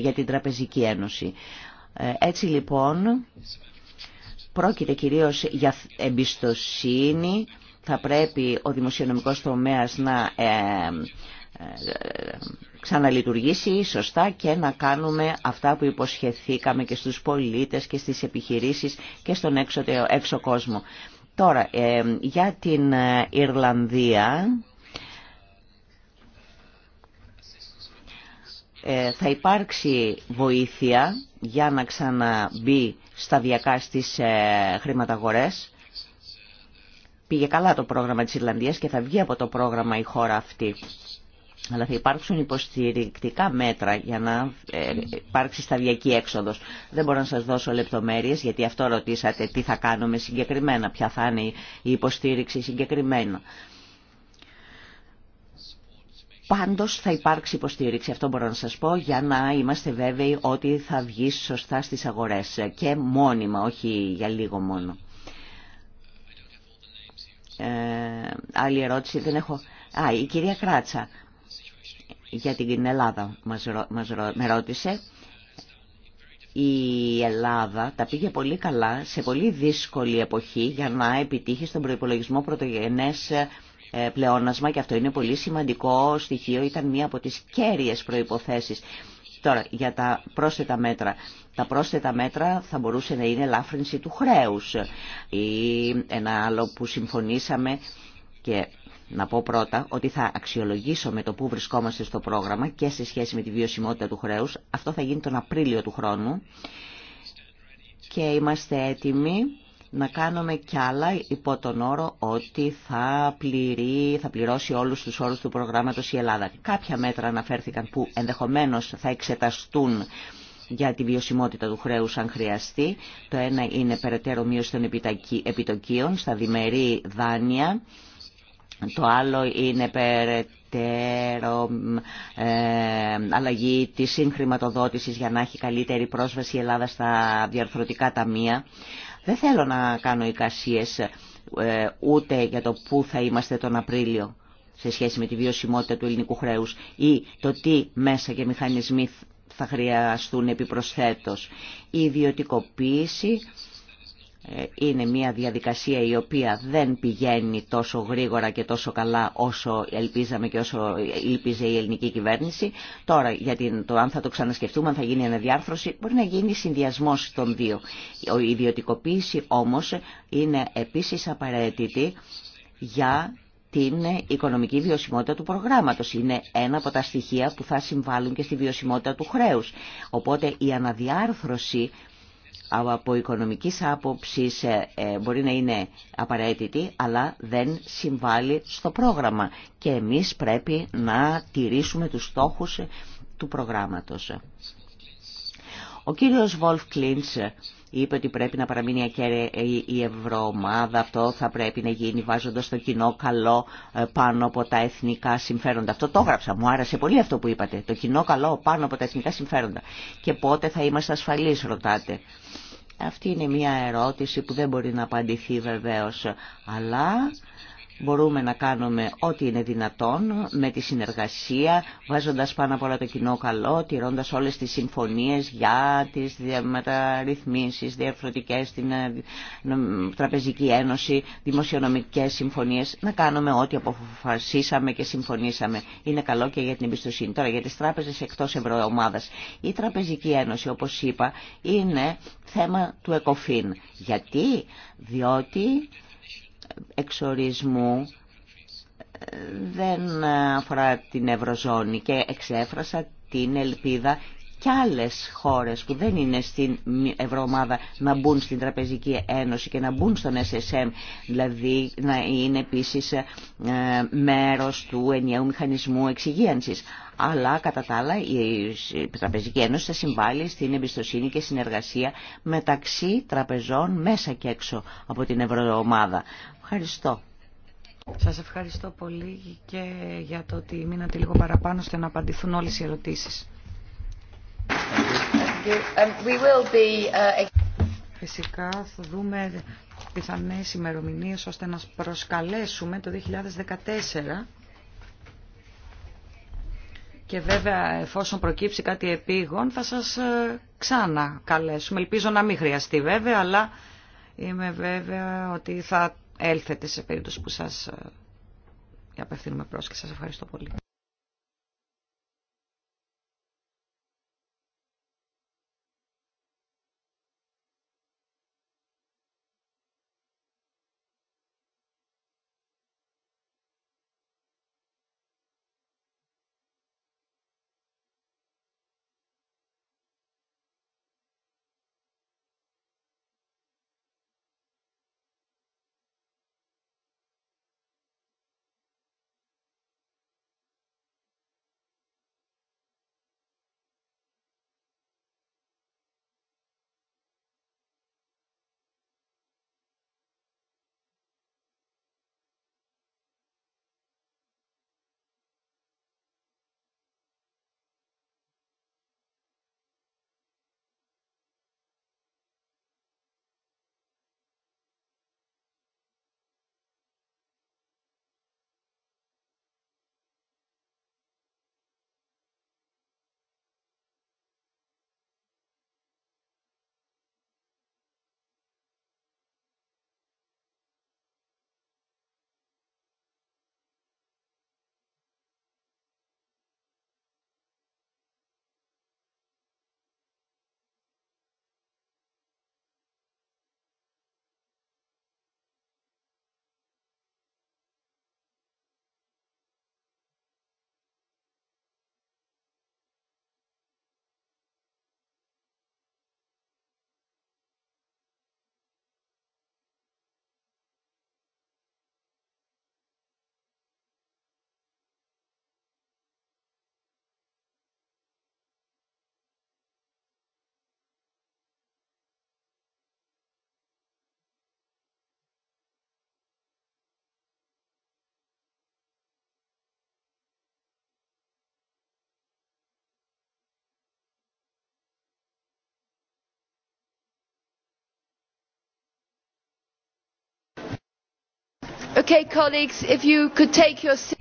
για την Τραπεζική Ένωση. Έτσι λοιπόν, πρόκειται κυρίως για εμπιστοσύνη, θα πρέπει ο δημοσιονομικός τομέας να ξαναλειτουργήσει σωστά και να κάνουμε αυτά που υποσχεθήκαμε και στους πολίτες και στις επιχειρήσεις και στον έξω, έξω κόσμο. Τώρα, ε, για την ε, Ιρλανδία ε, θα υπάρξει βοήθεια για να ξαναμπεί σταδιακά στις χρηματαγορές. Πήγε καλά το πρόγραμμα της Ιρλανδίας και θα βγει από το πρόγραμμα η χώρα αυτή αλλά θα υπάρξουν υποστηρικτικά μέτρα για να ε, υπάρξει σταδιακή έξοδος. Δεν μπορώ να σας δώσω λεπτομέρειες, γιατί αυτό ρωτήσατε τι θα κάνουμε συγκεκριμένα, ποια θα είναι η υποστήριξη συγκεκριμένα. Πάντως θα υπάρξει υποστήριξη, αυτό μπορώ να σας πω, για να είμαστε βέβαιοι ότι θα βγει σωστά στις αγορές και μόνιμα, όχι για λίγο μόνο. Ε, άλλη ερώτηση δεν έχω. Α, η κυρία Κράτσα για την Ελλάδα μας, μας, ρώτησε. Η Ελλάδα τα πήγε πολύ καλά σε πολύ δύσκολη εποχή για να επιτύχει στον προϋπολογισμό πρωτογενές ε, πλεόνασμα και αυτό είναι πολύ σημαντικό στοιχείο, ήταν μία από τις κέρυες προϋποθέσεις. Τώρα, για τα πρόσθετα μέτρα. Τα πρόσθετα μέτρα θα μπορούσε να είναι ελάφρυνση του χρέους ή ένα άλλο που συμφωνήσαμε και να πω πρώτα ότι θα αξιολογήσω με το που βρισκόμαστε στο πρόγραμμα και σε σχέση με τη βιωσιμότητα του χρέους. Αυτό θα γίνει τον Απρίλιο του χρόνου και είμαστε έτοιμοι να κάνουμε κι άλλα υπό τον όρο ότι θα, πληρεί, θα πληρώσει όλους τους όρους του προγράμματος η Ελλάδα. Κάποια μέτρα αναφέρθηκαν που ενδεχομένως θα εξεταστούν για τη βιωσιμότητα του χρέους αν χρειαστεί. Το ένα είναι περαιτέρω μείωση των επιτοκίων στα διμερή δάνεια το άλλο είναι περαιτέρω ε, αλλαγή της συγχρηματοδότησης για να έχει καλύτερη πρόσβαση η Ελλάδα στα διαρθρωτικά ταμεία. Δεν θέλω να κάνω εικασίες ε, ούτε για το πού θα είμαστε τον Απρίλιο σε σχέση με τη βιωσιμότητα του ελληνικού χρέους ή το τι μέσα και μηχανισμοί θα χρειαστούν επιπροσθέτως. Η ιδιωτικοποίηση είναι μια διαδικασία η οποία δεν πηγαίνει τόσο γρήγορα και τόσο καλά όσο ελπίζαμε και όσο ήλπιζε η ελληνική κυβέρνηση. Τώρα για το αν θα το ξανασκεφτούμε, αν θα γίνει αναδιάρθρωση, μπορεί να γίνει συνδυασμό των δύο. Η ιδιωτικοποίηση όμως είναι επίσης απαραίτητη για την οικονομική βιωσιμότητα του προγράμματος. Είναι ένα από τα στοιχεία που θα συμβάλλουν και στη βιωσιμότητα του χρέους. Οπότε η αναδιάρθρωση από οικονομικής άποψης ε, ε, μπορεί να είναι απαραίτητη, αλλά δεν συμβάλλει στο πρόγραμμα και εμείς πρέπει να τηρήσουμε τους στόχους του προγράμματος. Ο κύριος Βολφ είπε ότι πρέπει να παραμείνει ακέραιη η ευρωομάδα. Αυτό θα πρέπει να γίνει βάζοντας το κοινό καλό ε, πάνω από τα εθνικά συμφέροντα. Αυτό το έγραψα. Μου άρεσε πολύ αυτό που είπατε. Το κοινό καλό πάνω από τα εθνικά συμφέροντα. Και πότε θα είμαστε ασφαλείς ρωτάτε. Αυτή είναι μια ερώτηση που δεν μπορεί να απαντηθεί βεβαίως. Αλλά μπορούμε να κάνουμε ό,τι είναι δυνατόν με τη συνεργασία, βάζοντας πάνω από όλα το κοινό καλό, τηρώντας όλες τις συμφωνίες για τις μεταρρυθμίσεις, διαφορετικές στην ε, Τραπεζική Ένωση, δημοσιονομικές συμφωνίες, να κάνουμε ό,τι αποφασίσαμε και συμφωνήσαμε. Είναι καλό και για την εμπιστοσύνη. Τώρα για τις τράπεζες εκτός ευρωομάδας. Η Τραπεζική Ένωση, όπως είπα, είναι θέμα του ΕΚΟΦΗΝ. Γιατί, διότι εξορισμού ε, δεν αφορά την Ευρωζώνη και εξέφρασα την ελπίδα και άλλες χώρες που δεν είναι στην Ευρωομάδα να μπουν στην Τραπεζική Ένωση και να μπουν στον SSM, δηλαδή να είναι επίσης ε, μέρος του ενιαίου μηχανισμού εξυγίανσης. Αλλά κατά τα άλλα η Τραπεζική Ένωση θα συμβάλλει στην εμπιστοσύνη και συνεργασία μεταξύ τραπεζών μέσα και έξω από την Ευρωομάδα. Ευχαριστώ. Σας ευχαριστώ πολύ και για το ότι μείνατε λίγο παραπάνω ώστε να απαντηθούν όλες οι ερωτήσεις. Φυσικά θα δούμε πιθανές ημερομηνίε ώστε να προσκαλέσουμε το 2014 και βέβαια εφόσον προκύψει κάτι επίγον θα σας ε, ξανακαλέσουμε. Ελπίζω να μην χρειαστεί βέβαια, αλλά είμαι βέβαια ότι θα έλθετε σε περίπτωση που σας ε, απευθύνουμε πρόσκληση. Σας ευχαριστώ πολύ.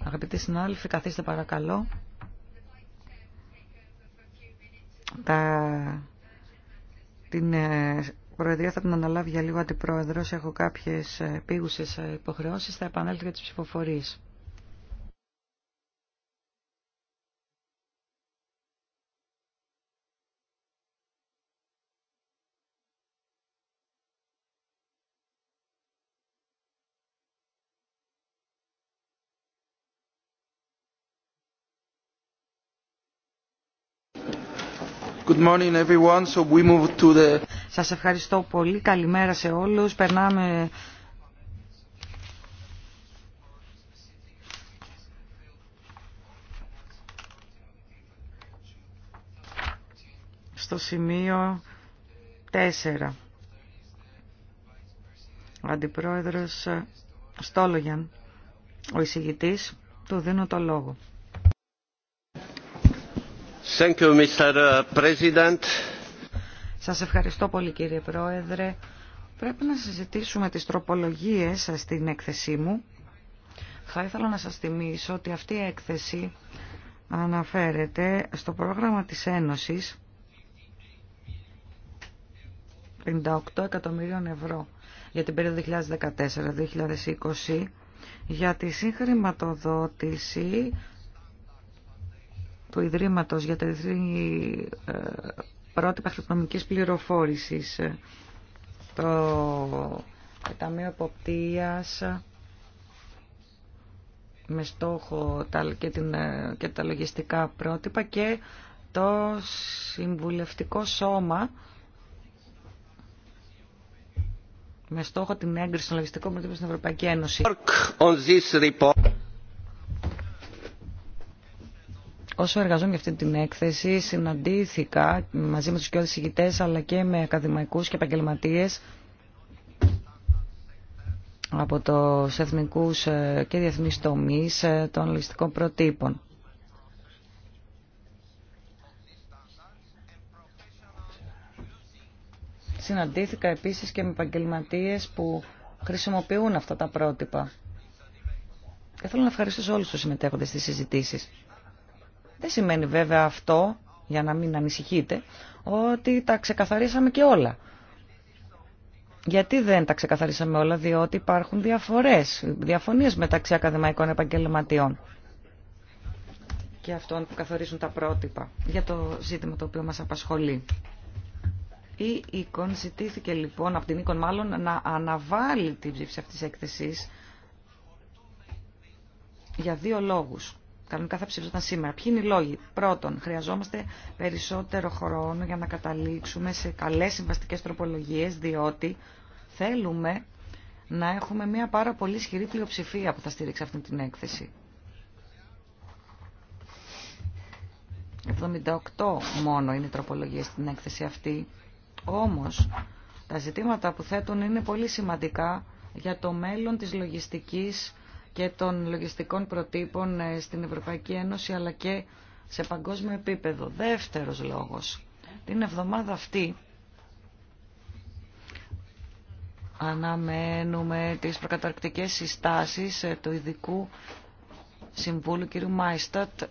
Αγαπητοί συνάδελφοι, καθίστε παρακαλώ. Την ε, Προεδρία θα την αναλάβει για λίγο αντιπρόεδρος. Έχω κάποιες ε, πήγουσες ε, υποχρεώσεις. Θα επανέλθω για τις ψηφοφορίες. Good morning everyone. So we move to the... Σας ευχαριστώ πολύ. Καλημέρα σε όλους. Περνάμε στο σημείο 4. Ο Αντιπρόεδρος Στόλογιαν, ο εισηγητής, του δίνω το λόγο. Uh, σας ευχαριστώ πολύ κύριε Πρόεδρε. Πρέπει να συζητήσουμε τις τροπολογίες στην έκθεσή μου. Θα ήθελα να σας θυμίσω ότι αυτή η έκθεση αναφέρεται στο πρόγραμμα της Ένωσης 58 εκατομμύριων ευρώ για την περίοδο 2014-2020 για τη συγχρηματοδότηση του Ιδρύματος για τα Διεθνή ε, Πρότυπα Χρηματονομικής Πληροφόρησης, το Ταμείο Εποπτείας με στόχο και, την, ε, και τα λογιστικά πρότυπα και το Συμβουλευτικό Σώμα με στόχο την έγκριση των λογιστικών πρότυπων στην Ευρωπαϊκή Ένωση. Όσο εργαζόμουν για αυτή την έκθεση, συναντήθηκα μαζί με τους κοιόδης ηγητές, αλλά και με ακαδημαϊκούς και επαγγελματίε από τους εθνικούς ε, και διεθνείς τομείς ε, των ληστικών προτύπων. Συναντήθηκα επίσης και με επαγγελματίε που χρησιμοποιούν αυτά τα πρότυπα. Και θέλω να ευχαριστήσω όλους τους συμμετέχοντες στις συζητήσεις. Δεν σημαίνει βέβαια αυτό, για να μην ανησυχείτε, ότι τα ξεκαθαρίσαμε και όλα. Γιατί δεν τα ξεκαθαρίσαμε όλα, διότι υπάρχουν διαφορές, διαφωνίες μεταξύ ακαδημαϊκών επαγγελματιών και αυτών που καθορίζουν τα πρότυπα για το ζήτημα το οποίο μας απασχολεί. Η ΕΚΟΝ ζητήθηκε λοιπόν, από την ΕΚΟΝ μάλλον, να αναβάλει την ψήφιση αυτής της έκθεσης για δύο λόγους. Κανονικά θα ψηφίσταν σήμερα. Ποιοι είναι οι λόγοι. Πρώτον, χρειαζόμαστε περισσότερο χρόνο για να καταλήξουμε σε καλέ συμβαστικέ τροπολογίε διότι θέλουμε να έχουμε μια πάρα πολύ ισχυρή πλειοψηφία που θα στηρίξει αυτή την έκθεση. 78 μόνο είναι οι τροπολογίες στην έκθεση αυτή. Όμως, τα ζητήματα που θέτουν είναι πολύ σημαντικά για το μέλλον της λογιστικής και των λογιστικών προτύπων ε, στην Ευρωπαϊκή Ένωση αλλά και σε παγκόσμιο επίπεδο. Δεύτερος λόγος. Την εβδομάδα αυτή αναμένουμε τις προκαταρκτικές συστάσεις ε, του ειδικού συμβούλου κ. Μάιστατ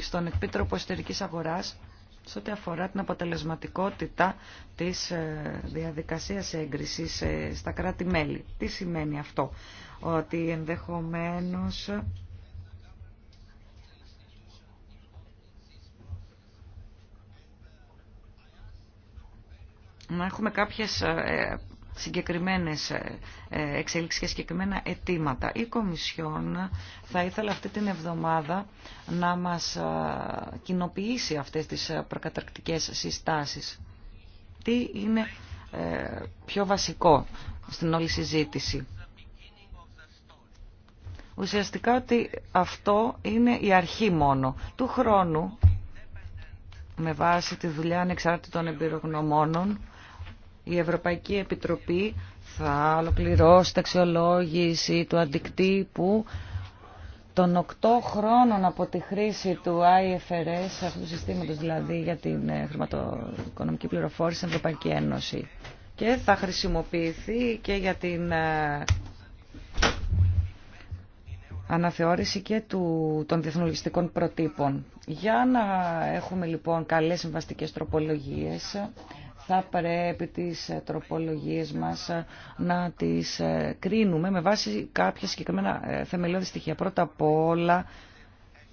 στον Επίτροπο Εσωτερικής Αγοράς σε ό,τι αφορά την αποτελεσματικότητα της ε, διαδικασίας έγκρισης ε, στα κράτη-μέλη. Τι σημαίνει αυτό, ότι ενδεχομένως να έχουμε κάποιες ε, συγκεκριμένες ε, ε, εξελίξεις και συγκεκριμένα αιτήματα. Η Κομισιόν θα ήθελα αυτή την εβδομάδα να μας ε, κοινοποιήσει αυτές τις προκαταρκτικές συστάσεις. Τι είναι πιο βασικό στην όλη συζήτηση. Ουσιαστικά ότι αυτό είναι η αρχή μόνο. Του χρόνου, με βάση τη δουλειά ανεξάρτητων εμπειρογνωμόνων, η Ευρωπαϊκή Επιτροπή θα ολοκληρώσει την του αντικτύπου των 8 χρόνων από τη χρήση του IFRS, αυτού του συστήματος δηλαδή για την ε, χρηματοοικονομική πληροφόρηση στην Ευρωπαϊκή Ένωση. Και θα χρησιμοποιηθεί και για την ε, αναθεώρηση και του, των διεθνολογιστικών προτύπων. Για να έχουμε λοιπόν καλές συμβαστικές τροπολογίες, θα πρέπει τις ε, τροπολογίες μας ε, να τις ε, κρίνουμε με βάση κάποια συγκεκριμένα θεμελιώδη στοιχεία. Πρώτα απ' όλα,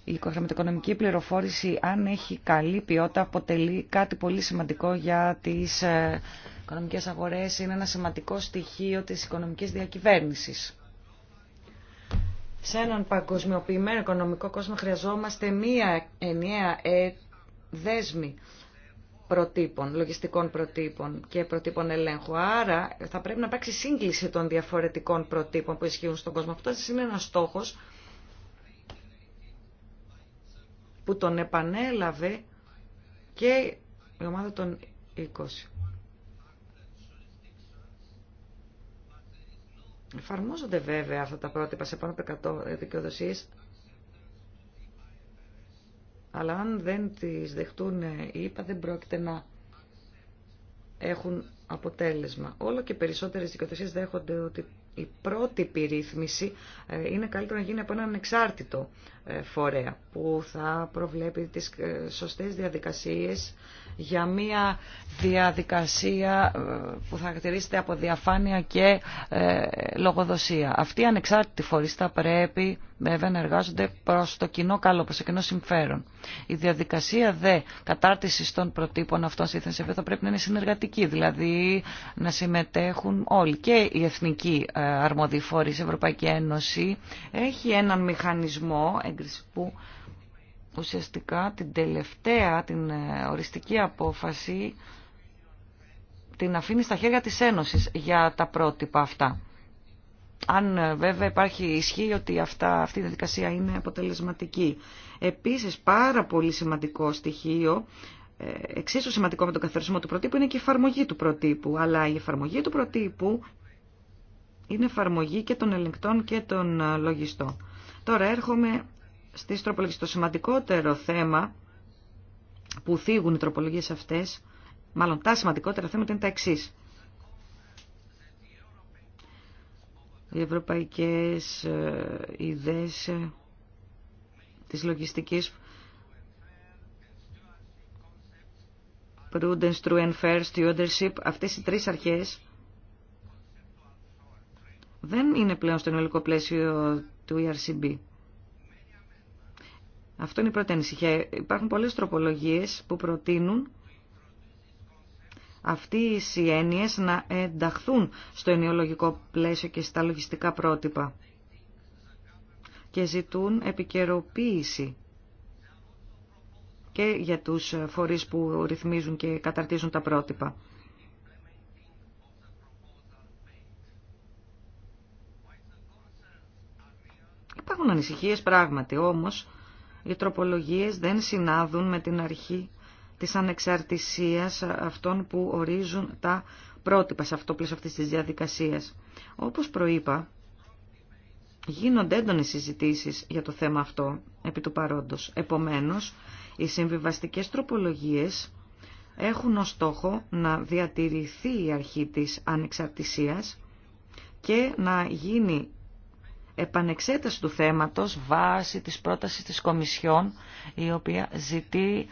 η οικοχρηματοοικονομική πληροφόρηση, αν έχει καλή ποιότητα, αποτελεί κάτι πολύ σημαντικό για τις οικονομικές αγορές. Είναι ένα σημαντικό στοιχείο της οικονομικής διακυβέρνησης. Σε έναν παγκοσμιοποιημένο οικονομικό κόσμο χρειαζόμαστε μία ενιαία δέσμη προτύπων, λογιστικών προτύπων και προτύπων ελέγχου. Άρα θα πρέπει να υπάρξει σύγκληση των διαφορετικών προτύπων που ισχύουν στον κόσμο. Αυτό είναι ένα στόχος που τον επανέλαβε και η ομάδα των 20. Εφαρμόζονται βέβαια αυτά τα πρότυπα σε πάνω από 100 δικαιοδοσίες, αλλά αν δεν τις δεχτούν ε, οι ΙΠΑ δεν πρόκειται να έχουν αποτέλεσμα. Όλο και περισσότερες δικαιοθεσίες δέχονται ότι η πρώτη ρύθμιση ε, είναι καλύτερο να γίνει από έναν εξάρτητο ε, φορέα που θα προβλέπει τις σωστές διαδικασίες για μια διαδικασία ε, που θα χαρακτηρίζεται από διαφάνεια και ε, λογοδοσία. Αυτοί οι ανεξάρτητοι φορείς θα πρέπει βέβαια να εργάζονται προς το κοινό καλό, προς το κοινό συμφέρον. Η διαδικασία δε κατάρτισης των προτύπων αυτών στη Εθνική θα πρέπει να είναι συνεργατική, δηλαδή να συμμετέχουν όλοι και η Εθνική ε, Αρμοδιφόρη, η Ευρωπαϊκή Ένωση έχει έναν μηχανισμό έγκριση που ουσιαστικά την τελευταία, την ε, οριστική απόφαση την αφήνει στα χέρια της Ένωσης για τα πρότυπα αυτά. Αν ε, βέβαια υπάρχει ισχύ ότι αυτά, αυτή η διαδικασία είναι αποτελεσματική. Επίσης πάρα πολύ σημαντικό στοιχείο, ε, εξίσου σημαντικό με τον καθαρισμό του προτύπου, είναι και η εφαρμογή του προτύπου. Αλλά η εφαρμογή του προτύπου είναι εφαρμογή και των ελεγκτών και των λογιστών. Τώρα έρχομαι στις τροπολογίες. Το σημαντικότερο θέμα που θίγουν οι τροπολογίες αυτές, μάλλον τα σημαντικότερα θέματα είναι τα εξή. Οι ευρωπαϊκές ε, ιδέες ε, της λογιστικής prudence, true and fair, stewardship, αυτές οι τρεις αρχές δεν είναι πλέον στο ενολικό πλαίσιο του ERCB. Αυτό είναι η πρώτη ανησυχία. Υπάρχουν πολλές τροπολογίες που προτείνουν αυτοί οι έννοιες να ενταχθούν στο ενοιολογικό πλαίσιο και στα λογιστικά πρότυπα και ζητούν επικαιροποίηση και για τους φορείς που ρυθμίζουν και καταρτίζουν τα πρότυπα. Υπάρχουν ανησυχίες πράγματι, όμως οι τροπολογίες δεν συνάδουν με την αρχή της ανεξαρτησίας αυτών που ορίζουν τα πρότυπα σε αυτό πλαίσιο αυτής της διαδικασίας. Όπως προείπα, γίνονται έντονες συζητήσεις για το θέμα αυτό επί του παρόντος. Επομένως, οι συμβιβαστικές τροπολογίες έχουν ως στόχο να διατηρηθεί η αρχή της ανεξαρτησίας και να γίνει επανεξέταση του θέματος βάσει της πρότασης της Κομισιόν η οποία ζητεί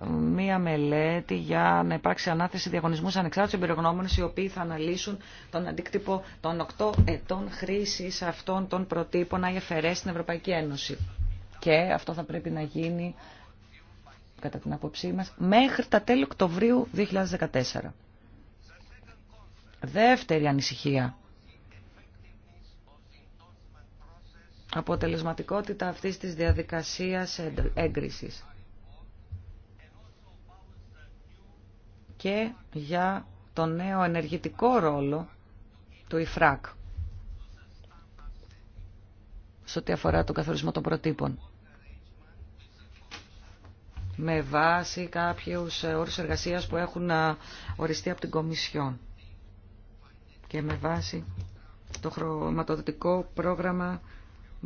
ε, μία μελέτη για να υπάρξει ανάθεση διαγωνισμού ανεξάρτητου εμπειρογνώμονε οι οποίοι θα αναλύσουν τον αντίκτυπο των 8 ετών χρήση αυτών των προτύπων IFRS στην Ευρωπαϊκή Ένωση. Και αυτό θα πρέπει να γίνει, κατά την άποψή μα, μέχρι τα τέλη Οκτωβρίου 2014. Δεύτερη ανησυχία αποτελεσματικότητα αυτής της διαδικασίας έγκρισης. Και για το νέο ενεργητικό ρόλο του ΙΦΡΑΚ σε ό,τι αφορά τον καθορισμό των προτύπων. Με βάση κάποιους όρους εργασίας που έχουν οριστεί από την Κομισιόν και με βάση το χρωματοδοτικό πρόγραμμα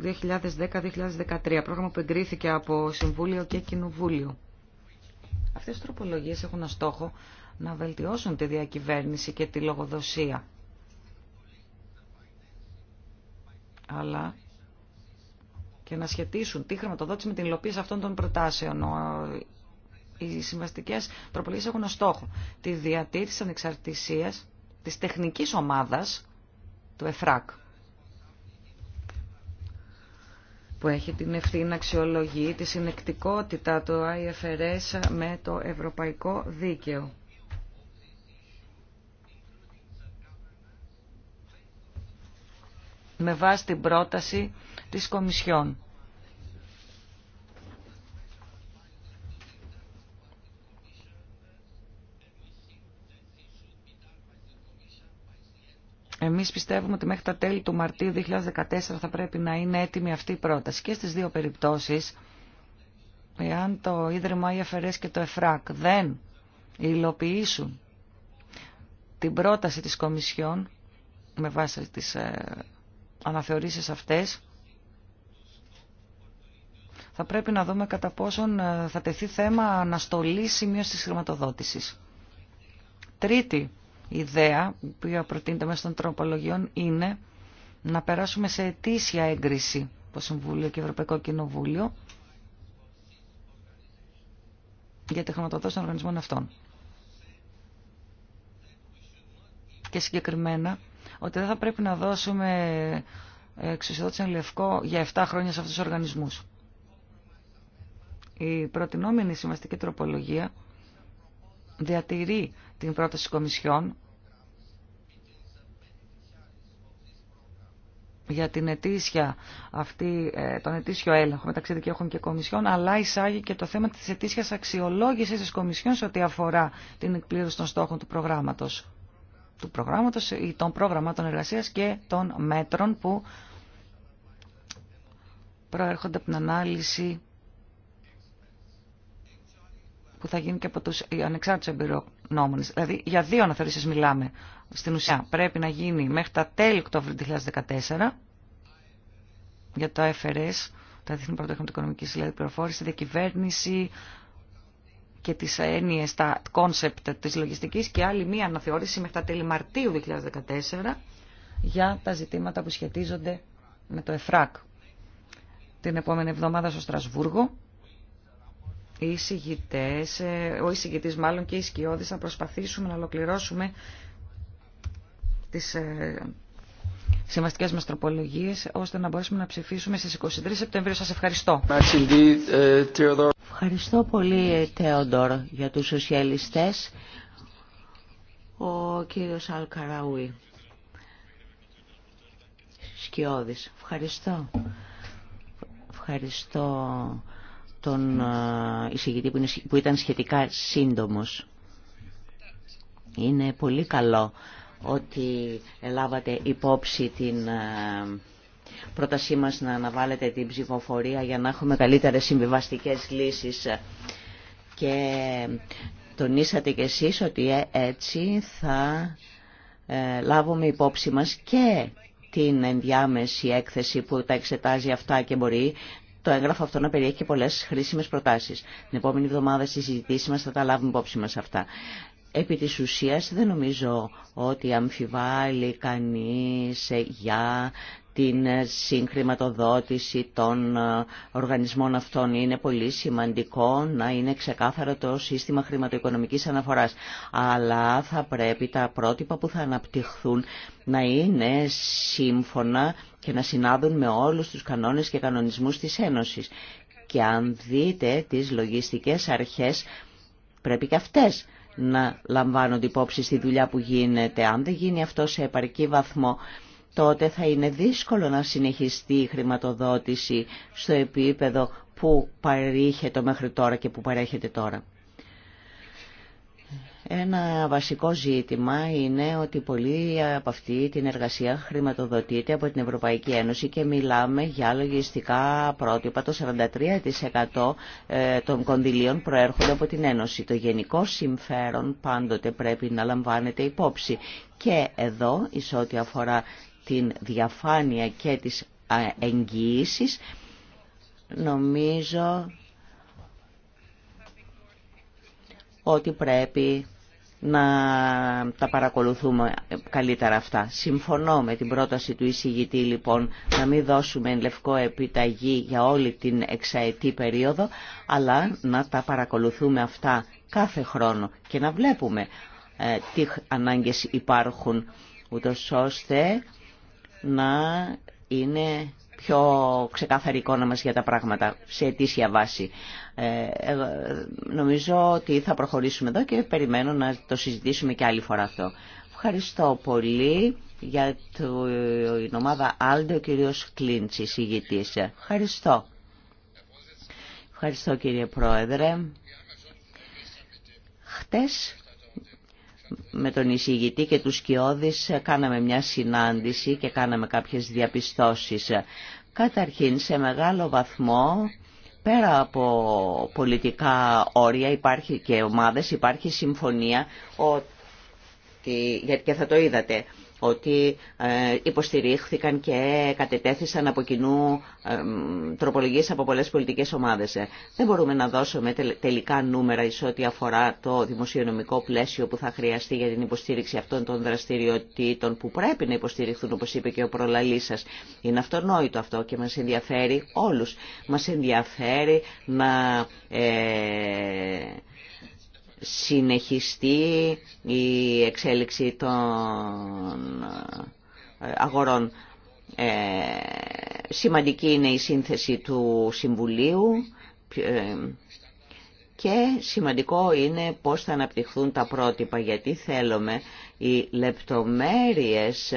2010-2013, πρόγραμμα που εγκρίθηκε από Συμβούλιο και Κοινοβούλιο. Αυτές οι τροπολογίες έχουν ως στόχο να βελτιώσουν τη διακυβέρνηση και τη λογοδοσία. Αλλά και να σχετίσουν τη χρηματοδότηση με την υλοποίηση αυτών των προτάσεων. Οι συμβαστικές τροπολογίε έχουν ως στόχο τη διατήρηση ανεξαρτησία τη τεχνική ομάδα του ΕΦΡΑΚ. που έχει την ευθύνη να αξιολογεί τη συνεκτικότητα του IFRS με το ευρωπαϊκό δίκαιο. Με βάση την πρόταση της Κομισιόν. Εμείς πιστεύουμε ότι μέχρι τα τέλη του Μαρτίου 2014 θα πρέπει να είναι έτοιμη αυτή η πρόταση. Και στις δύο περιπτώσεις, εάν το Ίδρυμα ΙΑΦΡΕΣ και το ΕΦΡΑΚ δεν υλοποιήσουν την πρόταση της Κομισιόν με βάση τις ε, αναθεωρήσεις αυτές, θα πρέπει να δούμε κατά πόσον ε, θα τεθεί θέμα αναστολή σημείωσης της χρηματοδότησης. Τρίτη ιδέα που προτείνεται μέσα των τροπολογιών είναι να περάσουμε σε αιτήσια έγκριση από Συμβούλιο και Ευρωπαϊκό Κοινοβούλιο για τη χρηματοδότηση των οργανισμών αυτών. Και συγκεκριμένα ότι δεν θα πρέπει να δώσουμε εξουσιοδότηση λευκό για 7 χρόνια σε αυτούς τους οργανισμούς. Η προτινόμενη σημαστική τροπολογία διατηρεί την πρόταση Κομισιόν για την ετήσια, αυτή, ε, τον ετήσιο έλεγχο μεταξύ δικαιούχων και Κομισιόν, αλλά εισάγει και το θέμα της ετήσιας αξιολόγησης της κομισιόν σε ό,τι αφορά την εκπλήρωση των στόχων του προγράμματος, του προγράμματος ή των προγραμμάτων εργασίας και των μέτρων που προέρχονται από την ανάλυση που θα γίνει και από τους ανεξάρτητους εμπειρό Δηλαδή για δύο αναθεωρήσεις μιλάμε. Στην ουσία πρέπει να γίνει μέχρι τα τέλη Οκτώβρη 2014 για το FRS, τα Διεθνή Πρωτόκολλα οικονομική δηλαδή, Πληροφόρηση, Διακυβέρνηση και τις έννοιες, τα κόνσεπτ της λογιστικής και άλλη μία αναθεώρηση μέχρι τα τέλη Μαρτίου 2014 για τα ζητήματα που σχετίζονται με το ΕΦΡΑΚ. Την επόμενη εβδομάδα στο Στρασβούργο οι εισηγητές, ε, ο εισηγητής μάλλον και οι σκιώδεις να προσπαθήσουμε να ολοκληρώσουμε τις ε, σημαστικές μας τροπολογίες ώστε να μπορέσουμε να ψηφίσουμε στις 23 Σεπτεμβρίου. Σας ευχαριστώ. Ε, ευχαριστώ πολύ Τεοντόρ για τους σοσιαλιστές. Ο κύριος Αλκαραούι. Σκιώδης. Ευχαριστώ. Ευχαριστώ τον ε, εισηγητή που ήταν σχετικά σύντομος. Είναι πολύ καλό ότι λάβατε υπόψη την ε, πρότασή μας να αναβάλλετε την ψηφοφορία για να έχουμε καλύτερες συμβιβαστικές λύσεις και τονίσατε κι εσείς ότι ε, έτσι θα λάβουμε υπόψη μας και την ενδιάμεση έκθεση που τα εξετάζει αυτά και μπορεί το έγγραφο αυτό να περιέχει και πολλές χρήσιμες προτάσεις. Την επόμενη εβδομάδα στις συζητήσει μα θα τα λάβουμε υπόψη μα αυτά. Επί της ουσίας δεν νομίζω ότι αμφιβάλλει κανείς για την συγχρηματοδότηση των ε, οργανισμών αυτών. Είναι πολύ σημαντικό να είναι ξεκάθαρο το σύστημα χρηματοοικονομικής αναφοράς. Αλλά θα πρέπει τα πρότυπα που θα αναπτυχθούν να είναι σύμφωνα και να συνάδουν με όλους τους κανόνες και κανονισμούς της Ένωσης. Και αν δείτε τις λογιστικές αρχές, πρέπει και αυτές να λαμβάνονται υπόψη στη δουλειά που γίνεται. Αν δεν γίνει αυτό σε επαρκή βαθμό, τότε θα είναι δύσκολο να συνεχιστεί η χρηματοδότηση στο επίπεδο που παρήχεται μέχρι τώρα και που παρέχεται τώρα. Ένα βασικό ζήτημα είναι ότι πολλοί από αυτή την εργασία χρηματοδοτείται από την Ευρωπαϊκή Ένωση και μιλάμε για λογιστικά πρότυπα. Το 43% ε, των κονδυλίων προέρχονται από την Ένωση. Το γενικό συμφέρον πάντοτε πρέπει να λαμβάνεται υπόψη. Και εδώ, εις ό,τι αφορά την διαφάνεια και τις εγγυήσεις, νομίζω ότι πρέπει να τα παρακολουθούμε καλύτερα αυτά. Συμφωνώ με την πρόταση του εισηγητή λοιπόν να μην δώσουμε λευκό επιταγή για όλη την εξαετή περίοδο αλλά να τα παρακολουθούμε αυτά κάθε χρόνο και να βλέπουμε ε, τι ανάγκες υπάρχουν ούτως ώστε να είναι πιο ξεκάθαρη εικόνα μας για τα πράγματα σε αιτήσια βάση. Ε, νομίζω ότι θα προχωρήσουμε εδώ και περιμένω να το συζητήσουμε και άλλη φορά αυτό. Ευχαριστώ πολύ για την ομάδα Άλντε, ο κύριος Κλίντς, εισηγητής. Ευχαριστώ. Ευχαριστώ κύριε Πρόεδρε. Χτες με τον εισηγητή και τους Σκιώδης κάναμε μια συνάντηση και κάναμε κάποιες διαπιστώσεις. Καταρχήν σε μεγάλο βαθμό πέρα από πολιτικά όρια υπάρχει και ομάδες υπάρχει συμφωνία ότι, γιατί και θα το είδατε ότι ε, υποστηρίχθηκαν και κατετέθησαν από κοινού τροπολογίες από πολλές πολιτικές ομάδες. Ε, δεν μπορούμε να δώσουμε τελικά νούμερα εις ό,τι αφορά το δημοσιονομικό πλαίσιο που θα χρειαστεί για την υποστήριξη αυτών των δραστηριοτήτων που πρέπει να υποστηριχθούν, όπως είπε και ο προλαλής σας. Είναι αυτονόητο αυτό και μας ενδιαφέρει όλους. Μας ενδιαφέρει να... Ε, συνεχιστεί η εξέλιξη των ε, αγορών. Ε, σημαντική είναι η σύνθεση του Συμβουλίου ε, και σημαντικό είναι πώς θα αναπτυχθούν τα πρότυπα γιατί θέλουμε οι λεπτομέρειες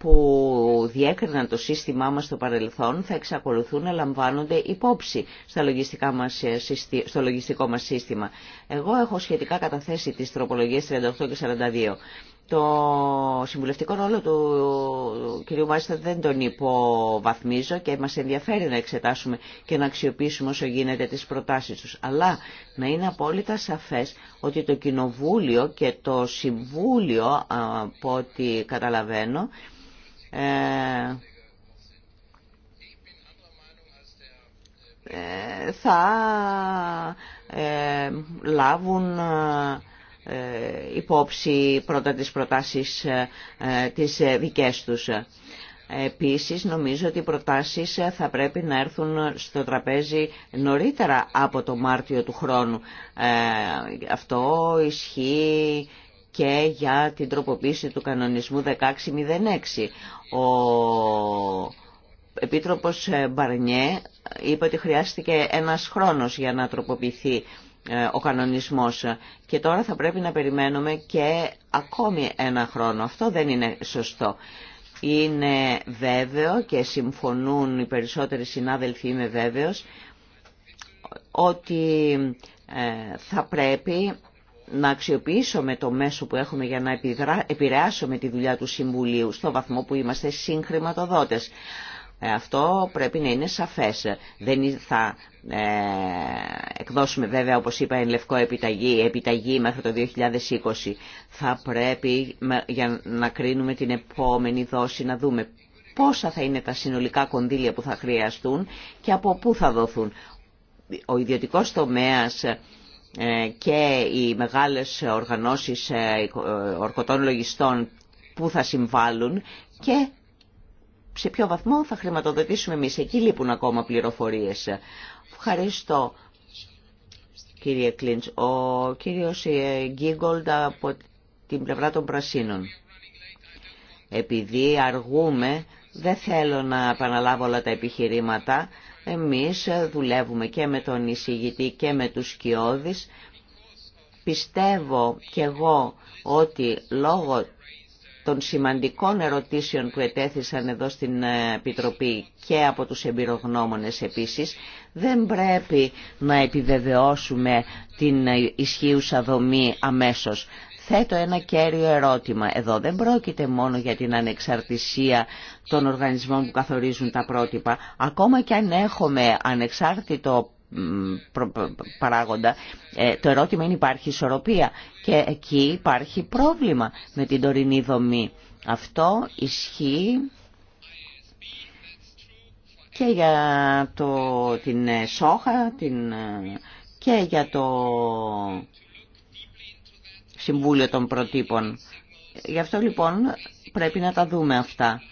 που διέκριναν το σύστημά μας στο παρελθόν θα εξακολουθούν να λαμβάνονται υπόψη στα λογιστικά μας, ε, στο λογιστικό μας σύστημα. Εγώ έχω σχετικά καταθέσει τις τροπολογίες 38 και 42. Το συμβουλευτικό ρόλο του κ. Μάριστα δεν τον υποβαθμίζω και μας ενδιαφέρει να εξετάσουμε και να αξιοποιήσουμε όσο γίνεται τις προτάσεις τους. Αλλά να είναι απόλυτα σαφές ότι το Κοινοβούλιο και το Συμβούλιο, από ό,τι καταλαβαίνω, ε, θα ε, λάβουν ε, υπόψη πρώτα τις προτάσεις τις δικές τους. Επίσης νομίζω ότι οι προτάσεις θα πρέπει να έρθουν στο τραπέζι νωρίτερα από το Μάρτιο του χρόνου. αυτό ισχύει και για την τροποποίηση του κανονισμού 1606. Ο Επίτροπος Μπαρνιέ είπε ότι χρειάστηκε ένας χρόνος για να τροποποιηθεί ε, ο κανονισμός και τώρα θα πρέπει να περιμένουμε και ακόμη ένα χρόνο. Αυτό δεν είναι σωστό. Είναι βέβαιο και συμφωνούν οι περισσότεροι συνάδελφοι, είμαι βέβαιος, ότι ε, θα πρέπει να αξιοποιήσουμε το μέσο που έχουμε για να επηρεάσουμε τη δουλειά του Συμβουλίου στο βαθμό που είμαστε συγχρηματοδότες. Ε, αυτό πρέπει να είναι σαφές. Δεν θα ε, εκδώσουμε βέβαια, όπως είπα, εν λευκό επιταγή, επιταγή μέχρι το 2020. Θα πρέπει για να κρίνουμε την επόμενη δόση να δούμε πόσα θα είναι τα συνολικά κονδύλια που θα χρειαστούν και από πού θα δοθούν. Ο ιδιωτικός τομέας ε, και οι μεγάλες οργανώσεις ε, ε, ορκωτών λογιστών που θα συμβάλλουν και σε ποιο βαθμό θα χρηματοδοτήσουμε εμείς. Εκεί λείπουν ακόμα πληροφορίες. Ευχαριστώ κύριε Κλίντς. Ο κύριος Γκίγκολντ από την πλευρά των Πρασίνων. Επειδή αργούμε, δεν θέλω να επαναλάβω όλα τα επιχειρήματα εμείς δουλεύουμε και με τον εισηγητή και με τους σκιώδεις. Πιστεύω και εγώ ότι λόγω των σημαντικών ερωτήσεων που ετέθησαν εδώ στην ε, Επιτροπή και από τους εμπειρογνώμονες επίσης, δεν πρέπει να επιβεβαιώσουμε την ε, ισχύουσα δομή αμέσως θέτω ένα κέριο ερώτημα. Εδώ δεν πρόκειται μόνο για την ανεξαρτησία των οργανισμών που καθορίζουν τα πρότυπα. Ακόμα και αν έχουμε ανεξάρτητο παράγοντα, ε, το ερώτημα είναι υπάρχει ισορροπία και εκεί υπάρχει πρόβλημα με την τωρινή δομή. Αυτό ισχύει και για το, την ε, σόχα την, ε, και για το Συμβούλιο των Προτύπων. Γι' αυτό λοιπόν πρέπει να τα δούμε αυτά.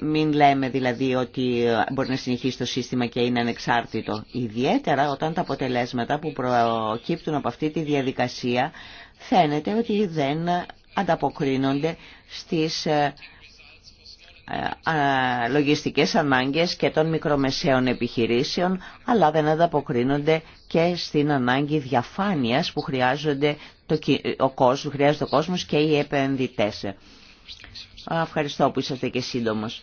Μην λέμε δηλαδή ότι μπορεί να συνεχίσει το σύστημα και είναι ανεξάρτητο. Ιδιαίτερα όταν τα αποτελέσματα που προκύπτουν από αυτή τη διαδικασία φαίνεται ότι δεν ανταποκρίνονται στις ε, ε, ε, λογιστικές ανάγκες και των μικρομεσαίων επιχειρήσεων, αλλά δεν ανταποκρίνονται και στην ανάγκη διαφάνειας που χρειάζονται το, ο κόσμος, χρειάζεται ο κόσμος και οι επενδυτές. Ευχαριστώ που είσαστε και σύντομος.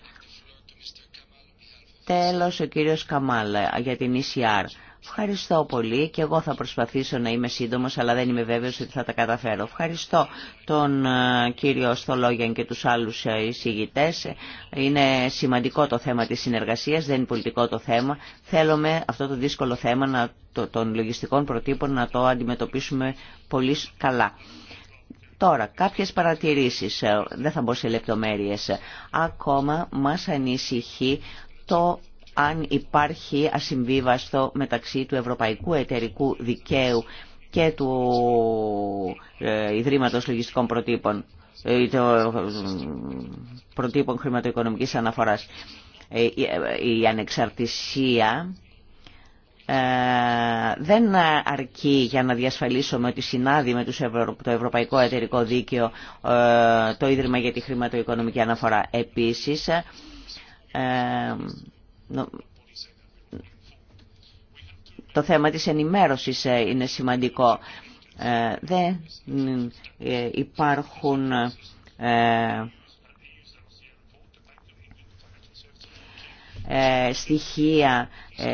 Τέλος, ο κύριος Καμάλα για την ECR. Ευχαριστώ πολύ και εγώ θα προσπαθήσω να είμαι σύντομος αλλά δεν είμαι βέβαιος ότι θα τα καταφέρω. Ευχαριστώ τον ε, κύριο Στολόγιαν και τους άλλους ε, εισηγητές. Είναι σημαντικό το θέμα της συνεργασίας, δεν είναι πολιτικό το θέμα. Θέλουμε αυτό το δύσκολο θέμα των λογιστικών προτύπων να το αντιμετωπίσουμε πολύ καλά. Τώρα, κάποιες παρατηρήσεις, ε, δεν θα μπω σε λεπτομέρειες. Ακόμα μας ανησυχεί το αν υπάρχει ασυμβίβαστο μεταξύ του Ευρωπαϊκού Εταιρικού Δικαίου και του ε, Ιδρύματος Λογιστικών Προτύπων ή ε, ε, προτύπων χρηματοοικονομικής αναφοράς. ανεξαρτησία δεν αρκεί για να διασφαλίσουμε ότι συνάδει με το Ευρωπαϊκό Εταιρικό Δίκαιο το Ίδρυμα για τη Χρηματοοικονομική Αναφορά. Επίσης, το θέμα της ενημέρωσης ε, είναι σημαντικό. Ε, Δεν ε, υπάρχουν στοιχεία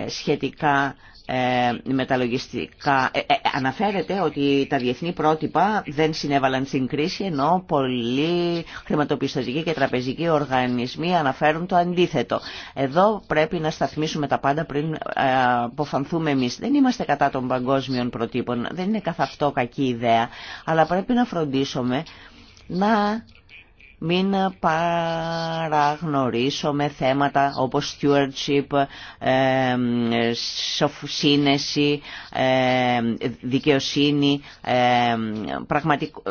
σχετικά ε, μεταλογιστικά. Ε, ε, αναφέρεται ότι τα διεθνή πρότυπα δεν συνέβαλαν στην κρίση ενώ πολλοί χρηματοπιστωτικοί και τραπεζικοί οργανισμοί αναφέρουν το αντίθετο. Εδώ πρέπει να σταθμίσουμε τα πάντα πριν αποφανθούμε εμείς. Δεν είμαστε κατά των παγκόσμιων προτύπων. Δεν είναι καθ' αυτό κακή ιδέα. Αλλά πρέπει να φροντίσουμε να μην παραγνωρίσουμε θέματα όπως stewardship, σύνεση, δικαιοσύνη, πραγματικο...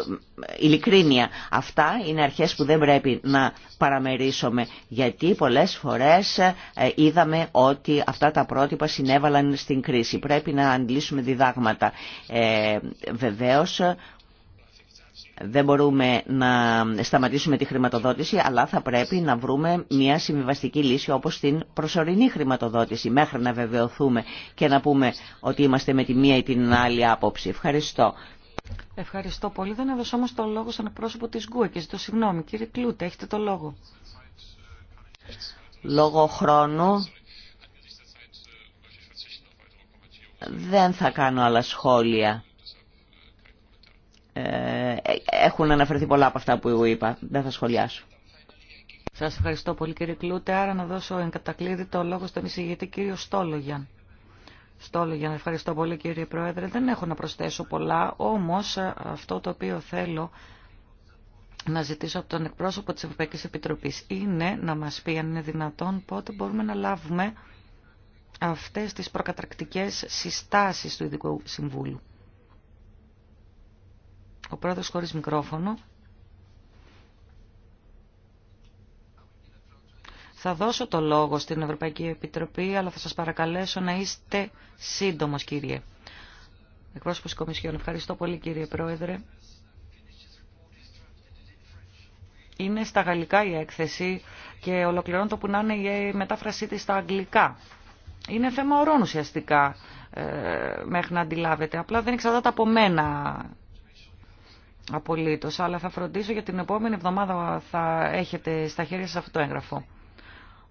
ειλικρίνεια. Αυτά είναι αρχές που δεν πρέπει να παραμερίσουμε γιατί πολλές φορές ε, είδαμε ότι αυτά τα πρότυπα συνέβαλαν στην κρίση. Πρέπει να αντλήσουμε διδάγματα. Ε, βεβαίως δεν μπορούμε να σταματήσουμε τη χρηματοδότηση, αλλά θα πρέπει να βρούμε μια συμβιβαστική λύση όπως την προσωρινή χρηματοδότηση, μέχρι να βεβαιωθούμε και να πούμε ότι είμαστε με τη μία ή την άλλη άποψη. Ευχαριστώ. Ευχαριστώ πολύ. Δεν έδωσα όμως το λόγο σαν πρόσωπο της ΓΚΟΕ και ζητώ συγγνώμη. Κύριε Κλούτε, έχετε το λόγο. Λόγω χρόνου δεν θα κάνω άλλα σχόλια. Ε, έχουν αναφερθεί πολλά από αυτά που εγώ είπα. Δεν θα σχολιάσω. Σας ευχαριστώ πολύ κύριε Κλούτε. Άρα να δώσω εγκατακλείδη το λόγο στον εισηγητή κύριο Στόλογιαν. Στόλογιαν, ευχαριστώ πολύ κύριε Πρόεδρε. Δεν έχω να προσθέσω πολλά, όμως ε, αυτό το οποίο θέλω να ζητήσω από τον εκπρόσωπο της Ευρωπαϊκής Επιτροπής είναι να μας πει αν είναι δυνατόν πότε μπορούμε να λάβουμε αυτές τις προκαταρκτικές συστάσεις του Ειδικού Συμβούλου. Ο πρόεδρος χωρίς μικρόφωνο. Θα δώσω το λόγο στην Ευρωπαϊκή Επιτροπή, αλλά θα σας παρακαλέσω να είστε σύντομος, κύριε. Εκπρόσωπος Κομισιόν, ευχαριστώ πολύ, κύριε Πρόεδρε. Είναι στα γαλλικά η έκθεση και ολοκληρώνω το που να είναι η μετάφρασή της στα αγγλικά. Είναι θέμα ορών ουσιαστικά, ε, μέχρι να αντιλάβετε. Απλά δεν εξαρτάται από μένα Απολύτως, αλλά θα φροντίσω για την επόμενη εβδομάδα θα έχετε στα χέρια σας αυτό το έγγραφο.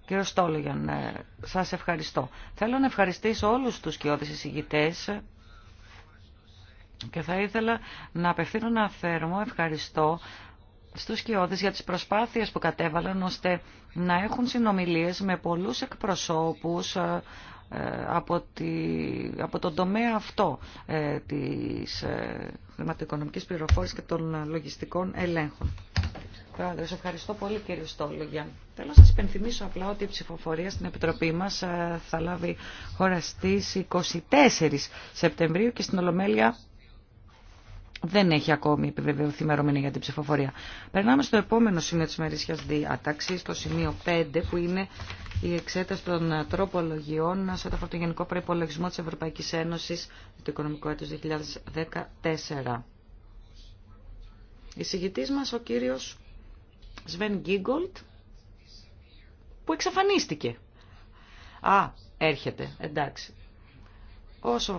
Κύριο Στόλογιαν, ε, σας ευχαριστώ. Θέλω να ευχαριστήσω όλους τους κοιόδης εισηγητές και θα ήθελα να απευθύνω ένα θέρμο ευχαριστώ στους κοιόδης για τις προσπάθειες που κατέβαλαν ώστε να έχουν συνομιλίες με πολλούς εκπροσώπους ε, ε, από, από τον τομέα αυτό ε, της ε, χρηματοοικονομικής πληροφόρησης και των λογιστικών ελέγχων. Πρόεδρε, ευχαριστώ πολύ κύριε Στόλογια. Θέλω να σας υπενθυμίσω απλά ότι η ψηφοφορία στην Επιτροπή μας ε, θα λάβει χώρα στις 24 Σεπτεμβρίου και στην Ολομέλεια δεν έχει ακόμη επιβεβαιωθεί ημερομηνία για την ψηφοφορία. Περνάμε στο επόμενο σημείο τη μερίσιας διάταξη, στο σημείο 5, που είναι η εξέταση των τροπολογιών σε το Γενικό Προπολογισμό της Ευρωπαϊκής Ένωσης το οικονομικό έτος 2014. Η μα μας, ο κύριος Σβέν Γκίγκολτ, που εξαφανίστηκε. Α, έρχεται, εντάξει. Όσο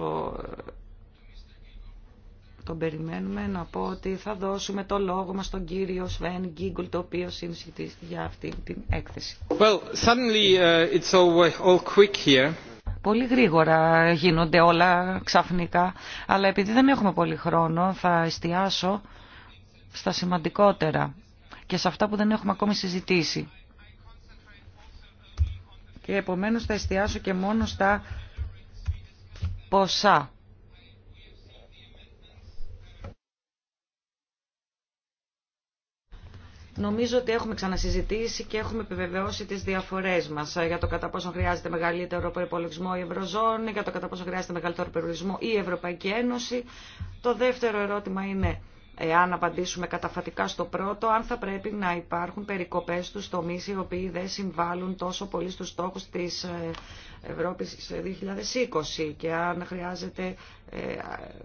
τον περιμένουμε να πω ότι θα δώσουμε το λόγο μας στον κύριο Σβέν Γκίγκουλ, το οποίο είναι για αυτή την έκθεση. Well, suddenly uh, it's uh, all, quick here. Πολύ γρήγορα γίνονται όλα ξαφνικά, αλλά επειδή δεν έχουμε πολύ χρόνο θα εστιάσω στα σημαντικότερα και σε αυτά που δεν έχουμε ακόμη συζητήσει. Και επομένως θα εστιάσω και μόνο στα ποσά Νομίζω ότι έχουμε ξανασυζητήσει και έχουμε επιβεβαιώσει τις διαφορές μας για το κατά πόσο χρειάζεται μεγαλύτερο προπολογισμό η Ευρωζώνη, για το κατά πόσο χρειάζεται μεγαλύτερο περιορισμό η Ευρωπαϊκή Ένωση. Το δεύτερο ερώτημα είναι εάν απαντήσουμε καταφατικά στο πρώτο, αν θα πρέπει να υπάρχουν περικοπές στους τομείς οι οποίοι δεν συμβάλλουν τόσο πολύ στους στόχους της ε, Ευρώπης 2020 και αν χρειάζεται ε,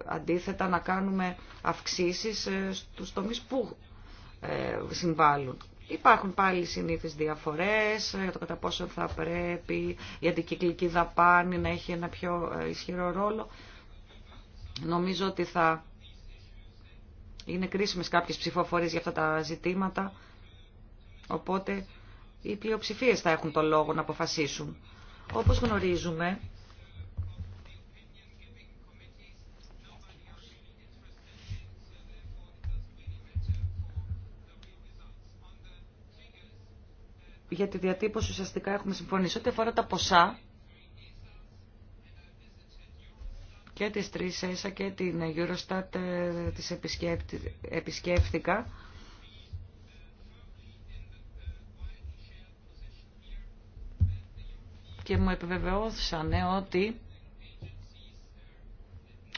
αντίθετα να κάνουμε αυξήσεις ε, στους τομείς που ε, συμβάλλουν. Υπάρχουν πάλι συνήθεις διαφορές για το κατά πόσο θα πρέπει η αντικυκλική δαπάνη να έχει ένα πιο ε, ισχυρό ρόλο. Νομίζω ότι θα είναι κρίσιμες κάποιες ψηφοφορίες για αυτά τα ζητήματα, οπότε οι πλειοψηφίες θα έχουν το λόγο να αποφασίσουν. Όπως γνωρίζουμε, για τη διατύπωση ουσιαστικά έχουμε συμφωνήσει. Ό,τι αφορά τα ποσά και τις τρεις ΕΣΑ και την Eurostat ε, τις επισκέφθηκα. Και μου επιβεβαιώθησαν ότι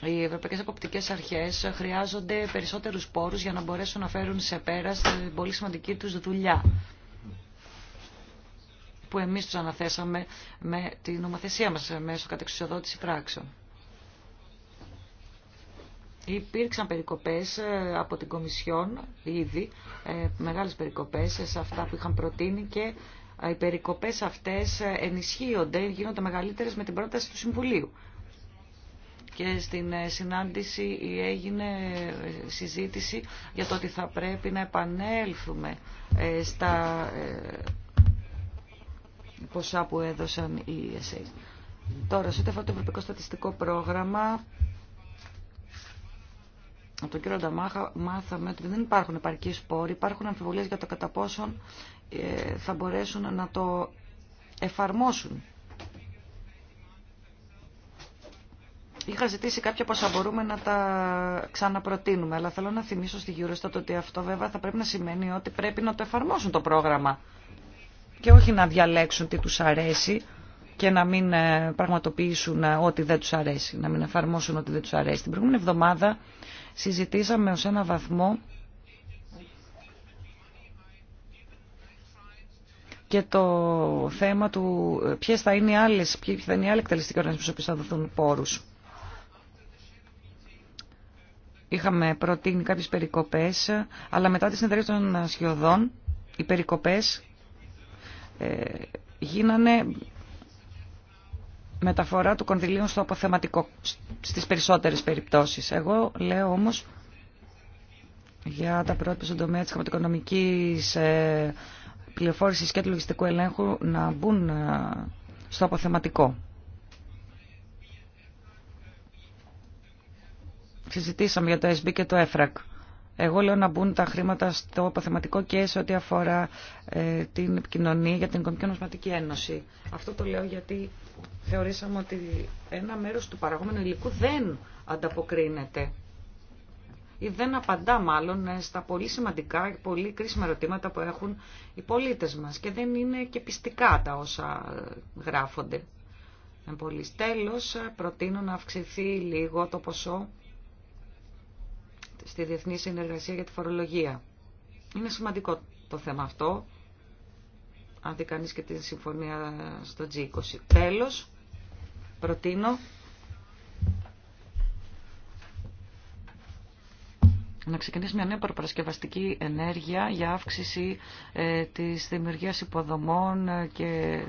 οι ευρωπαϊκές αποπτικές αρχές χρειάζονται περισσότερους πόρους για να μπορέσουν να φέρουν σε πέρα στην πολύ σημαντική τους δουλειά που εμείς τους αναθέσαμε με την νομοθεσία μας μέσω κατεξουσιοδότηση πράξεων. Υπήρξαν περικοπές ε, από την Κομισιόν ήδη, ε, μεγάλες περικοπές σε αυτά που είχαν προτείνει και ε, οι περικοπές αυτές ενισχύονται, γίνονται μεγαλύτερες με την πρόταση του Συμβουλίου. Και στην συνάντηση έγινε συζήτηση για το ότι θα πρέπει να επανέλθουμε στα ποσά που έδωσαν οι ESA. Τώρα, σε ό,τι το Ευρωπαϊκό Στατιστικό Πρόγραμμα, από τον κύριο Νταμάχα μάθαμε ότι δεν υπάρχουν επαρκή σπόροι, υπάρχουν αμφιβολίες για το κατά πόσον ε, θα μπορέσουν να το εφαρμόσουν. Είχα ζητήσει κάποια πόσα μπορούμε να τα ξαναπροτείνουμε, αλλά θέλω να θυμίσω στη Eurostat ότι αυτό βέβαια θα πρέπει να σημαίνει ότι πρέπει να το εφαρμόσουν το πρόγραμμα και όχι να διαλέξουν τι τους αρέσει και να μην ε, πραγματοποιήσουν ε, ό,τι δεν τους αρέσει, να μην εφαρμόσουν ό,τι δεν τους αρέσει. Την προηγούμενη εβδομάδα συζητήσαμε ως ένα βαθμό και το θέμα του ε, ποιες θα είναι οι άλλες, ποιες θα είναι οι άλλοι εκτελεστικοί οργανισμοί που θα δοθούν πόρους. Είχαμε προτείνει κάποιες περικοπές, αλλά μετά τη συνεδρίες των σχεδόν, οι περικοπές ε, γίνανε μεταφορά του κονδυλίου στο αποθεματικό στις περισσότερες περιπτώσεις. Εγώ λέω όμως για τα πρότυπα στον τομέα της χρηματοοικονομικής ε, πληροφόρησης και του λογιστικού ελέγχου να μπουν ε, στο αποθεματικό. Συζητήσαμε για το SB και το ΕΦΡΑΚ. Εγώ λέω να μπουν τα χρήματα στο αποθεματικό και σε ό,τι αφορά ε, την επικοινωνία για την Οικονομική Ονοσματική Ένωση. Αυτό το λέω γιατί θεωρήσαμε ότι ένα μέρος του παραγόμενου υλικού δεν ανταποκρίνεται ή δεν απαντά μάλλον ε, στα πολύ σημαντικά και πολύ κρίσιμα ερωτήματα που έχουν οι πολίτες μας και δεν είναι και πιστικά τα όσα γράφονται. Τέλο, ε, προτείνω να αυξηθεί λίγο το ποσό στη Διεθνή Συνεργασία για τη Φορολογία. Είναι σημαντικό το θέμα αυτό, αν δει κανείς και τη συμφωνία στο G20. Τέλος, προτείνω να ξεκινήσει μια νέα προπαρασκευαστική ενέργεια για αύξηση ε, της δημιουργίας υποδομών ε, και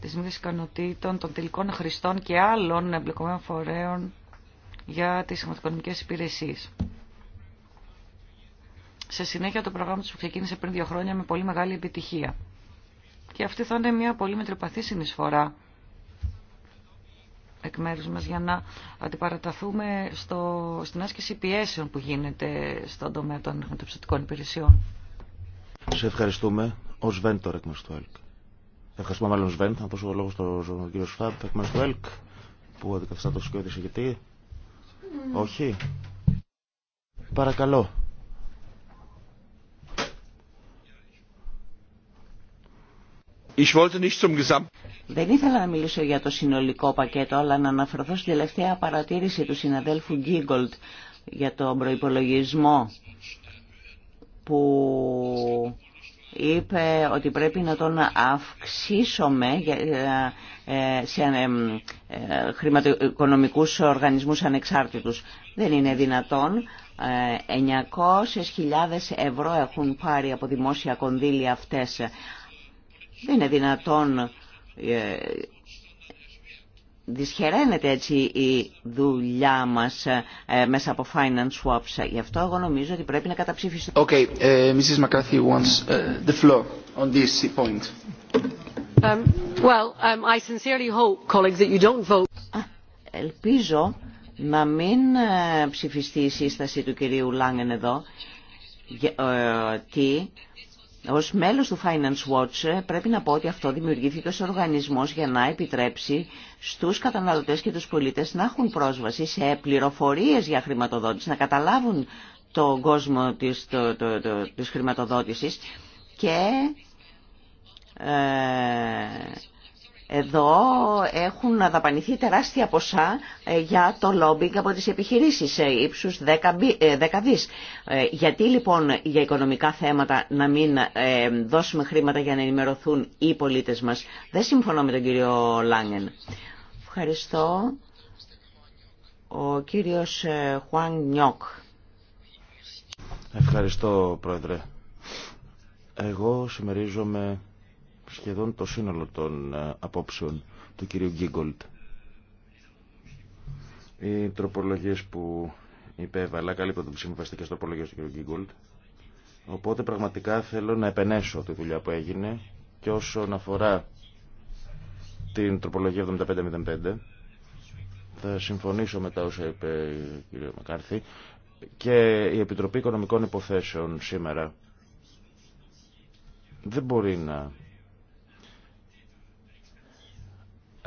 της δημιουργίας ικανοτήτων των τελικών χρηστών και άλλων εμπλεκομένων φορέων για τις σημαντικονομικές υπηρεσίες σε συνέχεια το πρόγραμμα που ξεκίνησε πριν δύο χρόνια με πολύ μεγάλη επιτυχία. Και αυτή θα είναι μια πολύ μετριοπαθή συνεισφορά εκ μέρους μας για να αντιπαραταθούμε στο, στην άσκηση πιέσεων που γίνεται στον τομέα των μεταψωτικών υπηρεσιών. Σε ευχαριστούμε. Ο Σβέν τώρα εκ μέρους του ΕΛΚ. Ευχαριστούμε μάλλον Σβέν. Θα δώσω λόγο στον κύριο Σφάμπ εκ μέρους του ΕΛΚ που αντικαθιστά το σκέφτεσαι γιατί. Mm. Όχι. Παρακαλώ. Δεν ήθελα να μιλήσω για το συνολικό πακέτο, αλλά να αναφερθώ στην τελευταία παρατήρηση του συναδέλφου Γκίγκολτ για τον προϋπολογισμό που είπε ότι πρέπει να τον αυξήσουμε ε, σε ε, ε, χρηματοοικονομικούς οργανισμούς ανεξάρτητους. Δεν είναι δυνατόν. 900.000 ευρώ έχουν πάρει από δημόσια κονδύλια αυτές δεν είναι δυνατόν, ε, δυσχεραίνεται έτσι η δουλειά μας ε, μέσα από finance swaps. Γι' αυτό εγώ νομίζω ότι πρέπει να Οκ. Okay, uh, Mrs. McCarthy wants uh, the floor on this point. Um, well, um, I sincerely hope, colleagues, that you don't vote. Ελπίζω να μην ε, ψηφιστεί η σύσταση του κυρίου Λάγκεν εδώ, γιατί ως μέλος του Finance Watch ε, πρέπει να πω ότι αυτό δημιουργήθηκε ως οργανισμός για να επιτρέψει στους καταναλωτές και τους πολίτες να έχουν πρόσβαση σε πληροφορίες για χρηματοδότηση, να καταλάβουν τον κόσμο της, το, της χρηματοδότησης και ε, εδώ έχουν δαπανηθεί τεράστια ποσά ε, για το λόμπινγκ από τις επιχειρήσεις ε, ύψους 10 ε, δις. Γιατί λοιπόν για οικονομικά θέματα να μην δώσουμε χρήματα για να ενημερωθούν οι πολίτες μας. Δεν συμφωνώ με τον κύριο Λάγεν. Ευχαριστώ. Ο κύριος Χουάν Νιόκ. Ευχαριστώ πρόεδρε. Εγώ συμμερίζομαι σχεδόν το σύνολο των ε, απόψεων του κυρίου Γκίγκολτ. Οι τροπολογίες που υπέβαλα καλύπτονται τις συμβαστικές τροπολογίες του κυρίου Γκίγκολτ. Οπότε πραγματικά θέλω να επενέσω τη δουλειά που έγινε και όσον αφορά την τροπολογία 7505 θα συμφωνήσω μετά όσα είπε ο κ. Μακάρθη και η Επιτροπή Οικονομικών Υποθέσεων σήμερα δεν μπορεί να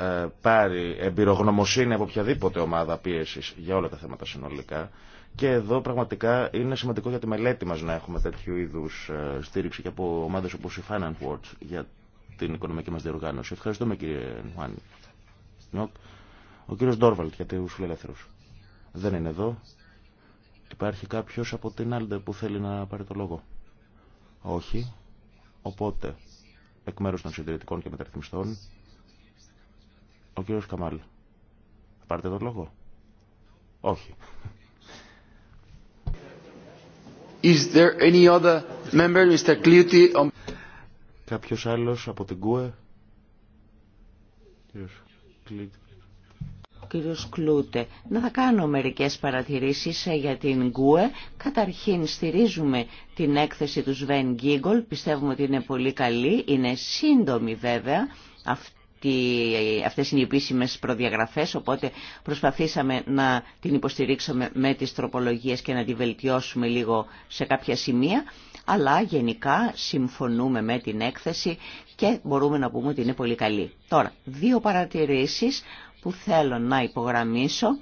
Ε, πάρει εμπειρογνωμοσύνη από οποιαδήποτε ομάδα πιέση για όλα τα θέματα συνολικά. Και εδώ πραγματικά είναι σημαντικό για τη μελέτη μα να έχουμε τέτοιου είδους ε, στήριξη και από ομάδε όπω η Finance Watch για την οικονομική μα διοργάνωση. Ευχαριστούμε κύριε Νουάνι. Ο κύριο Ντόρβαλτ γιατί του φιλελεύθερο Δεν είναι εδώ. Υπάρχει κάποιο από την Άλντε που θέλει να πάρει το λόγο. Όχι. Οπότε, εκ μέρου των συντηρητικών και μεταρρυθμιστών, ο κύριος Καμάλ. Θα πάρετε τον λόγο. Όχι. Is there Κάποιος άλλος από την ΚΟΕ. Κύριος Κλούτε. Κύριος να θα κάνω μερικές παρατηρήσεις ε, για την ΚΟΕ. Καταρχήν στηρίζουμε την έκθεση του Σβέν Γκίγκολ, πιστεύουμε ότι είναι πολύ καλή, είναι σύντομη βέβαια. αυτή αυτές είναι οι επίσημες προδιαγραφές, οπότε προσπαθήσαμε να την υποστηρίξουμε με τις τροπολογίες και να τη βελτιώσουμε λίγο σε κάποια σημεία, αλλά γενικά συμφωνούμε με την έκθεση και μπορούμε να πούμε ότι είναι πολύ καλή. Τώρα, δύο παρατηρήσεις που θέλω να υπογραμμίσω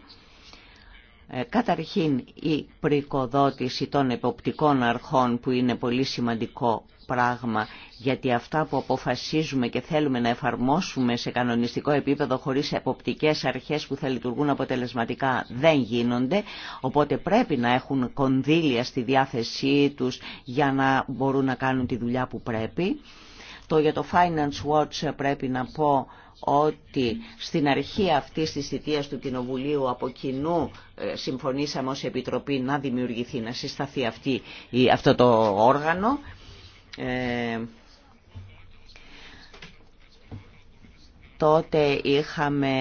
ε, καταρχήν η πρικοδότηση των εποπτικών αρχών που είναι πολύ σημαντικό πράγμα γιατί αυτά που αποφασίζουμε και θέλουμε να εφαρμόσουμε σε κανονιστικό επίπεδο χωρίς εποπτικές αρχές που θα λειτουργούν αποτελεσματικά δεν γίνονται οπότε πρέπει να έχουν κονδύλια στη διάθεσή τους για να μπορούν να κάνουν τη δουλειά που πρέπει. Το για το Finance Watch πρέπει να πω ότι στην αρχή αυτής της θητείας του Κοινοβουλίου από κοινού ε, συμφωνήσαμε ως Επιτροπή να δημιουργηθεί, να συσταθεί αυτή, αυτό το όργανο. Ε, τότε είχαμε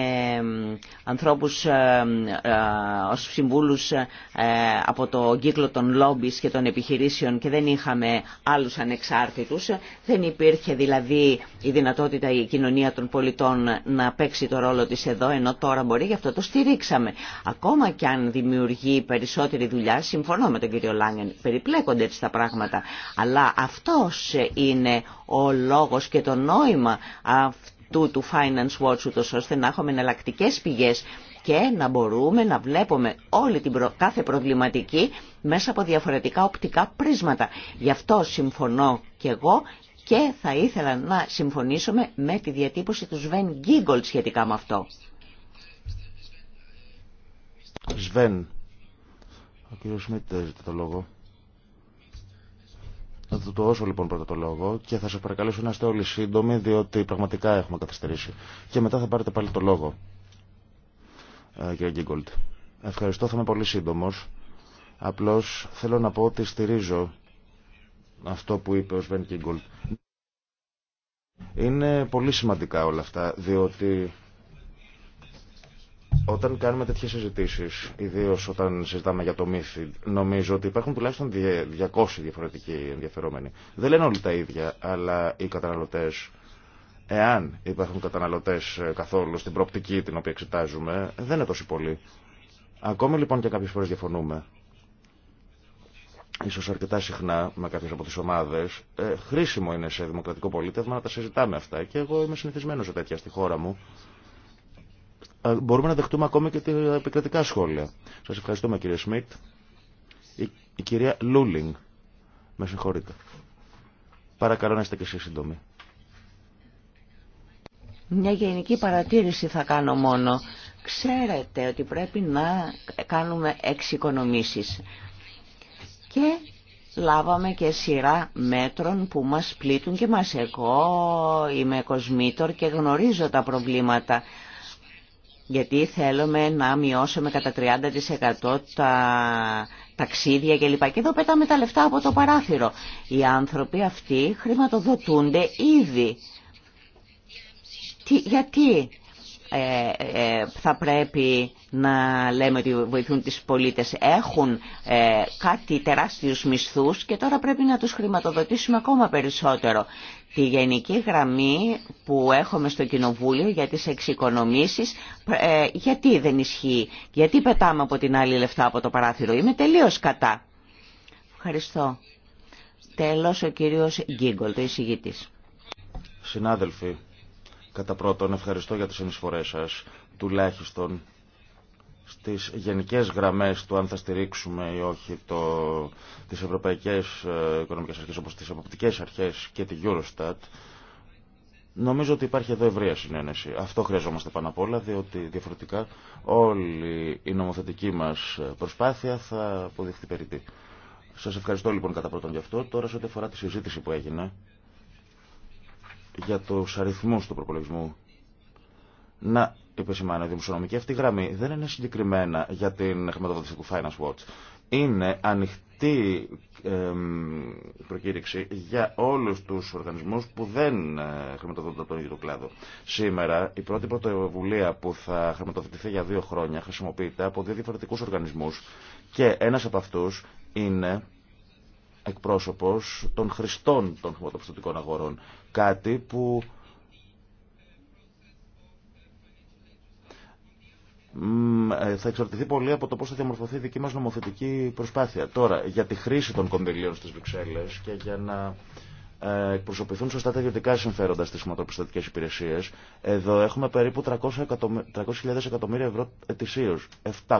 ανθρώπους ε, ε, ως συμβούλους ε, από το κύκλο των λόμπις και των επιχειρήσεων και δεν είχαμε άλλους ανεξάρτητους. Δεν υπήρχε δηλαδή η δυνατότητα η κοινωνία των πολιτών να παίξει το ρόλο της εδώ, ενώ τώρα μπορεί, γι' αυτό το στηρίξαμε. Ακόμα και αν δημιουργεί περισσότερη δουλειά, συμφωνώ με τον κύριο Λάγκεν, περιπλέκονται έτσι τα πράγματα. Αλλά αυτός είναι ο λόγος και το νόημα αυτό του του Finance Watch ούτως ώστε να έχουμε εναλλακτικέ πηγές και να μπορούμε να βλέπουμε όλη την κάθε προβληματική μέσα από διαφορετικά οπτικά πρίσματα. Γι' αυτό συμφωνώ και εγώ και θα ήθελα να συμφωνήσουμε με τη διατύπωση του Σβέν Γκίγκολ σχετικά με αυτό. Σβέν, ο κύριος το λόγο. Θα του δώσω λοιπόν πρώτα το λόγο και θα σας παρακαλέσω να είστε όλοι σύντομοι διότι πραγματικά έχουμε καθυστερήσει. Και μετά θα πάρετε πάλι το λόγο. Ε, κύριε Γκίγκολτ. Ευχαριστώ, θα είμαι πολύ σύντομο. Απλώς θέλω να πω ότι στηρίζω αυτό που είπε ο Σβέν Γκίγκολτ. Είναι πολύ σημαντικά όλα αυτά διότι όταν κάνουμε τέτοιες συζητήσεις, ιδίως όταν συζητάμε για το μύθι, νομίζω ότι υπάρχουν τουλάχιστον 200 διαφορετικοί ενδιαφερόμενοι. Δεν λένε όλοι τα ίδια, αλλά οι καταναλωτές, εάν υπάρχουν καταναλωτές ε, καθόλου στην προοπτική την οποία εξετάζουμε, δεν είναι τόσο πολλοί. Ακόμη λοιπόν και κάποιες φορές διαφωνούμε, ίσως αρκετά συχνά με κάποιες από τις ομάδες, ε, χρήσιμο είναι σε δημοκρατικό πολίτευμα να τα συζητάμε αυτά και εγώ είμαι συνηθισμένο σε τέτοια στη χώρα μου μπορούμε να δεχτούμε ακόμη και τα επικρατικά σχόλια. Σα ευχαριστούμε κύριε Σμιτ. Η, η κυρία Λούλινγκ. Με συγχωρείτε. Παρακαλώ να είστε και εσεί σύντομοι. Μια γενική παρατήρηση θα κάνω μόνο. Ξέρετε ότι πρέπει να κάνουμε εξοικονομήσεις. Και λάβαμε και σειρά μέτρων που μας πλήττουν και μας εγώ είμαι κοσμήτορ και γνωρίζω τα προβλήματα γιατί θέλουμε να μειώσουμε κατά 30% τα ταξίδια κλπ. Και εδώ πετάμε τα λεφτά από το παράθυρο. Οι άνθρωποι αυτοί χρηματοδοτούνται ήδη. Τι, γιατί ε, ε, θα πρέπει να λέμε ότι βοηθούν τις πολίτες. Έχουν ε, κάτι τεράστιους μισθούς και τώρα πρέπει να τους χρηματοδοτήσουμε ακόμα περισσότερο. Τη γενική γραμμή που έχουμε στο Κοινοβούλιο για τις εξοικονομήσεις, ε, γιατί δεν ισχύει, γιατί πετάμε από την άλλη λεφτά από το παράθυρο. Είμαι τελείως κατά. Ευχαριστώ. Τέλος ο κύριος Γκίγκολ, το εισηγητής. Συνάδελφοι, κατά πρώτον ευχαριστώ για τις ενισφορές σας, τουλάχιστον στις γενικές γραμμές του αν θα στηρίξουμε ή όχι το, τις ευρωπαϊκές ε, οικονομικές αρχές όπως τις αποπτικές αρχές και τη Eurostat νομίζω ότι υπάρχει εδώ ευρεία συνένεση. Αυτό χρειαζόμαστε πάνω απ' όλα διότι διαφορετικά όλη η νομοθετική μας προσπάθεια θα αποδειχθεί τί. Σας ευχαριστώ λοιπόν κατά πρώτον γι' αυτό. Τώρα σε ό,τι αφορά τη συζήτηση που έγινε για τους αριθμούς του προπολογισμού να ότι η δημοσιονομική αυτή γραμμή δεν είναι συγκεκριμένα για την χρηματοδότηση του Finance Watch. Είναι ανοιχτή προκήρυξη για όλους τους οργανισμούς που δεν ε, χρηματοδοτούνται από τον ίδιο κλάδο. Σήμερα η πρώτη πρωτοβουλία που θα χρηματοδοτηθεί για δύο χρόνια χρησιμοποιείται από δύο διαφορετικού οργανισμούς και ένας από αυτούς είναι εκπρόσωπος των χρηστών των χρηματοπιστωτικών αγορών. Κάτι που Ε, θα εξαρτηθεί πολύ από το πώς θα διαμορφωθεί η δική μας νομοθετική προσπάθεια. Τώρα, για τη χρήση των κονδυλίων στις Βρυξέλλες και για να ε, εκπροσωπηθούν σωστά τα ιδιωτικά συμφέροντα στις χρηματοπιστωτικέ υπηρεσίες, εδώ έχουμε περίπου 300.000 εκατομμύρια ευρώ ετησίως. 700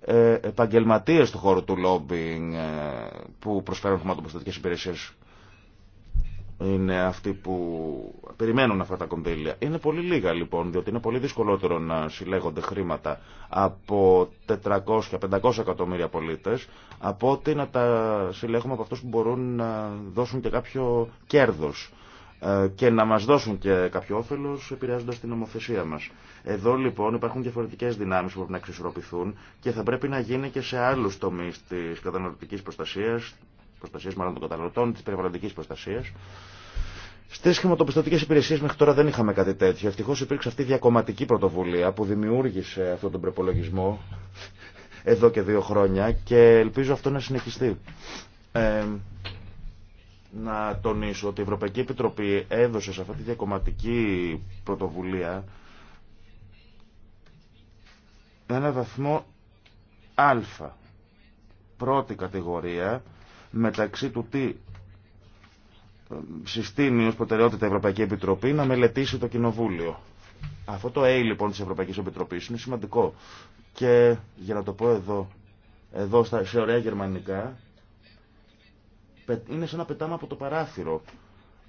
ε, επαγγελματίες του χώρου του λόμπινγκ που προσφέρουν χρηματοπιστωτικές υπηρεσίες είναι αυτοί που περιμένουν αυτά τα κονδύλια. Είναι πολύ λίγα λοιπόν, διότι είναι πολύ δυσκολότερο να συλλέγονται χρήματα από 400-500 εκατομμύρια πολίτες, από ότι να τα συλλέγουμε από αυτούς που μπορούν να δώσουν και κάποιο κέρδος ε, και να μας δώσουν και κάποιο όφελος επηρεάζοντας την νομοθεσία μας. Εδώ λοιπόν υπάρχουν διαφορετικές δυνάμεις που πρέπει να εξισορροπηθούν και θα πρέπει να γίνει και σε άλλους τομείς της καταναλωτικής προστασίας, προστασία μάλλον των καταναλωτών, τη περιβαλλοντική προστασία. Στι χρηματοπιστωτικέ υπηρεσίε μέχρι τώρα δεν είχαμε κάτι τέτοιο. Ευτυχώ υπήρξε αυτή η διακομματική πρωτοβουλία που δημιούργησε αυτόν τον προπολογισμό εδώ και δύο χρόνια και ελπίζω αυτό να συνεχιστεί. Ε, να τονίσω ότι η Ευρωπαϊκή Επιτροπή έδωσε σε αυτή τη διακομματική πρωτοβουλία ένα βαθμό α, πρώτη κατηγορία μεταξύ του τι συστήνει ως προτεραιότητα η Ευρωπαϊκή Επιτροπή να μελετήσει το Κοινοβούλιο. Αυτό το A λοιπόν της Ευρωπαϊκής Επιτροπής είναι σημαντικό. Και για να το πω εδώ, εδώ στα, σε ωραία γερμανικά, είναι σαν να πετάμε από το παράθυρο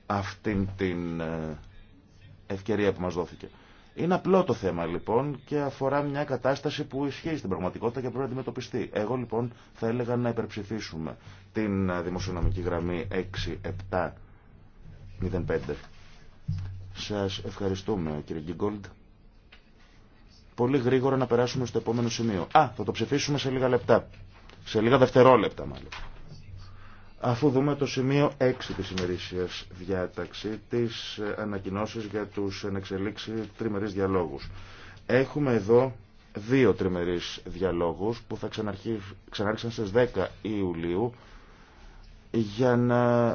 αυτήν την ε, ευκαιρία που μας δόθηκε. Είναι απλό το θέμα λοιπόν και αφορά μια κατάσταση που ισχύει στην πραγματικότητα και πρέπει να αντιμετωπιστεί. Εγώ λοιπόν θα έλεγα να υπερψηφίσουμε την ε, δημοσιονομική γραμμή 6705. Σας ευχαριστούμε κύριε Γκίγκολντ. Πολύ γρήγορα να περάσουμε στο επόμενο σημείο. Α, θα το ψηφίσουμε σε λίγα λεπτά. Σε λίγα δευτερόλεπτα μάλλον αφού δούμε το σημείο 6 της ημερήσιας διάταξη, της ανακοινώσεις για τους ενεξελίξει τριμερείς διαλόγους. Έχουμε εδώ δύο τριμερείς διαλόγους που θα ξανάρχισαν στις 10 Ιουλίου για να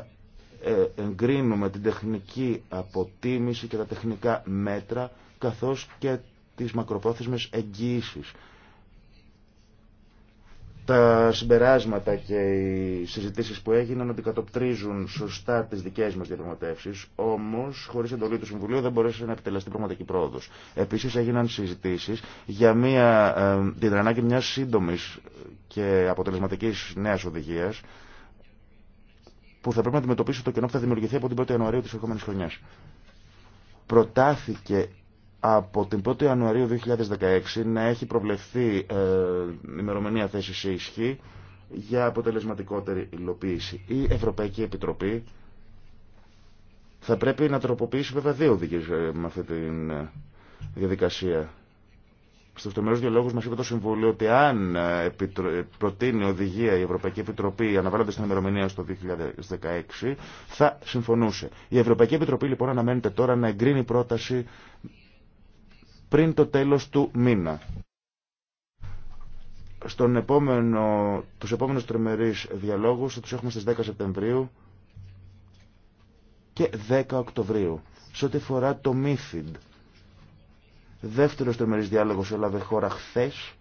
ε, εγκρίνουμε την τεχνική αποτίμηση και τα τεχνικά μέτρα καθώς και τις μακροπρόθεσμες εγγύησεις τα συμπεράσματα και οι συζητήσει που έγιναν αντικατοπτρίζουν σωστά τι δικέ μα διαπραγματεύσει, όμω, χωρί εντολή του Συμβουλίου δεν μπορέσε να επιτελεστεί πραγματική πρόοδο. Επίση, έγιναν συζητήσει για μια, ε, την ανάγκη μια σύντομη και αποτελεσματική νέα οδηγία που θα πρέπει να αντιμετωπίσει το κενό που θα δημιουργηθεί από την 1η Ιανουαρίου τη ερχόμενη Χρονιά. Προτάθηκε από την 1η Ιανουαρίου 2016 να έχει προβλεφθεί ε, ημερομηνία θέση σε ισχύ για αποτελεσματικότερη υλοποίηση. Η Ευρωπαϊκή Επιτροπή θα πρέπει να τροποποιήσει βέβαια δύο οδηγίες ε, με αυτή τη ε, διαδικασία. Στους τρομερούς διαλόγους μας είπε το Συμβούλιο ότι αν ε, προτείνει οδηγία η Ευρωπαϊκή Επιτροπή αναβάλλοντας την ημερομηνία στο 2016 θα συμφωνούσε. Η Ευρωπαϊκή Επιτροπή λοιπόν αναμένεται τώρα να εγκρίνει πρόταση πριν το τέλος του μήνα. Στον επόμενο, τους επόμενους τριμερείς διαλόγους θα τους έχουμε στις 10 Σεπτεμβρίου και 10 Οκτωβρίου. Σε ό,τι φορά το MIFID, δεύτερος τριμερείς διάλογος έλαβε χώρα χθες,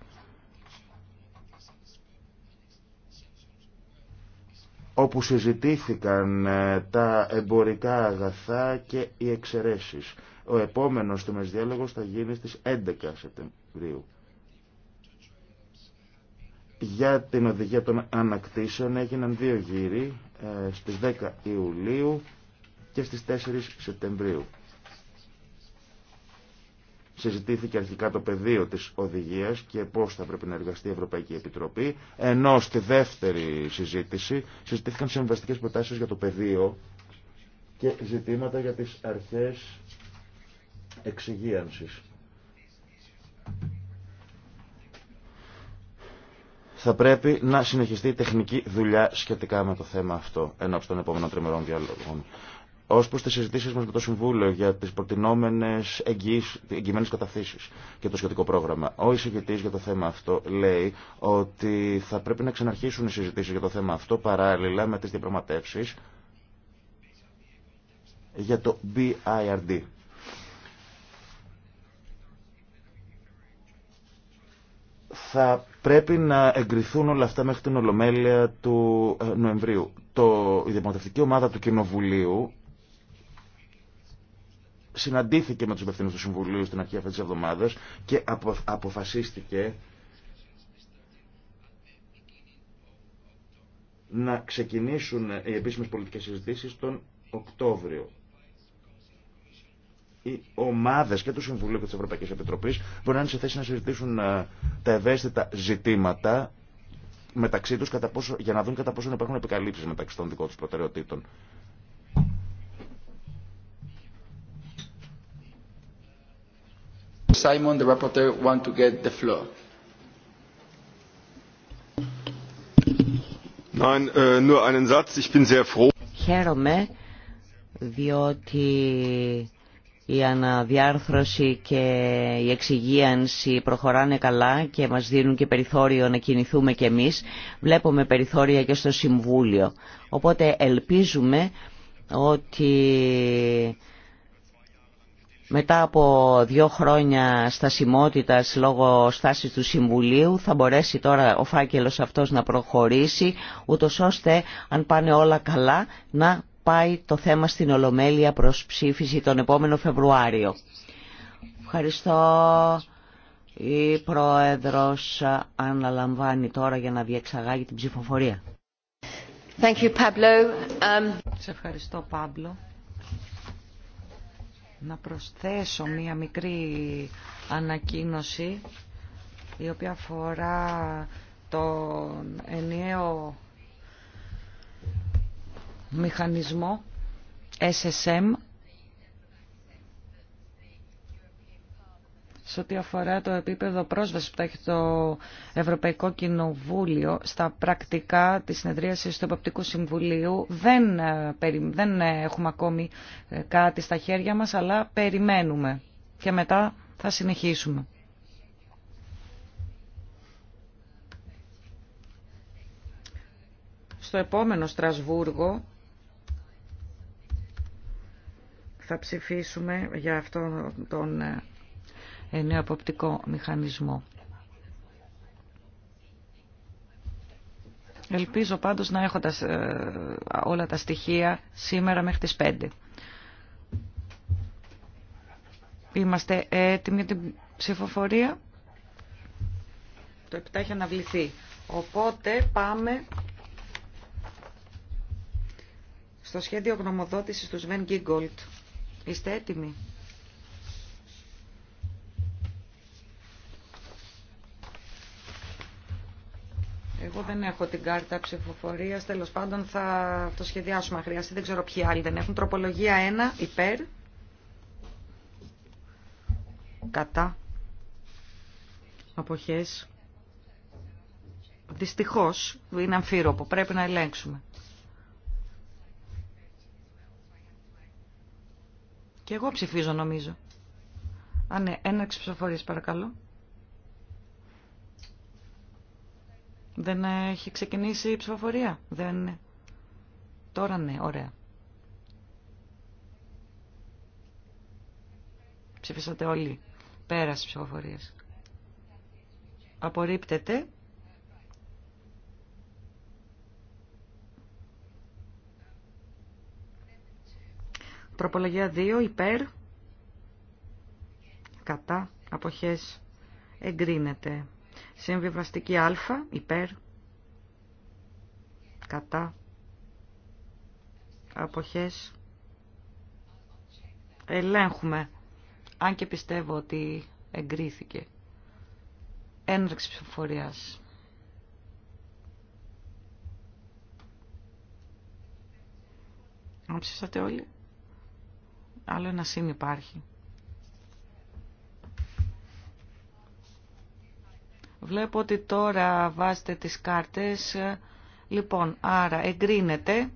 όπου συζητήθηκαν ε, τα εμπορικά αγαθά και οι εξαιρέσεις. Ο επόμενος τομές διάλογος θα γίνει στις 11 Σεπτεμβρίου. Για την οδηγία των ανακτήσεων έγιναν δύο γύροι ε, στις 10 Ιουλίου και στις 4 Σεπτεμβρίου. Συζητήθηκε αρχικά το πεδίο της οδηγίας και πώς θα πρέπει να εργαστεί η Ευρωπαϊκή Επιτροπή, ενώ στη δεύτερη συζήτηση συζητήθηκαν συμβαστικές προτάσεις για το πεδίο και ζητήματα για τις αρχές εξυγίανσης. Θα πρέπει να συνεχιστεί η τεχνική δουλειά σχετικά με το θέμα αυτό ενώπιση των επόμενων τριμερών διαλόγων. Ω προ τι συζητήσει μα με το Συμβούλιο για τι προτινόμενε εγγυημένε καταθήσεις και το σχετικό πρόγραμμα, ο εισηγητή για το θέμα αυτό λέει ότι θα πρέπει να ξαναρχίσουν οι συζητήσει για το θέμα αυτό παράλληλα με τι διαπραγματεύσει για το BIRD. θα πρέπει να εγκριθούν όλα αυτά μέχρι την Ολομέλεια του ε, Νοεμβρίου. Το, η Δημοτευτική Ομάδα του Κοινοβουλίου συναντήθηκε με τους υπευθύνους του Συμβουλίου στην αρχή αυτής της εβδομάδας και αποφασίστηκε να ξεκινήσουν οι επίσημες πολιτικές συζητήσεις τον Οκτώβριο οι ομάδε και του Συμβουλίου και τη Ευρωπαϊκή Επιτροπή μπορεί να είναι σε θέση να συζητήσουν ε, τα ευαίσθητα ζητήματα μεταξύ τους κατά πόσο για να δουν κατά πόσο υπάρχουν επικαλύψει μεταξύ των δικών του προτεραιοτήτων. Simon, the rapporteur, want to get the floor. Nein, äh, nur einen Satz. Ich bin sehr froh. Χαίρομαι διότι η αναδιάρθρωση και η εξυγίανση προχωράνε καλά και μας δίνουν και περιθώριο να κινηθούμε κι εμείς. Βλέπουμε περιθώρια και στο Συμβούλιο. Οπότε ελπίζουμε ότι μετά από δύο χρόνια στασιμότητας λόγω στάσης του Συμβουλίου θα μπορέσει τώρα ο φάκελος αυτός να προχωρήσει ούτω ώστε αν πάνε όλα καλά να πάει το θέμα στην Ολομέλεια προς ψήφιση τον επόμενο Φεβρουάριο. Ευχαριστώ. Η Πρόεδρος αναλαμβάνει τώρα για να διεξαγάγει την ψηφοφορία. Thank um, Σε ευχαριστώ, Πάμπλο. Να προσθέσω μία μικρή ανακοίνωση η οποία αφορά τον ενιαίο μηχανισμό SSM σε ό,τι αφορά το επίπεδο πρόσβασης που έχει το Ευρωπαϊκό Κοινοβούλιο στα πρακτικά της συνεδρίασης του Επαπτικού Συμβουλίου δεν, ε, δεν έχουμε ακόμη ε, κάτι στα χέρια μας, αλλά περιμένουμε και μετά θα συνεχίσουμε. Στο επόμενο Στρασβούργο θα ψηφίσουμε για αυτόν τον ε, νέο αποπτικό μηχανισμό. Ελπίζω πάντως να έχω τα, ε, όλα τα στοιχεία σήμερα μέχρι τις 5. Είμαστε έτοιμοι για την ψηφοφορία. Το ΕΠΤΑ έχει αναβληθεί. Οπότε πάμε στο σχέδιο γνωμοδότησης του Sven Γκίγκολτ. Είστε έτοιμοι. Εγώ δεν έχω την κάρτα ψηφοφορία. Τέλο πάντων θα το σχεδιάσουμε αν χρειαστεί. Δεν ξέρω ποιοι άλλοι δεν έχουν. Τροπολογία 1 υπέρ. Κατά. Αποχές. Δυστυχώς είναι αμφίροπο. Πρέπει να ελέγξουμε. Και εγώ ψηφίζω νομίζω. Α, ναι, έναρξη ψηφοφορίας παρακαλώ. Δεν έχει ξεκινήσει η ψηφοφορία. Δεν ναι. Τώρα ναι, ωραία. Ψηφίσατε όλοι. Πέρασε ψηφοφορίες. Απορρίπτεται. Τροπολογία 2 υπέρ. Κατά αποχές εγκρίνεται. Συμβιβαστική α υπέρ. Κατά αποχές ελέγχουμε. Αν και πιστεύω ότι εγκρίθηκε. Ένρεξη ψηφοφορίας. Αν ψήσατε όλοι. Άλλο ένα συν υπάρχει. Βλέπω ότι τώρα βάζετε τις κάρτες. Λοιπόν, άρα εγκρίνεται.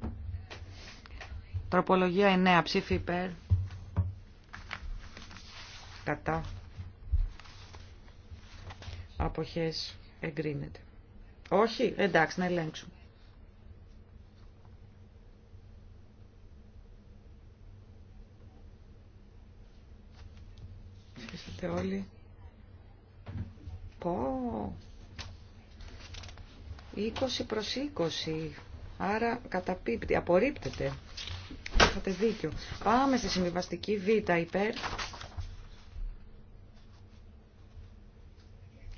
Τροπολογία 9, ψήφι υπέρ. Κατά. Αποχές εγκρίνεται. Όχι, εντάξει, να ελέγξουμε. είμαστε όλοι. Πω. 20 προς 20. Άρα καταπίπτει, απορρίπτεται. Είχατε δίκιο. Πάμε στη συμβιβαστική Β υπέρ.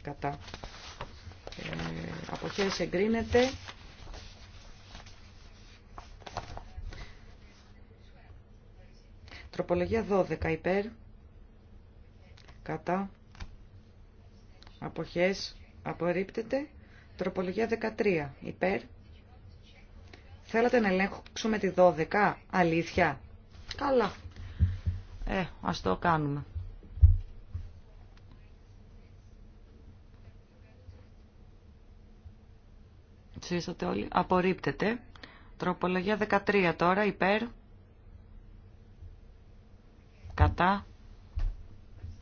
Κατά. Ε, αποχές εγκρίνεται. Τροπολογία 12 υπέρ κατά αποχές απορρίπτεται. Τροπολογία 13 υπέρ. Θέλατε να ελέγξουμε τη 12. Αλήθεια. Καλά. Ε, ας το κάνουμε. Ψήσατε όλοι. Απορρίπτεται. Τροπολογία 13 τώρα υπέρ. Κατά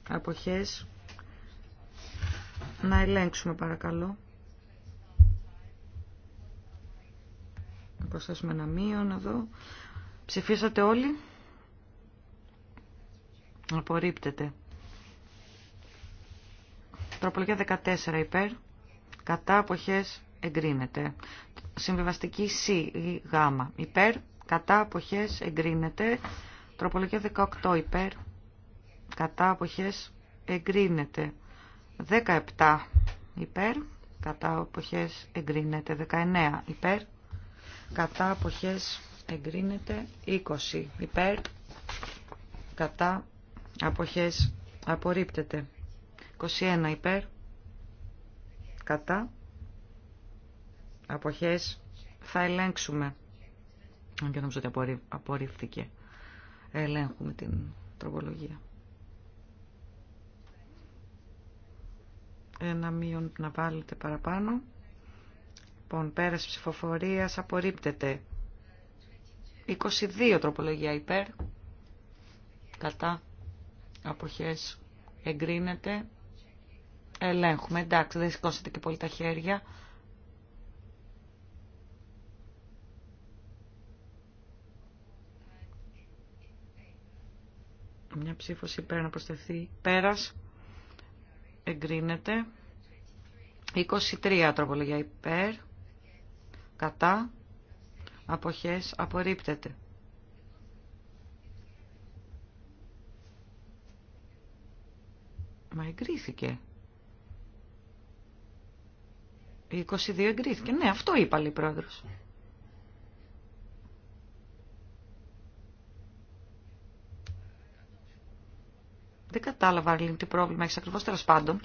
αποχές να ελέγξουμε παρακαλώ να προσθέσουμε ένα μείον εδώ ψηφίσατε όλοι απορρίπτεται τροπολογία 14 υπέρ κατά αποχές εγκρίνεται συμβιβαστική C ή Γ υπέρ κατά αποχές εγκρίνεται τροπολογία 18 υπέρ κατά αποχές εγκρίνεται 17 υπέρ κατά αποχές εγκρίνεται 19 υπέρ κατά αποχές εγκρίνεται 20 υπέρ κατά αποχές απορρίπτεται 21 υπέρ κατά αποχές θα ελέγξουμε αν και νομίζω ότι απορρίφθηκε ελέγχουμε την τροπολογία ένα μείον να βάλετε παραπάνω. Λοιπόν, πέρας ψηφοφορίας απορρίπτεται. 22 τροπολογία υπέρ. Κατά. Αποχές εγκρίνεται. Ελέγχουμε. Εντάξει, δεν σηκώσετε και πολύ τα χέρια. Μια ψήφος υπέρ να προσθεθεί πέρας εγκρίνεται. 23 τροπολογία υπέρ, κατά, αποχές, απορρίπτεται. Μα εγκρίθηκε. 22 εγκρίθηκε. Ναι, αυτό είπα, λέει πρόεδρος. Δεν κατάλαβα, Αρλίν, τι πρόβλημα έχει ακριβώ τέλο πάντων.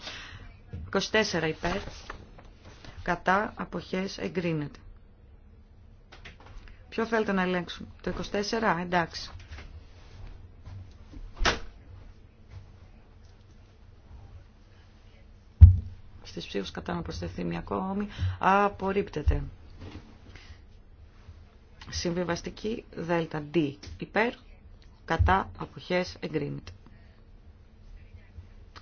24 υπέρ. Κατά αποχέ εγκρίνεται. Ποιο θέλετε να ελέγξουμε. Το 24, εντάξει. Στις ψήφους κατά να προσθεθεί μια ακόμη. Απορρίπτεται. Συμβιβαστική δέλτα D. Υπέρ, κατά, αποχές, εγκρίνεται.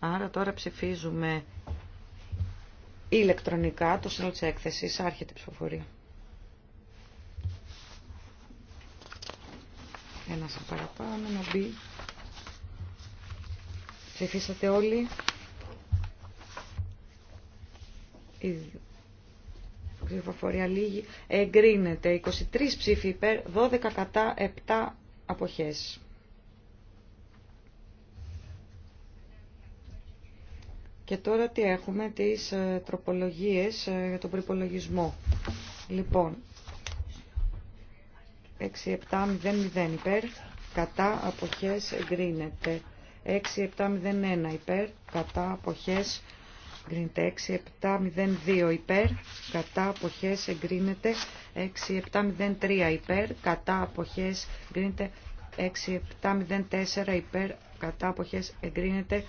Άρα τώρα ψηφίζουμε ηλεκτρονικά το σύνολο τη έκθεση. Άρχεται η ψηφοφορία. Ένα σαν παραπάνω να μπει. Ψηφίσατε όλοι. Η ψηφοφορία λίγη. Εγκρίνεται. 23 ψήφοι υπέρ, 12 κατά, 7 αποχές. Και τώρα τι έχουμε, τις ε, τροπολογίες ε, για τον προπολογισμό. Λοιπόν, 6700 υπέρ, κατά αποχές εγκρίνεται. 6701 υπέρ, κατά αποχές εγκρίνεται. 6702 υπέρ, κατά αποχές εγκρίνεται. 6703 υπέρ, κατά αποχές εγκρίνεται. 6704 υπέρ, κατά αποχές εγκρίνεται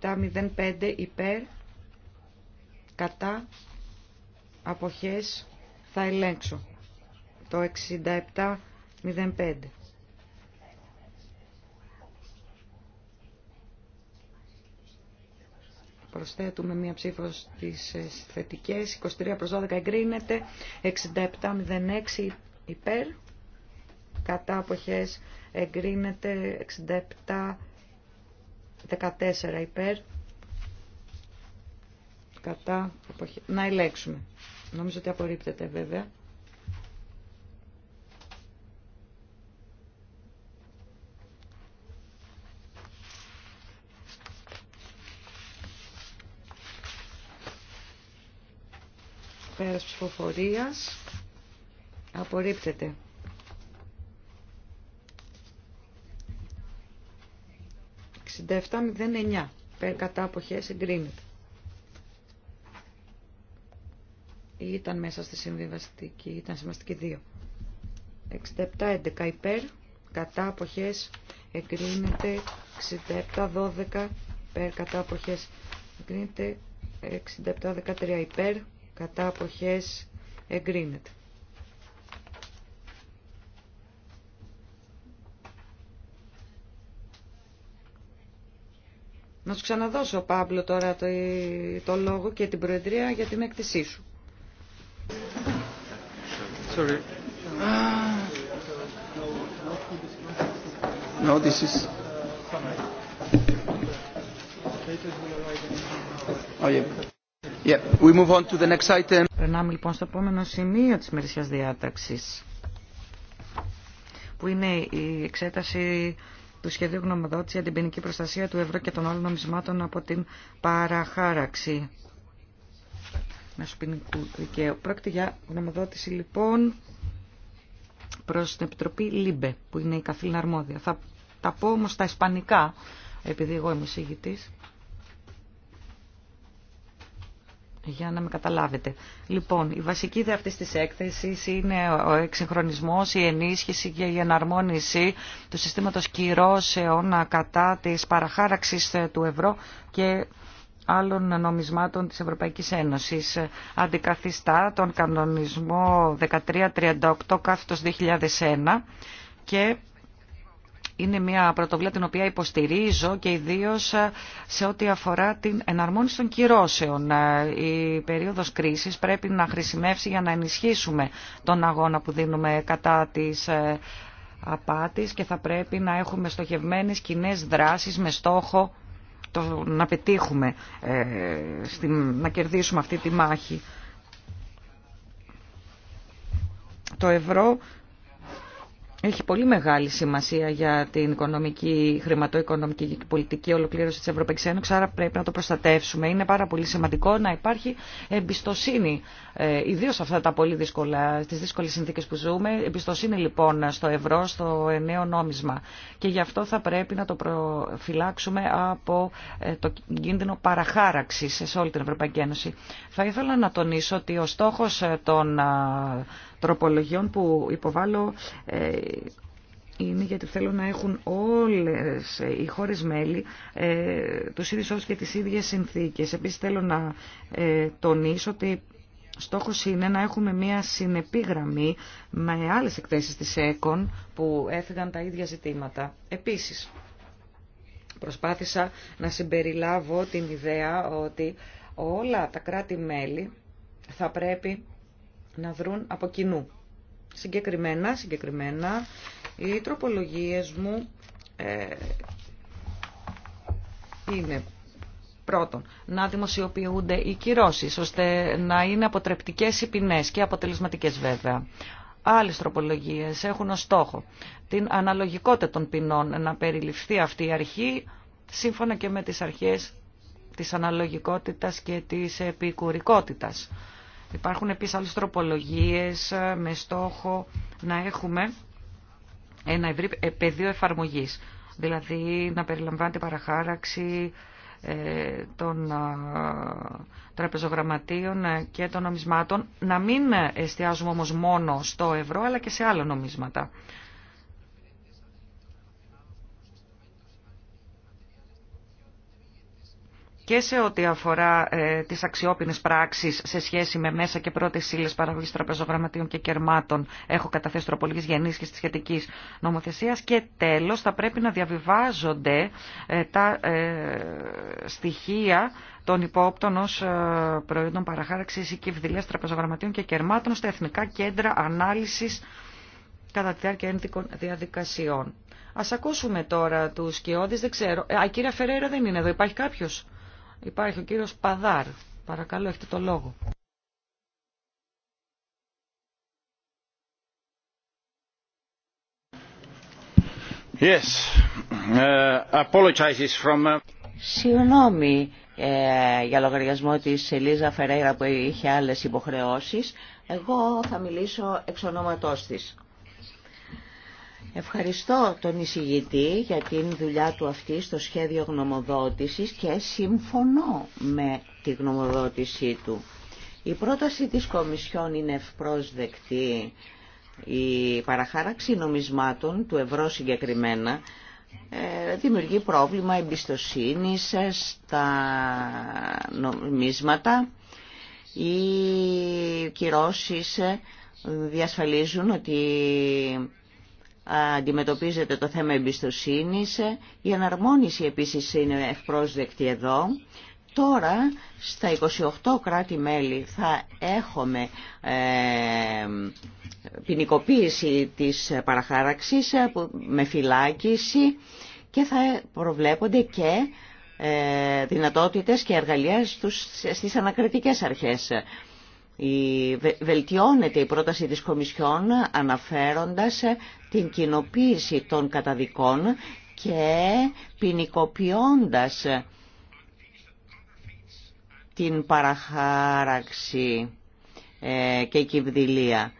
6705 υπέρ κατά αποχές θα ελέγξω το 6705 προσθέτουμε μία ψήφο στις ε, θετικές 23 προς 12 εγκρίνεται 6706 υπέρ κατά αποχές εγκρίνεται 67 14 υπέρ κατά Να ελέγξουμε. Νομίζω ότι απορρίπτεται βέβαια. Πέρας ψηφοφορίας απορρίπτεται. 67 υπέρ κατά αποχές εγκρίνεται. Ήταν μέσα στη συμβιβαστική, ήταν συμβαστική 2. 6711 υπέρ κατά αποχές εγκρίνεται. 6712 υπέρ κατά αποχές εγκρίνεται. 6713 υπέρ κατά αποχές εγκρίνεται. Να σου ξαναδώσω, Παύλο, τώρα το, λόγο και την Προεδρία για την έκθεσή σου. Sorry. No, this is... Oh, yeah. We move on to the next item. Περνάμε λοιπόν στο επόμενο σημείο της μερισιάς διάταξης, που είναι η εξέταση του σχεδίου γνωμοδότηση για την ποινική προστασία του ευρώ και των άλλων νομισμάτων από την παραχάραξη μέσω ποινικού δικαίου. Πρόκειται για γνωμοδότηση λοιπόν προ την Επιτροπή ΛΥΜΠΕ, που είναι η καθήλυνα αρμόδια. Θα τα πω όμω στα ισπανικά, επειδή εγώ είμαι συγητής. για να με καταλάβετε. Λοιπόν, η βασική ιδέα αυτής της έκθεσης είναι ο εξυγχρονισμός, η ενίσχυση και η εναρμόνιση του συστήματος κυρώσεων κατά της παραχάραξης του ευρώ και άλλων νομισμάτων της Ευρωπαϊκής Ένωσης. Αντικαθιστά τον κανονισμό 1338 2001 και είναι μια πρωτοβουλία την οποία υποστηρίζω και ιδίω σε ό,τι αφορά την εναρμόνιση των κυρώσεων. Η περίοδο κρίση πρέπει να χρησιμεύσει για να ενισχύσουμε τον αγώνα που δίνουμε κατά τη ε, απάτης και θα πρέπει να έχουμε στοχευμένες κοινέ δράσεις με στόχο το, να πετύχουμε, ε, να κερδίσουμε αυτή τη μάχη. Το ευρώ έχει πολύ μεγάλη σημασία για την οικονομική, χρηματοοικονομική και πολιτική ολοκλήρωση τη Ευρωπαϊκή Ένωση. άρα πρέπει να το προστατεύσουμε. Είναι πάρα πολύ σημαντικό να υπάρχει εμπιστοσύνη, ε, σε αυτά τα πολύ δύσκολα, στι δύσκολε συνθήκες που ζούμε, εμπιστοσύνη λοιπόν στο ευρώ, στο νέο νόμισμα. Και γι' αυτό θα πρέπει να το προφυλάξουμε από ε, το κίνδυνο παραχάραξη σε όλη την Ευρωπαϊκή Ένωση. Θα ήθελα να τονίσω ότι ο στόχο ε, των ε, τροπολογιών που υποβάλλω ε, είναι γιατί θέλω να έχουν όλες οι χώρες μέλη ε, τους ίδιους και τις ίδιες συνθήκες. Επίσης θέλω να ε, τονίσω ότι στόχος είναι να έχουμε μια συνεπή γραμμή με άλλες εκθέσεις της ΕΚΟΝ που έφυγαν τα ίδια ζητήματα. Επίσης, προσπάθησα να συμπεριλάβω την ιδέα ότι όλα τα κράτη-μέλη θα πρέπει να δρουν από κοινού. Συγκεκριμένα, συγκεκριμένα οι τροπολογίες μου ε, είναι πρώτον να δημοσιοποιούνται οι κυρώσεις ώστε να είναι αποτρεπτικές οι ποινές και αποτελεσματικές βέβαια. Άλλες τροπολογίες έχουν ως στόχο την αναλογικότητα των ποινών να περιληφθεί αυτή η αρχή σύμφωνα και με τις αρχές της αναλογικότητας και της επικουρικότητας Υπάρχουν επίσης άλλες τροπολογίες ε, με στόχο να έχουμε ένα ευρύ ε, πεδίο εφαρμογής. Δηλαδή να περιλαμβάνεται παραχάραξη ε, των τραπεζογραμματίων και των νομισμάτων. Να μην εστιάζουμε όμως μόνο στο ευρώ αλλά και σε άλλα νομίσματα. και σε ό,τι αφορά ε, τις αξιόπινες πράξεις σε σχέση με μέσα και πρώτες ύλες παραγωγής τραπεζογραμματίων και κερμάτων έχω καταθέσει τροπολογίες γεννής και της σχετικής νομοθεσίας και τέλος θα πρέπει να διαβιβάζονται ε, τα ε, στοιχεία των υπόπτων ως ε, προϊόντων παραχάραξης ή κυβδηλίας τραπεζογραμματίων και κερμάτων στα εθνικά κέντρα ανάλυσης κατά τη διάρκεια ένδικων διαδικασιών. Ας ακούσουμε τώρα τους σκιώδεις, δεν ξέρω. Α, η κυρία Φερέρα δεν είναι εδώ, υπάρχει κάποιος. Υπάρχει ο κύριος Παδάρ. Παρακαλώ, έχετε το λόγο. Yes. Ε, Apologizes from... Ε, Συγγνώμη ε, για λογαριασμό της Ελίζα Φερέιρα που είχε άλλες υποχρεώσεις. Εγώ θα μιλήσω εξ ονόματός της. Ευχαριστώ τον εισηγητή για την δουλειά του αυτή στο σχέδιο γνωμοδότησης και συμφωνώ με τη γνωμοδότησή του. Η πρόταση της Κομισιόν είναι ευπρόσδεκτη. Η παραχάραξη νομισμάτων του ευρώ συγκεκριμένα ε, δημιουργεί πρόβλημα εμπιστοσύνης στα νομίσματα. Οι κυρώσεις διασφαλίζουν ότι αντιμετωπίζεται το θέμα εμπιστοσύνης. Η εναρμόνιση επίσης είναι ευπρόσδεκτη εδώ. Τώρα στα 28 κράτη-μέλη θα έχουμε ε, ποινικοποίηση της παραχάραξης ε, με φυλάκιση και θα προβλέπονται και ε, δυνατότητες και εργαλεία στους, στις ανακριτικές αρχές. Η, βελτιώνεται η πρόταση της Κομισιόν αναφέροντας την κοινοποίηση των καταδικών και ποινικοποιώντα την παραχάραξη ε, και κυβδηλία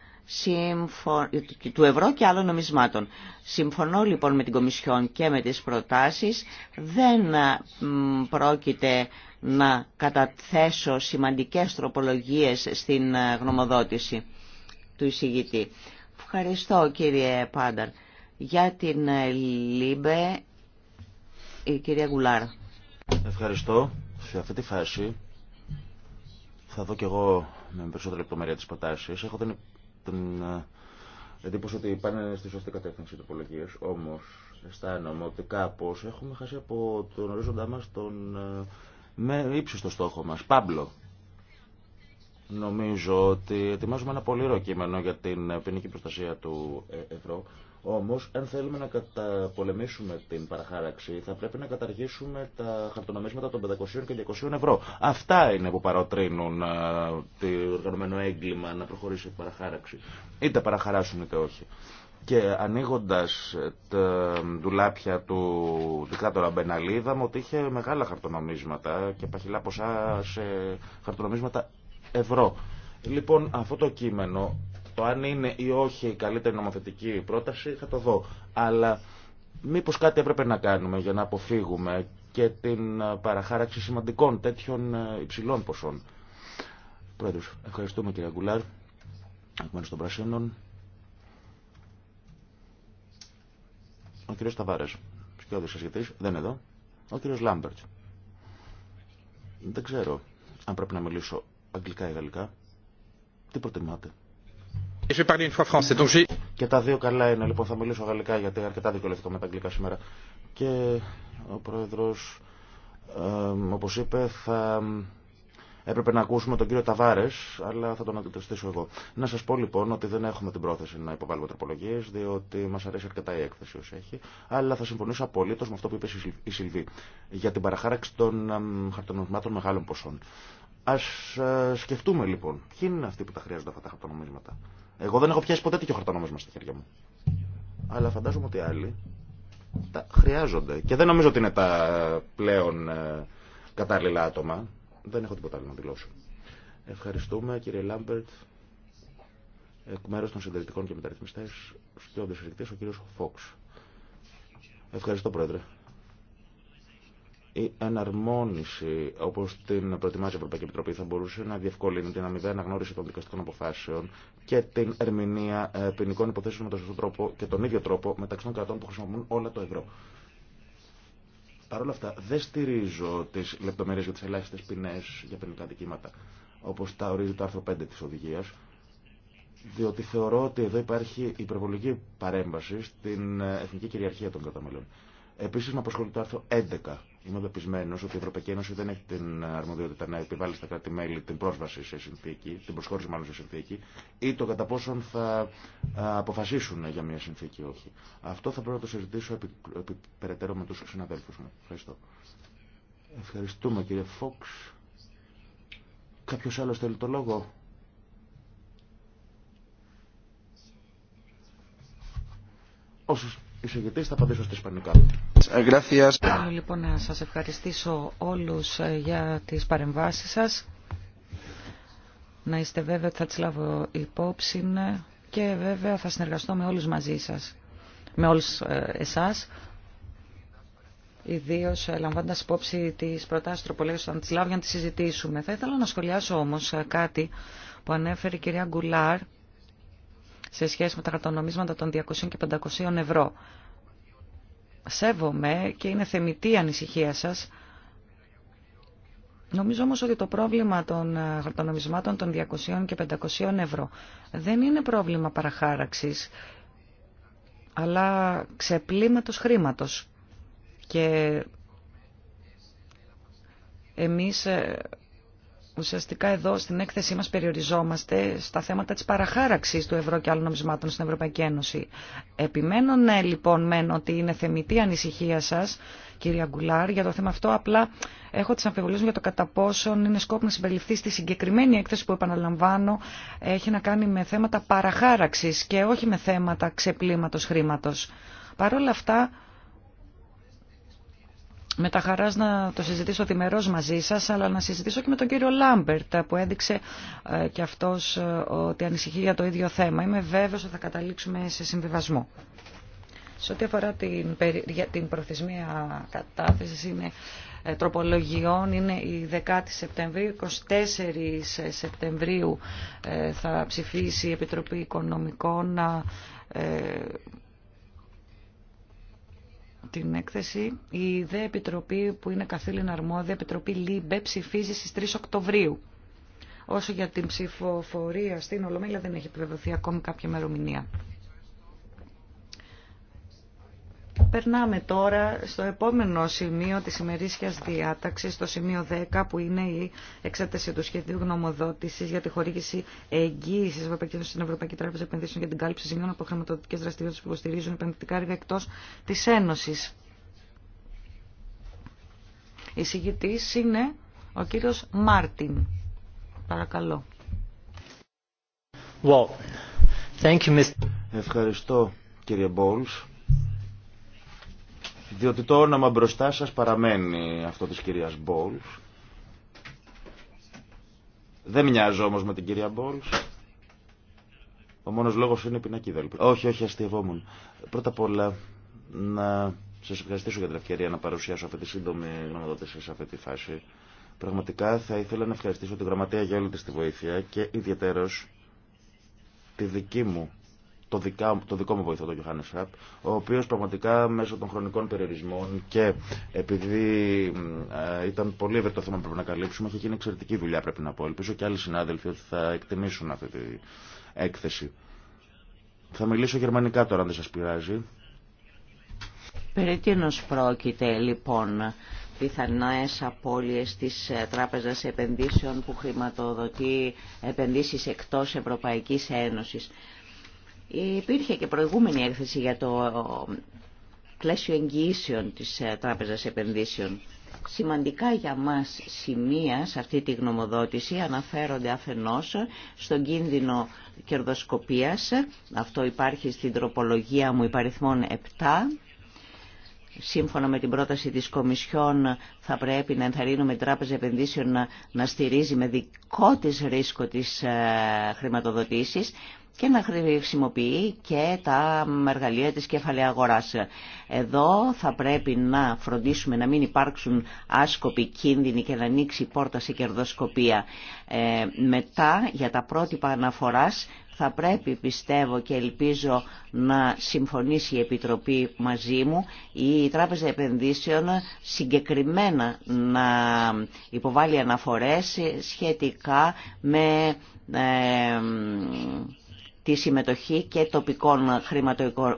του ευρώ και άλλων νομισμάτων. Συμφωνώ λοιπόν με την Κομισιόν και με τις προτάσεις. Δεν πρόκειται να καταθέσω σημαντικές τροπολογίες στην γνωμοδότηση του εισηγητή. Ευχαριστώ κύριε Πάνταρ. Για την Λίμπε η κυρία Γουλάρ. Ευχαριστώ. Σε αυτή τη φάση θα δω κι εγώ με περισσότερη λεπτομέρεια τις προτάσεις. Έχω την ε, εντύπωση ότι πάνε στη σωστή κατεύθυνση τοπολογίε. Όμω αισθάνομαι ότι κάπω έχουμε χάσει από τον ορίζοντά μα τον ε, με ύψιστο στόχο μα. Πάμπλο. Νομίζω ότι ετοιμάζουμε ένα πολύ κείμενο για την ε, ποινική προστασία του ευρώ. Όμως, αν θέλουμε να καταπολεμήσουμε την παραχάραξη, θα πρέπει να καταργήσουμε τα χαρτονομίσματα των 500 και 200 ευρώ. Αυτά είναι που παροτρύνουν το οργανωμένο έγκλημα να προχωρήσει η παραχάραξη. Είτε παραχαράσουν είτε όχι. Και ανοίγοντα ε, τα ντουλάπια του δικτάτορα Μπεναλή, είδαμε ότι είχε μεγάλα χαρτονομίσματα και παχυλά ποσά σε χαρτονομίσματα ευρώ. Λοιπόν, αυτό το κείμενο το αν είναι ή όχι η καλύτερη νομοθετική πρόταση θα το δω. Αλλά μήπως κάτι έπρεπε να κάνουμε για να αποφύγουμε και την ε, παραχάραξη σημαντικών τέτοιων ε, υψηλών ποσών. Πρόεδρος, ευχαριστούμε κύριε Αγκουλάρ. Εκμένως των Πρασίνων. Ο κύριος είναι ο ασχετής, δεν είναι εδώ. Ο κύριος Λάμπερτ. Δεν ξέρω αν πρέπει να μιλήσω αγγλικά ή γαλλικά. Τι προτιμάτε. Και τα δύο καλά είναι, λοιπόν, θα μιλήσω γαλλικά γιατί αρκετά δικαιολογικό με τα αγγλικά σήμερα. Και ο πρόεδρος, ε, όπως είπε, θα έπρεπε να ακούσουμε τον κύριο Ταβάρε, αλλά θα τον αντιτεστήσω εγώ. Να σα πω λοιπόν ότι δεν έχουμε την πρόθεση να υποβάλουμε τροπολογίε, διότι μα αρέσει αρκετά η έκθεση όσο έχει, αλλά θα συμφωνήσω απολύτω με αυτό που είπε η Σιλβή για την παραχάραξη των χαρτονομισμάτων μεγάλων ποσών. Α ε, σκεφτούμε λοιπόν, ποιοι είναι αυτοί που τα χρειάζονται αυτά τα χαρτονομίσματα. Εγώ δεν έχω πιάσει ποτέ τέτοιο χαρτονόμισμα στα χέρια μου. Αλλά φαντάζομαι ότι άλλοι τα χρειάζονται. Και δεν νομίζω ότι είναι τα πλέον ε, κατάλληλα άτομα. Δεν έχω τίποτα άλλο να δηλώσω. Ευχαριστούμε κύριε Λάμπερτ. Εκ μέρου των συντηρητικών και μεταρρυθμιστέ, σκιώδη συζητητή, ο κύριο Φόξ. Ευχαριστώ, Πρόεδρε η εναρμόνιση όπω την προετοιμάζει η Ευρωπαϊκή Επιτροπή θα μπορούσε να διευκολύνει την αμοιβαία αναγνώριση των δικαστικών αποφάσεων και την ερμηνεία ε, ποινικών υποθέσεων με τον σωστό τρόπο και τον ίδιο τρόπο μεταξύ των κρατών που χρησιμοποιούν όλα το ευρώ. Παρ' όλα αυτά, δεν στηρίζω τι λεπτομέρειε για τι ελάχιστε ποινέ για ποινικά δικήματα, όπω τα ορίζει το άρθρο 5 τη οδηγία, διότι θεωρώ ότι εδώ υπάρχει υπερβολική παρέμβαση στην ε, εθνική κυριαρχία των καταμελών. Επίση, με απασχολεί το άρθρο 11. Είμαι πεπισμένο ότι η Ευρωπαϊκή Ένωση δεν έχει την αρμοδιότητα να επιβάλλει στα κράτη-μέλη την πρόσβαση σε συνθήκη, την προσχώρηση μάλλον σε συνθήκη, ή το κατά πόσον θα αποφασίσουν για μια συνθήκη ή όχι. Αυτό θα πρέπει να το συζητήσω επί, επί περαιτέρω με του συναδέλφου μου. Ευχαριστώ. Ευχαριστούμε κύριε Φόξ. Κάποιο άλλο θέλει το λόγο εισηγητής θα απαντήσω στα ισπανικά. Ε, λοιπόν να σας ευχαριστήσω όλους ε, για τις παρεμβάσεις σας. Να είστε βέβαια ότι θα τις λάβω υπόψη ναι. και βέβαια θα συνεργαστώ με όλους μαζί σας, με όλους ε, εσάς. Ιδίω λαμβάνοντα υπόψη τι προτάσει τροπολέγηση να τι λάβω για να τι συζητήσουμε. Θα ήθελα να σχολιάσω όμω κάτι που ανέφερε η κυρία Γκουλάρ σε σχέση με τα χαρτονομίσματα των 200 και 500 ευρώ. Σέβομαι και είναι θεμητή η ανησυχία σας. Νομίζω όμως ότι το πρόβλημα των ε, χαρτονομισμάτων των 200 και 500 ευρώ δεν είναι πρόβλημα παραχάραξης, αλλά ξεπλήματος χρήματος. Και εμείς ε, Ουσιαστικά εδώ στην έκθεσή μας περιοριζόμαστε στα θέματα της παραχάραξης του ευρώ και άλλων νομισμάτων στην Ευρωπαϊκή Ένωση. Επιμένω ναι λοιπόν μένω ότι είναι θεμητή ανησυχία σας κυρία Γκουλάρ για το θέμα αυτό απλά έχω τις αμφιβολίες μου για το κατά πόσον είναι σκόπιμο να συμπεριληφθεί στη συγκεκριμένη έκθεση που επαναλαμβάνω έχει να κάνει με θέματα παραχάραξης και όχι με θέματα ξεπλήματος χρήματος. Παρ' αυτά με τα χαράς να το συζητήσω διμερό μαζί σας, αλλά να συζητήσω και με τον κύριο Λάμπερτ που έδειξε ε, και αυτός ε, ότι ανησυχεί για το ίδιο θέμα. Είμαι βέβαιος ότι θα καταλήξουμε σε συμβιβασμό. Σε ό,τι αφορά την, την προθεσμία κατάθεσης είναι ε, τροπολογιών είναι η 10η Σεπτεμβρίου, 24 Σεπτεμβρίου θα ψηφίσει η Επιτροπή Οικονομικών την έκθεση. Η ΔΕ Επιτροπή που είναι καθήλυνα αρμόδια, Επιτροπή ΛΥΜΠΕ, ψηφίζει στις 3 Οκτωβρίου. Όσο για την ψηφοφορία στην Ολομέλεια δεν έχει επιβεβαιωθεί ακόμη κάποια ημερομηνία. Περνάμε τώρα στο επόμενο σημείο της ημερήσιας διάταξης, το σημείο 10, που είναι η εξέταση του σχεδίου γνωμοδότησης για τη χορήγηση εγγύησης Ευρωπαϊκής στην Ευρωπαϊκή Τράπεζα Επενδύσεων για την κάλυψη ζημιών από χρηματοδοτικές δραστηριότητες που υποστηρίζουν επενδυτικά έργα εκτός της Ένωσης. Η συγκητής είναι ο κύριος Μάρτιν. Παρακαλώ. Thank you, Mr. Ευχαριστώ κύριε Μπόλς διότι το όνομα μπροστά σας παραμένει αυτό της κυρίας Μπόλς. Δεν μοιάζω όμως με την κυρία Μπόλς. Ο μόνος λόγος είναι η λοιπόν. Όχι, όχι, αστειευόμουν. Πρώτα απ' όλα, να σας ευχαριστήσω για την ευκαιρία να παρουσιάσω αυτή τη σύντομη γνωμοδότηση σε αυτή τη φάση. Πραγματικά θα ήθελα να ευχαριστήσω την Γραμματεία για όλη τη βοήθεια και ιδιαίτερος τη δική μου το, δικά, το δικό μου βοηθό, τον Γιωάννη Σαπ, ο οποίο πραγματικά μέσω των χρονικών περιορισμών και επειδή ε, ήταν πολύ ευρύ το θέμα που πρέπει να καλύψουμε, έχει γίνει εξαιρετική δουλειά πρέπει να πω. Ελπίζω και άλλοι συνάδελφοι ότι θα εκτιμήσουν αυτή την έκθεση. Θα μιλήσω γερμανικά τώρα αν δεν σα πειράζει. Περί πρόκειται λοιπόν πιθανές απώλειες της ε, Τράπεζας Επενδύσεων που χρηματοδοτεί επενδύσεις εκτός Ευρωπαϊκής Ένωσης. Υπήρχε και προηγούμενη έκθεση για το πλαίσιο εγγυήσεων της ε, Τράπεζας Επενδύσεων. Σημαντικά για μας σημεία σε αυτή τη γνωμοδότηση αναφέρονται αφενός στον κίνδυνο κερδοσκοπίας. Αυτό υπάρχει στην τροπολογία μου υπαριθμών 7. Σύμφωνα με την πρόταση της Κομισιόν θα πρέπει να ενθαρρύνουμε την Τράπεζα Επενδύσεων να, στηρίζει με δικό της ρίσκο της ε, και να χρησιμοποιεί και τα εργαλεία της κεφαλαία αγοράς. Εδώ θα πρέπει να φροντίσουμε να μην υπάρξουν άσκοποι κίνδυνοι και να ανοίξει πόρτα σε κερδοσκοπία. Ε, μετά για τα πρότυπα αναφοράς θα πρέπει πιστεύω και ελπίζω να συμφωνήσει η Επιτροπή μαζί μου η Τράπεζα Επενδύσεων συγκεκριμένα να υποβάλει αναφορές σχετικά με... Ε, τη συμμετοχή και τοπικών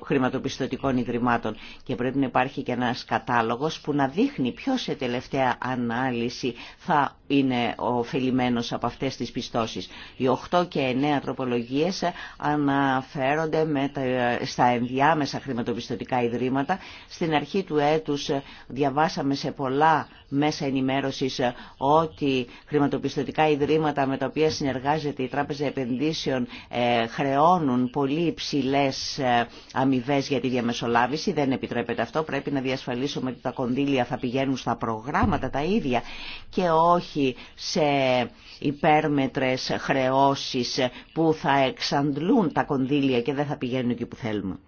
χρηματοπιστωτικών ιδρυμάτων. Και πρέπει να υπάρχει και ένας κατάλογος που να δείχνει ποιος σε τελευταία ανάλυση θα είναι ωφελημένος από αυτές τις πιστώσεις. Οι 8 και 9 τροπολογίες αναφέρονται με τα, στα ενδιάμεσα χρηματοπιστωτικά ιδρύματα. Στην αρχή του έτους διαβάσαμε σε πολλά μέσα ενημέρωσης ότι χρηματοπιστωτικά ιδρύματα με τα οποία συνεργάζεται η Τράπεζα Επενδύσεων ε, πολύ υψηλέ ε, αμοιβέ για τη διαμεσολάβηση. Δεν επιτρέπεται αυτό. Πρέπει να διασφαλίσουμε ότι τα κονδύλια θα πηγαίνουν στα προγράμματα τα ίδια και όχι σε υπέρμετρε χρεώσει που θα εξαντλούν τα κονδύλια και δεν θα πηγαίνουν εκεί που θέλουμε.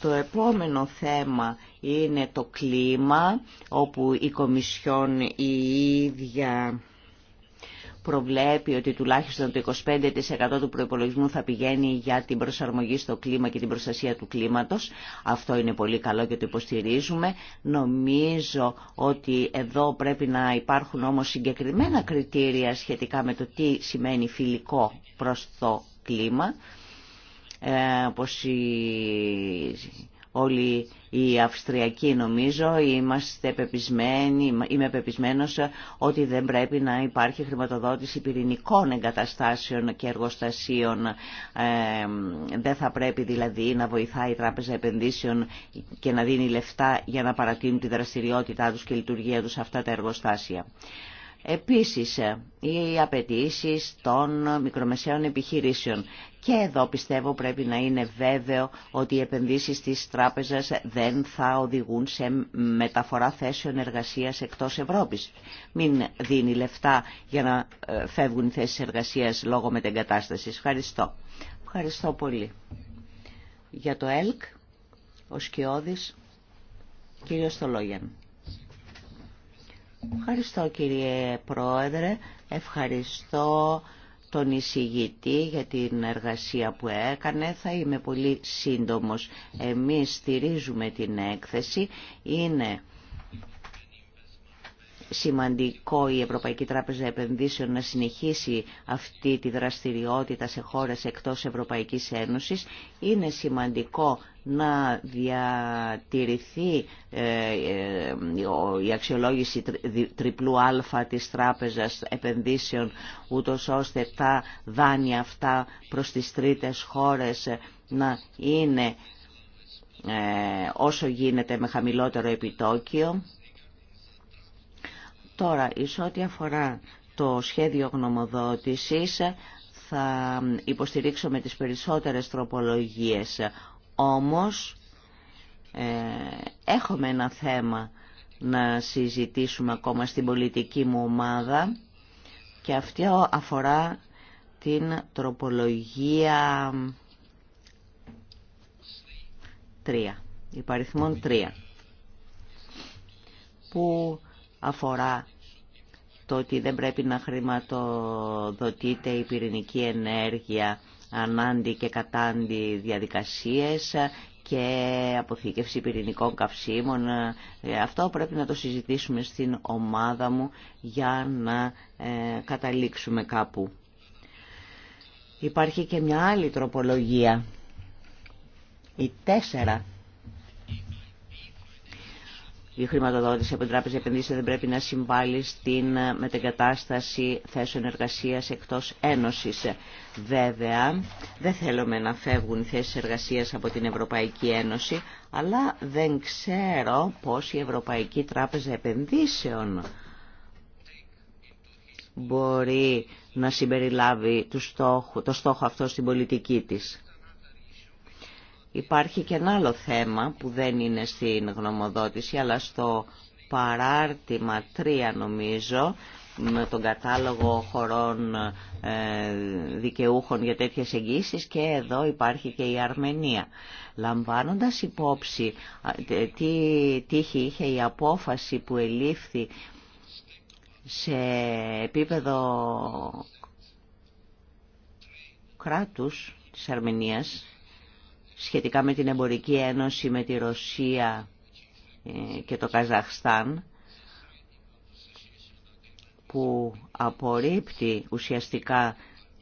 Το επόμενο θέμα είναι το κλίμα, όπου η Κομισιόν η ίδια προβλέπει ότι τουλάχιστον το 25% του προϋπολογισμού θα πηγαίνει για την προσαρμογή στο κλίμα και την προστασία του κλίματος. Αυτό είναι πολύ καλό και το υποστηρίζουμε. Νομίζω ότι εδώ πρέπει να υπάρχουν όμως συγκεκριμένα κριτήρια σχετικά με το τι σημαίνει φιλικό προς το κλίμα, ε, η όλοι οι Αυστριακοί νομίζω είμαστε πεπισμένοι, είμαι πεπισμένος ότι δεν πρέπει να υπάρχει χρηματοδότηση πυρηνικών εγκαταστάσεων και εργοστασίων. δεν θα πρέπει δηλαδή να βοηθάει η Τράπεζα Επενδύσεων και να δίνει λεφτά για να παρατείνουν τη δραστηριότητά τους και λειτουργία τους αυτά τα εργοστάσια. Επίσης, οι απαιτήσει των μικρομεσαίων επιχειρήσεων. Και εδώ πιστεύω πρέπει να είναι βέβαιο ότι οι επενδύσεις της τράπεζας δεν θα οδηγούν σε μεταφορά θέσεων εργασίας εκτός Ευρώπης. Μην δίνει λεφτά για να ε, φεύγουν οι θέσεις εργασίας λόγω μετεγκατάστασης. Ευχαριστώ. Ευχαριστώ πολύ. Για το ΕΛΚ, ο Σκιώδης, κύριο Στολόγιαν. Ευχαριστώ κύριε Πρόεδρε, ευχαριστώ τον εισηγητή για την εργασία που έκανε. Θα είμαι πολύ σύντομος. Εμείς στηρίζουμε την έκθεση. Είναι σημαντικό η Ευρωπαϊκή Τράπεζα Επενδύσεων να συνεχίσει αυτή τη δραστηριότητα σε χώρες εκτός Ευρωπαϊκής Ένωσης. Είναι σημαντικό να διατηρηθεί ε, ε, η αξιολόγηση τριπλού αλφα της Τράπεζας Επενδύσεων, ούτως ώστε τα δάνεια αυτά προς τις τρίτες χώρες να είναι ε, όσο γίνεται με χαμηλότερο επιτόκιο Τώρα, εις ό,τι αφορά το σχέδιο γνωμοδότησης, θα υποστηρίξω με τις περισσότερες τροπολογίες. Όμως, ε, έχουμε ένα θέμα να συζητήσουμε ακόμα στην πολιτική μου ομάδα και αυτό αφορά την τροπολογία 3, υπαριθμών 3, που αφορά το ότι δεν πρέπει να χρηματοδοτείται η πυρηνική ενέργεια ανάντι και κατάντι διαδικασίες και αποθήκευση πυρηνικών καυσίμων. Ε, αυτό πρέπει να το συζητήσουμε στην ομάδα μου για να ε, καταλήξουμε κάπου. Υπάρχει και μια άλλη τροπολογία. Η τέσσερα η χρηματοδότηση από την Τράπεζα Επενδύσεων δεν πρέπει να συμβάλλει στην ε, μετεγκατάσταση θέσεων εργασίας εκτός Ένωσης. Βέβαια, δεν θέλουμε να φεύγουν θέσεις εργασίας από την Ευρωπαϊκή Ένωση, αλλά δεν ξέρω πώς η Ευρωπαϊκή Τράπεζα Επενδύσεων μπορεί να συμπεριλάβει το στόχο αυτό στην πολιτική της. Υπάρχει και ένα άλλο θέμα που δεν είναι στην γνωμοδότηση, αλλά στο παράρτημα 3 νομίζω, με τον κατάλογο χωρών ε, δικαιούχων για τέτοιες εγγύσεις και εδώ υπάρχει και η Αρμενία. Λαμβάνοντας υπόψη τι τύχη είχε η απόφαση που ελήφθη σε επίπεδο κράτους της Αρμενίας σχετικά με την εμπορική ένωση με τη Ρωσία ε, και το Καζαχστάν που απορρίπτει ουσιαστικά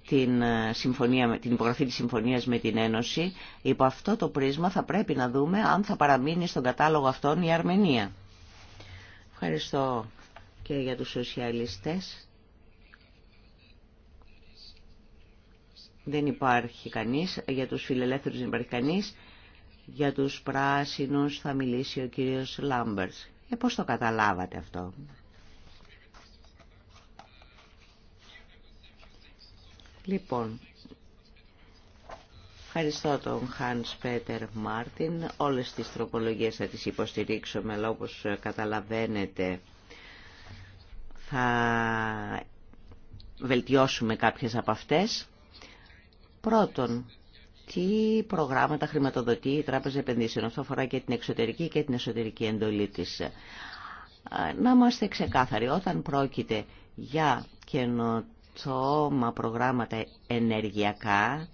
την, ε, συμφωνία, την υπογραφή της συμφωνίας με την Ένωση, υπό αυτό το πρίσμα θα πρέπει να δούμε αν θα παραμείνει στον κατάλογο αυτών η Αρμενία. Ευχαριστώ και για τους σοσιαλιστές. δεν υπάρχει κανείς, για τους φιλελεύθερους δεν υπάρχει κανείς, για τους πράσινους θα μιλήσει ο κύριος Λάμπερς. Ε, πώς το καταλάβατε αυτό. Λοιπόν, ευχαριστώ τον Χάνς Πέτερ Μάρτιν. Όλες τις τροπολογίες θα τις υποστηρίξουμε, αλλά όπως καταλαβαίνετε θα βελτιώσουμε κάποιες από αυτές. Πρώτον, τι προγράμματα χρηματοδοτεί η Τράπεζα Επενδύσεων. Αυτό αφορά και την εξωτερική και την εσωτερική εντολή της. Ε, να είμαστε ξεκάθαροι, όταν πρόκειται για καινοτόμα προγράμματα ενεργειακά,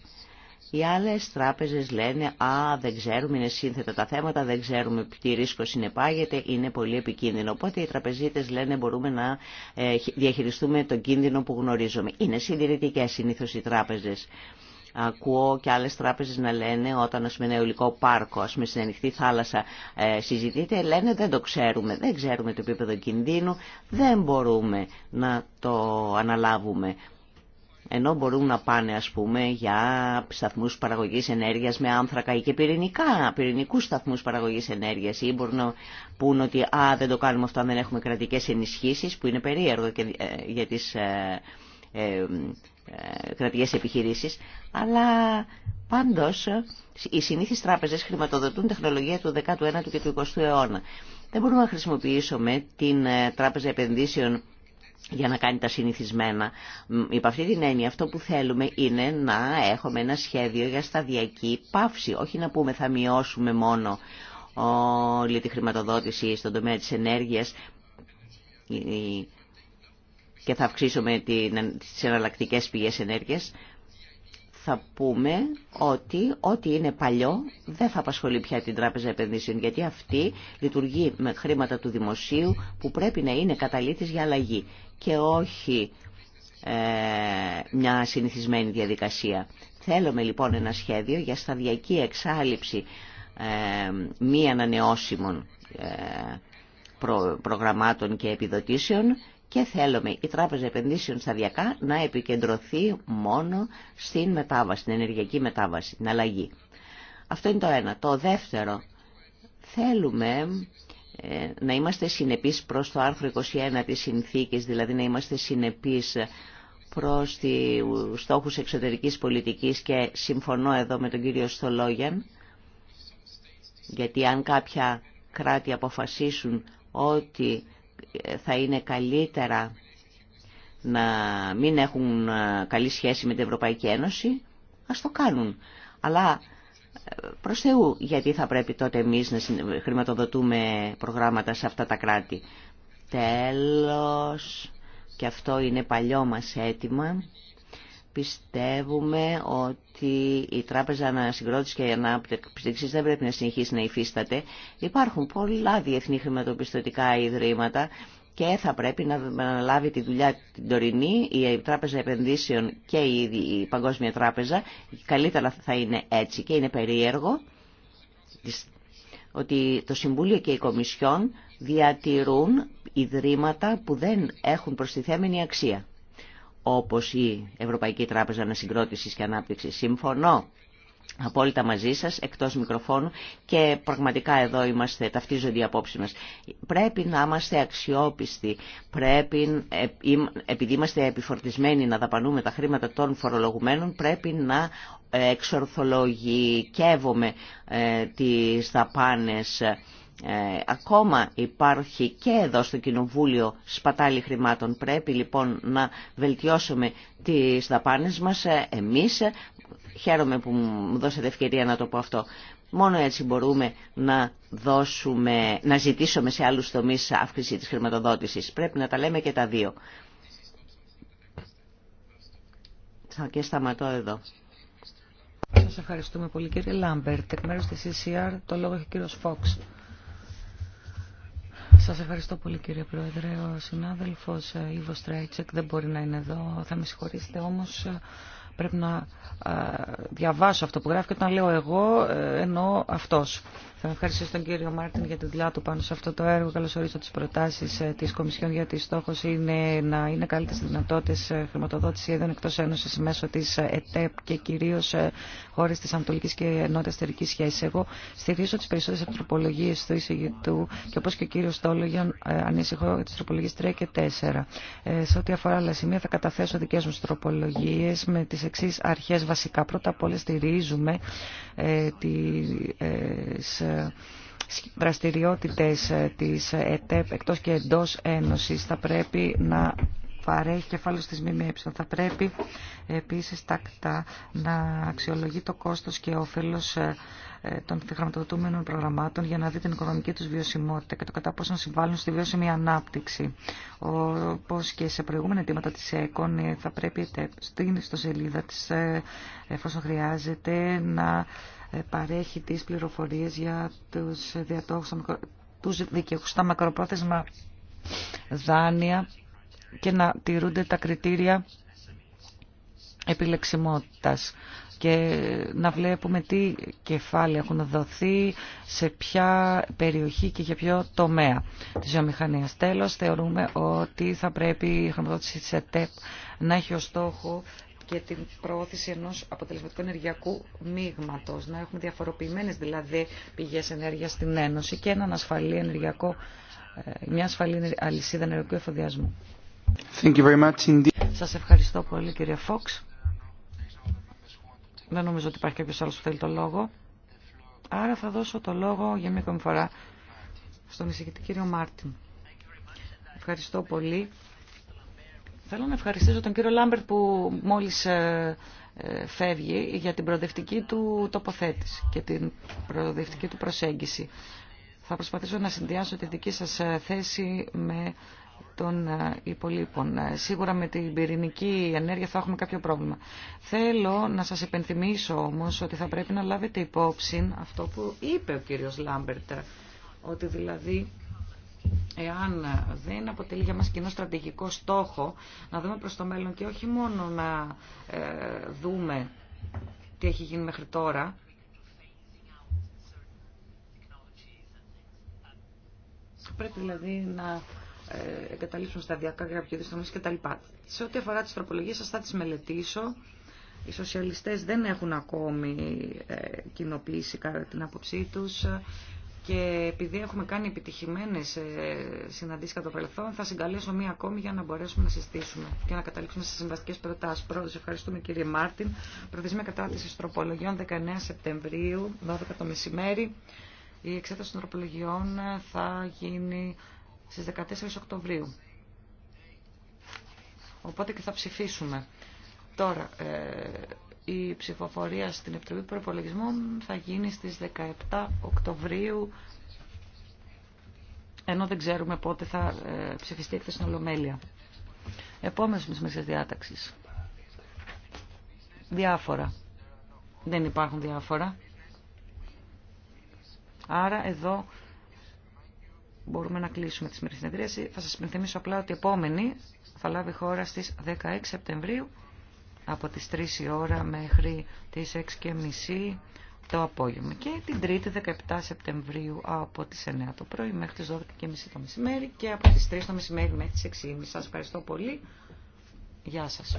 οι άλλες τράπεζες λένε «Α, δεν ξέρουμε, είναι σύνθετα τα θέματα, δεν ξέρουμε τι ρίσκο συνεπάγεται, είναι πολύ επικίνδυνο». Οπότε οι τραπεζίτες λένε «Μπορούμε να ε, διαχειριστούμε τον κίνδυνο που γνωρίζουμε». Είναι συντηρητικές συνήθως οι τράπεζες. Ακούω και άλλες τράπεζες να λένε όταν ας πούμε αιωλικό πάρκο, α πούμε στην ανοιχτή θάλασσα ε, συζητείται, λένε δεν το ξέρουμε, δεν ξέρουμε το επίπεδο κινδύνου, δεν μπορούμε να το αναλάβουμε. Ενώ μπορούν να πάνε ας πούμε για σταθμούς παραγωγής ενέργειας με άνθρακα ή και πυρηνικά, πυρηνικούς σταθμούς παραγωγής ενέργειας ή μπορούν να πούν ότι α, δεν το κάνουμε αυτό αν δεν έχουμε κρατικές ενισχύσεις που είναι περίεργο ε, για τις... Ε, ε, ε, κρατικές επιχειρήσεις, αλλά πάντως οι συνήθεις τράπεζες χρηματοδοτούν τεχνολογία του 19ου και του 20ου αιώνα. Δεν μπορούμε να χρησιμοποιήσουμε την ε, τράπεζα επενδύσεων για να κάνει τα συνηθισμένα. Υπ' αυτή την έννοια αυτό που θέλουμε είναι να έχουμε ένα σχέδιο για σταδιακή πάυση, όχι να πούμε θα μειώσουμε μόνο όλη τη χρηματοδότηση στον τομέα της ενέργειας, και θα αυξήσουμε τις εναλλακτικέ πηγές ενέργειας, θα πούμε ότι ό,τι είναι παλιό δεν θα απασχολεί πια την Τράπεζα Επενδύσεων, γιατί αυτή λειτουργεί με χρήματα του δημοσίου που πρέπει να είναι καταλήτης για αλλαγή και όχι ε, μια συνηθισμένη διαδικασία. Θέλουμε λοιπόν ένα σχέδιο για σταδιακή εξάλληψη ε, μη ανανεώσιμων ε, προγραμμάτων και επιδοτήσεων και θέλουμε η Τράπεζα Επενδύσεων σταδιακά να επικεντρωθεί μόνο στην μετάβαση, την ενεργειακή μετάβαση, την αλλαγή. Αυτό είναι το ένα. Το δεύτερο, θέλουμε ε, να είμαστε συνεπείς προς το άρθρο 21 της συνθήκης, δηλαδή να είμαστε συνεπείς προς τους στόχους εξωτερικής πολιτικής και συμφωνώ εδώ με τον κύριο Στολόγεν, γιατί αν κάποια κράτη αποφασίσουν ότι θα είναι καλύτερα να μην έχουν ε, καλή σχέση με την Ευρωπαϊκή Ένωση, ας το κάνουν. Αλλά ε, προς Θεού, γιατί θα πρέπει τότε εμείς να χρηματοδοτούμε προγράμματα σε αυτά τα κράτη. Τέλος, και αυτό είναι παλιό μας αίτημα, πιστεύουμε ότι η Τράπεζα Ανασυγκρότηση και η Ανάπτυξη δεν πρέπει να συνεχίσει να υφίσταται. Υπάρχουν πολλά διεθνή χρηματοπιστωτικά ιδρύματα και θα πρέπει να λάβει τη δουλειά την τωρινή η Τράπεζα Επενδύσεων και η Παγκόσμια Τράπεζα. Καλύτερα θα είναι έτσι και είναι περίεργο ότι το Συμβούλιο και η Κομισιόν διατηρούν ιδρύματα που δεν έχουν προστιθέμενη αξία όπως η Ευρωπαϊκή Τράπεζα Ανασυγκρότησης και Ανάπτυξης. σύμφωνο απόλυτα μαζί σας, εκτός μικροφώνου και πραγματικά εδώ είμαστε, ταυτίζονται οι απόψεις μας. Πρέπει να είμαστε αξιόπιστοι, πρέπει, ε, επειδή είμαστε επιφορτισμένοι να δαπανούμε τα χρήματα των φορολογουμένων, πρέπει να ε, εξορθολογικεύουμε ε, τις δαπάνες ε, ακόμα υπάρχει και εδώ στο Κοινοβούλιο σπατάλη χρημάτων. Πρέπει λοιπόν να βελτιώσουμε τις δαπάνες μας ε, εμείς. Χαίρομαι που μου δώσατε ευκαιρία να το πω αυτό. Μόνο έτσι μπορούμε να, δώσουμε, να ζητήσουμε σε άλλους τομείς αύξηση της χρηματοδότησης. Πρέπει να τα λέμε και τα δύο. Και σταματώ εδώ. Σας ευχαριστούμε πολύ κύριε Λάμπερτ. Εκ μέρους της ECR το λόγο έχει ο κύριος Φόξ. Σας ευχαριστώ πολύ κύριε Πρόεδρε. Ο συνάδελφος Ιβο ε, Στρέιτσεκ δεν μπορεί να είναι εδώ. Θα με συγχωρήσετε όμως ε, Πρέπει να διαβάσω αυτό που γράφει και όταν λέω εγώ ε, εννοώ αυτός. Θα ευχαριστήσω τον κύριο Μάρτιν για τη δουλειά του πάνω σε αυτό το έργο. Καλωσορίζω τις προτάσεις ε, τη Κομισιόν γιατί στόχος είναι να είναι καλύτερε δυνατότητες ε, χρηματοδότηση εδώ εκτός Ένωσης μέσω της ΕΤΕΠ και κυρίω χώρες τη Ανατολική και Νότιας Τερικής σχέση Εγώ στηρίζω τις περισσότερε τροπολογίες του εισηγητού και όπως και ο κύριος Στόλογιαν ανησυχώ για τις τροπολογίε 3 και 4. Σε ό,τι αφορά άλλα σημεία θα καταθέσω δικέ μου τροπολογίε με τις εξή αρχές βασικά. Πρώτα απ' όλα στηρίζουμε ε, τις ε, δραστηριότητες ε, της ΕΤΕΠ εκτός και εντός Ένωσης. Θα πρέπει να παρέχει κεφάλαιο στις ΜΜΕ. Θα πρέπει επίσης τακτά να αξιολογεί το κόστος και όφελος ε, ε, των χρηματοδοτούμενων προγραμμάτων για να δει την οικονομική τους βιωσιμότητα και το κατά πόσον συμβάλλουν στη βιώσιμη ανάπτυξη. Όπως και σε προηγούμενα αιτήματα της ΕΚΟΝ ε, θα πρέπει στην ιστοσελίδα της εφόσον χρειάζεται να παρέχει τις πληροφορίες για τους διατόχους τους στα μακροπρόθεσμα δάνεια και να τηρούνται τα κριτήρια επιλεξιμότητας και να βλέπουμε τι κεφάλαια έχουν δοθεί, σε ποια περιοχή και για ποιο τομέα της βιομηχανίας. Τέλος, θεωρούμε ότι θα πρέπει η χρηματοδότηση της ΕΤΕΠ να έχει ως στόχο και την προώθηση ενός αποτελεσματικού ενεργειακού μείγματο. Να έχουμε διαφοροποιημένες δηλαδή πηγές ενέργειας στην Ένωση και έναν ασφαλή ενεργειακό, ε, μια ασφαλή αλυσίδα ενεργειακού εφοδιασμού. Thank Σας ευχαριστώ πολύ κύριε Φόξ. Δεν νομίζω ότι υπάρχει κάποιος άλλος που θέλει το λόγο. Άρα θα δώσω το λόγο για μία ακόμη φορά στον εισηγητή κύριο Μάρτιν. Ευχαριστώ πολύ. Θέλω να ευχαριστήσω τον κύριο Λάμπερτ που μόλις ε, ε, φεύγει για την προοδευτική του τοποθέτηση και την προοδευτική του προσέγγιση. Θα προσπαθήσω να συνδυάσω τη δική σας ε, θέση με των ε, υπολείπων. Ε, σίγουρα με την πυρηνική ενέργεια θα έχουμε κάποιο πρόβλημα. Θέλω να σας επενθυμίσω όμως ότι θα πρέπει να λάβετε υπόψη αυτό που είπε ο κύριος Λάμπερτ, ότι δηλαδή εάν δεν αποτελεί για μας κοινό στρατηγικό στόχο να δούμε προς το μέλλον και όχι μόνο να ε, δούμε τι έχει γίνει μέχρι τώρα, πρέπει δηλαδή να ε, εγκαταλείψουν σταδιακά κάποια τα κτλ. Σε ό,τι αφορά τις τροπολογίες σας θα τις μελετήσω. Οι σοσιαλιστές δεν έχουν ακόμη ε, κοινοποιήσει την άποψή τους και επειδή έχουμε κάνει επιτυχημένες ε, συναντήσεις κατά το παρελθόν θα συγκαλέσω μία ακόμη για να μπορέσουμε να συστήσουμε και να καταλήξουμε στις συμβαστικές προτάσεις. Πρώτος, ευχαριστούμε κύριε Μάρτιν. Προθεσμία κατάρτιση τροπολογιών 19 Σεπτεμβρίου, 12 το μεσημέρι. Η εξέταση των τροπολογιών θα γίνει στις 14 Οκτωβρίου. Οπότε και θα ψηφίσουμε. Τώρα, ε, η ψηφοφορία στην Επιτροπή Προπολογισμών θα γίνει στις 17 Οκτωβρίου, ενώ δεν ξέρουμε πότε θα ε, ψηφιστεί έκθεση στην Ολομέλεια. Επόμενε μέσα διάταξης. Διάφορα. Δεν υπάρχουν διάφορα. Άρα εδώ μπορούμε να κλείσουμε τη σημερινή συνεδρίαση. Θα σας πενθυμίσω απλά ότι η επόμενη θα λάβει χώρα στις 16 Σεπτεμβρίου από τις 3 η ώρα μέχρι τις 6 και μισή το απόγευμα και την 3η 17 Σεπτεμβρίου από τις 9 το πρωί μέχρι τις 12 και μισή το μεσημέρι και από τις 3 το μεσημέρι μέχρι τις 6.30. Σας ευχαριστώ πολύ. Γεια σας.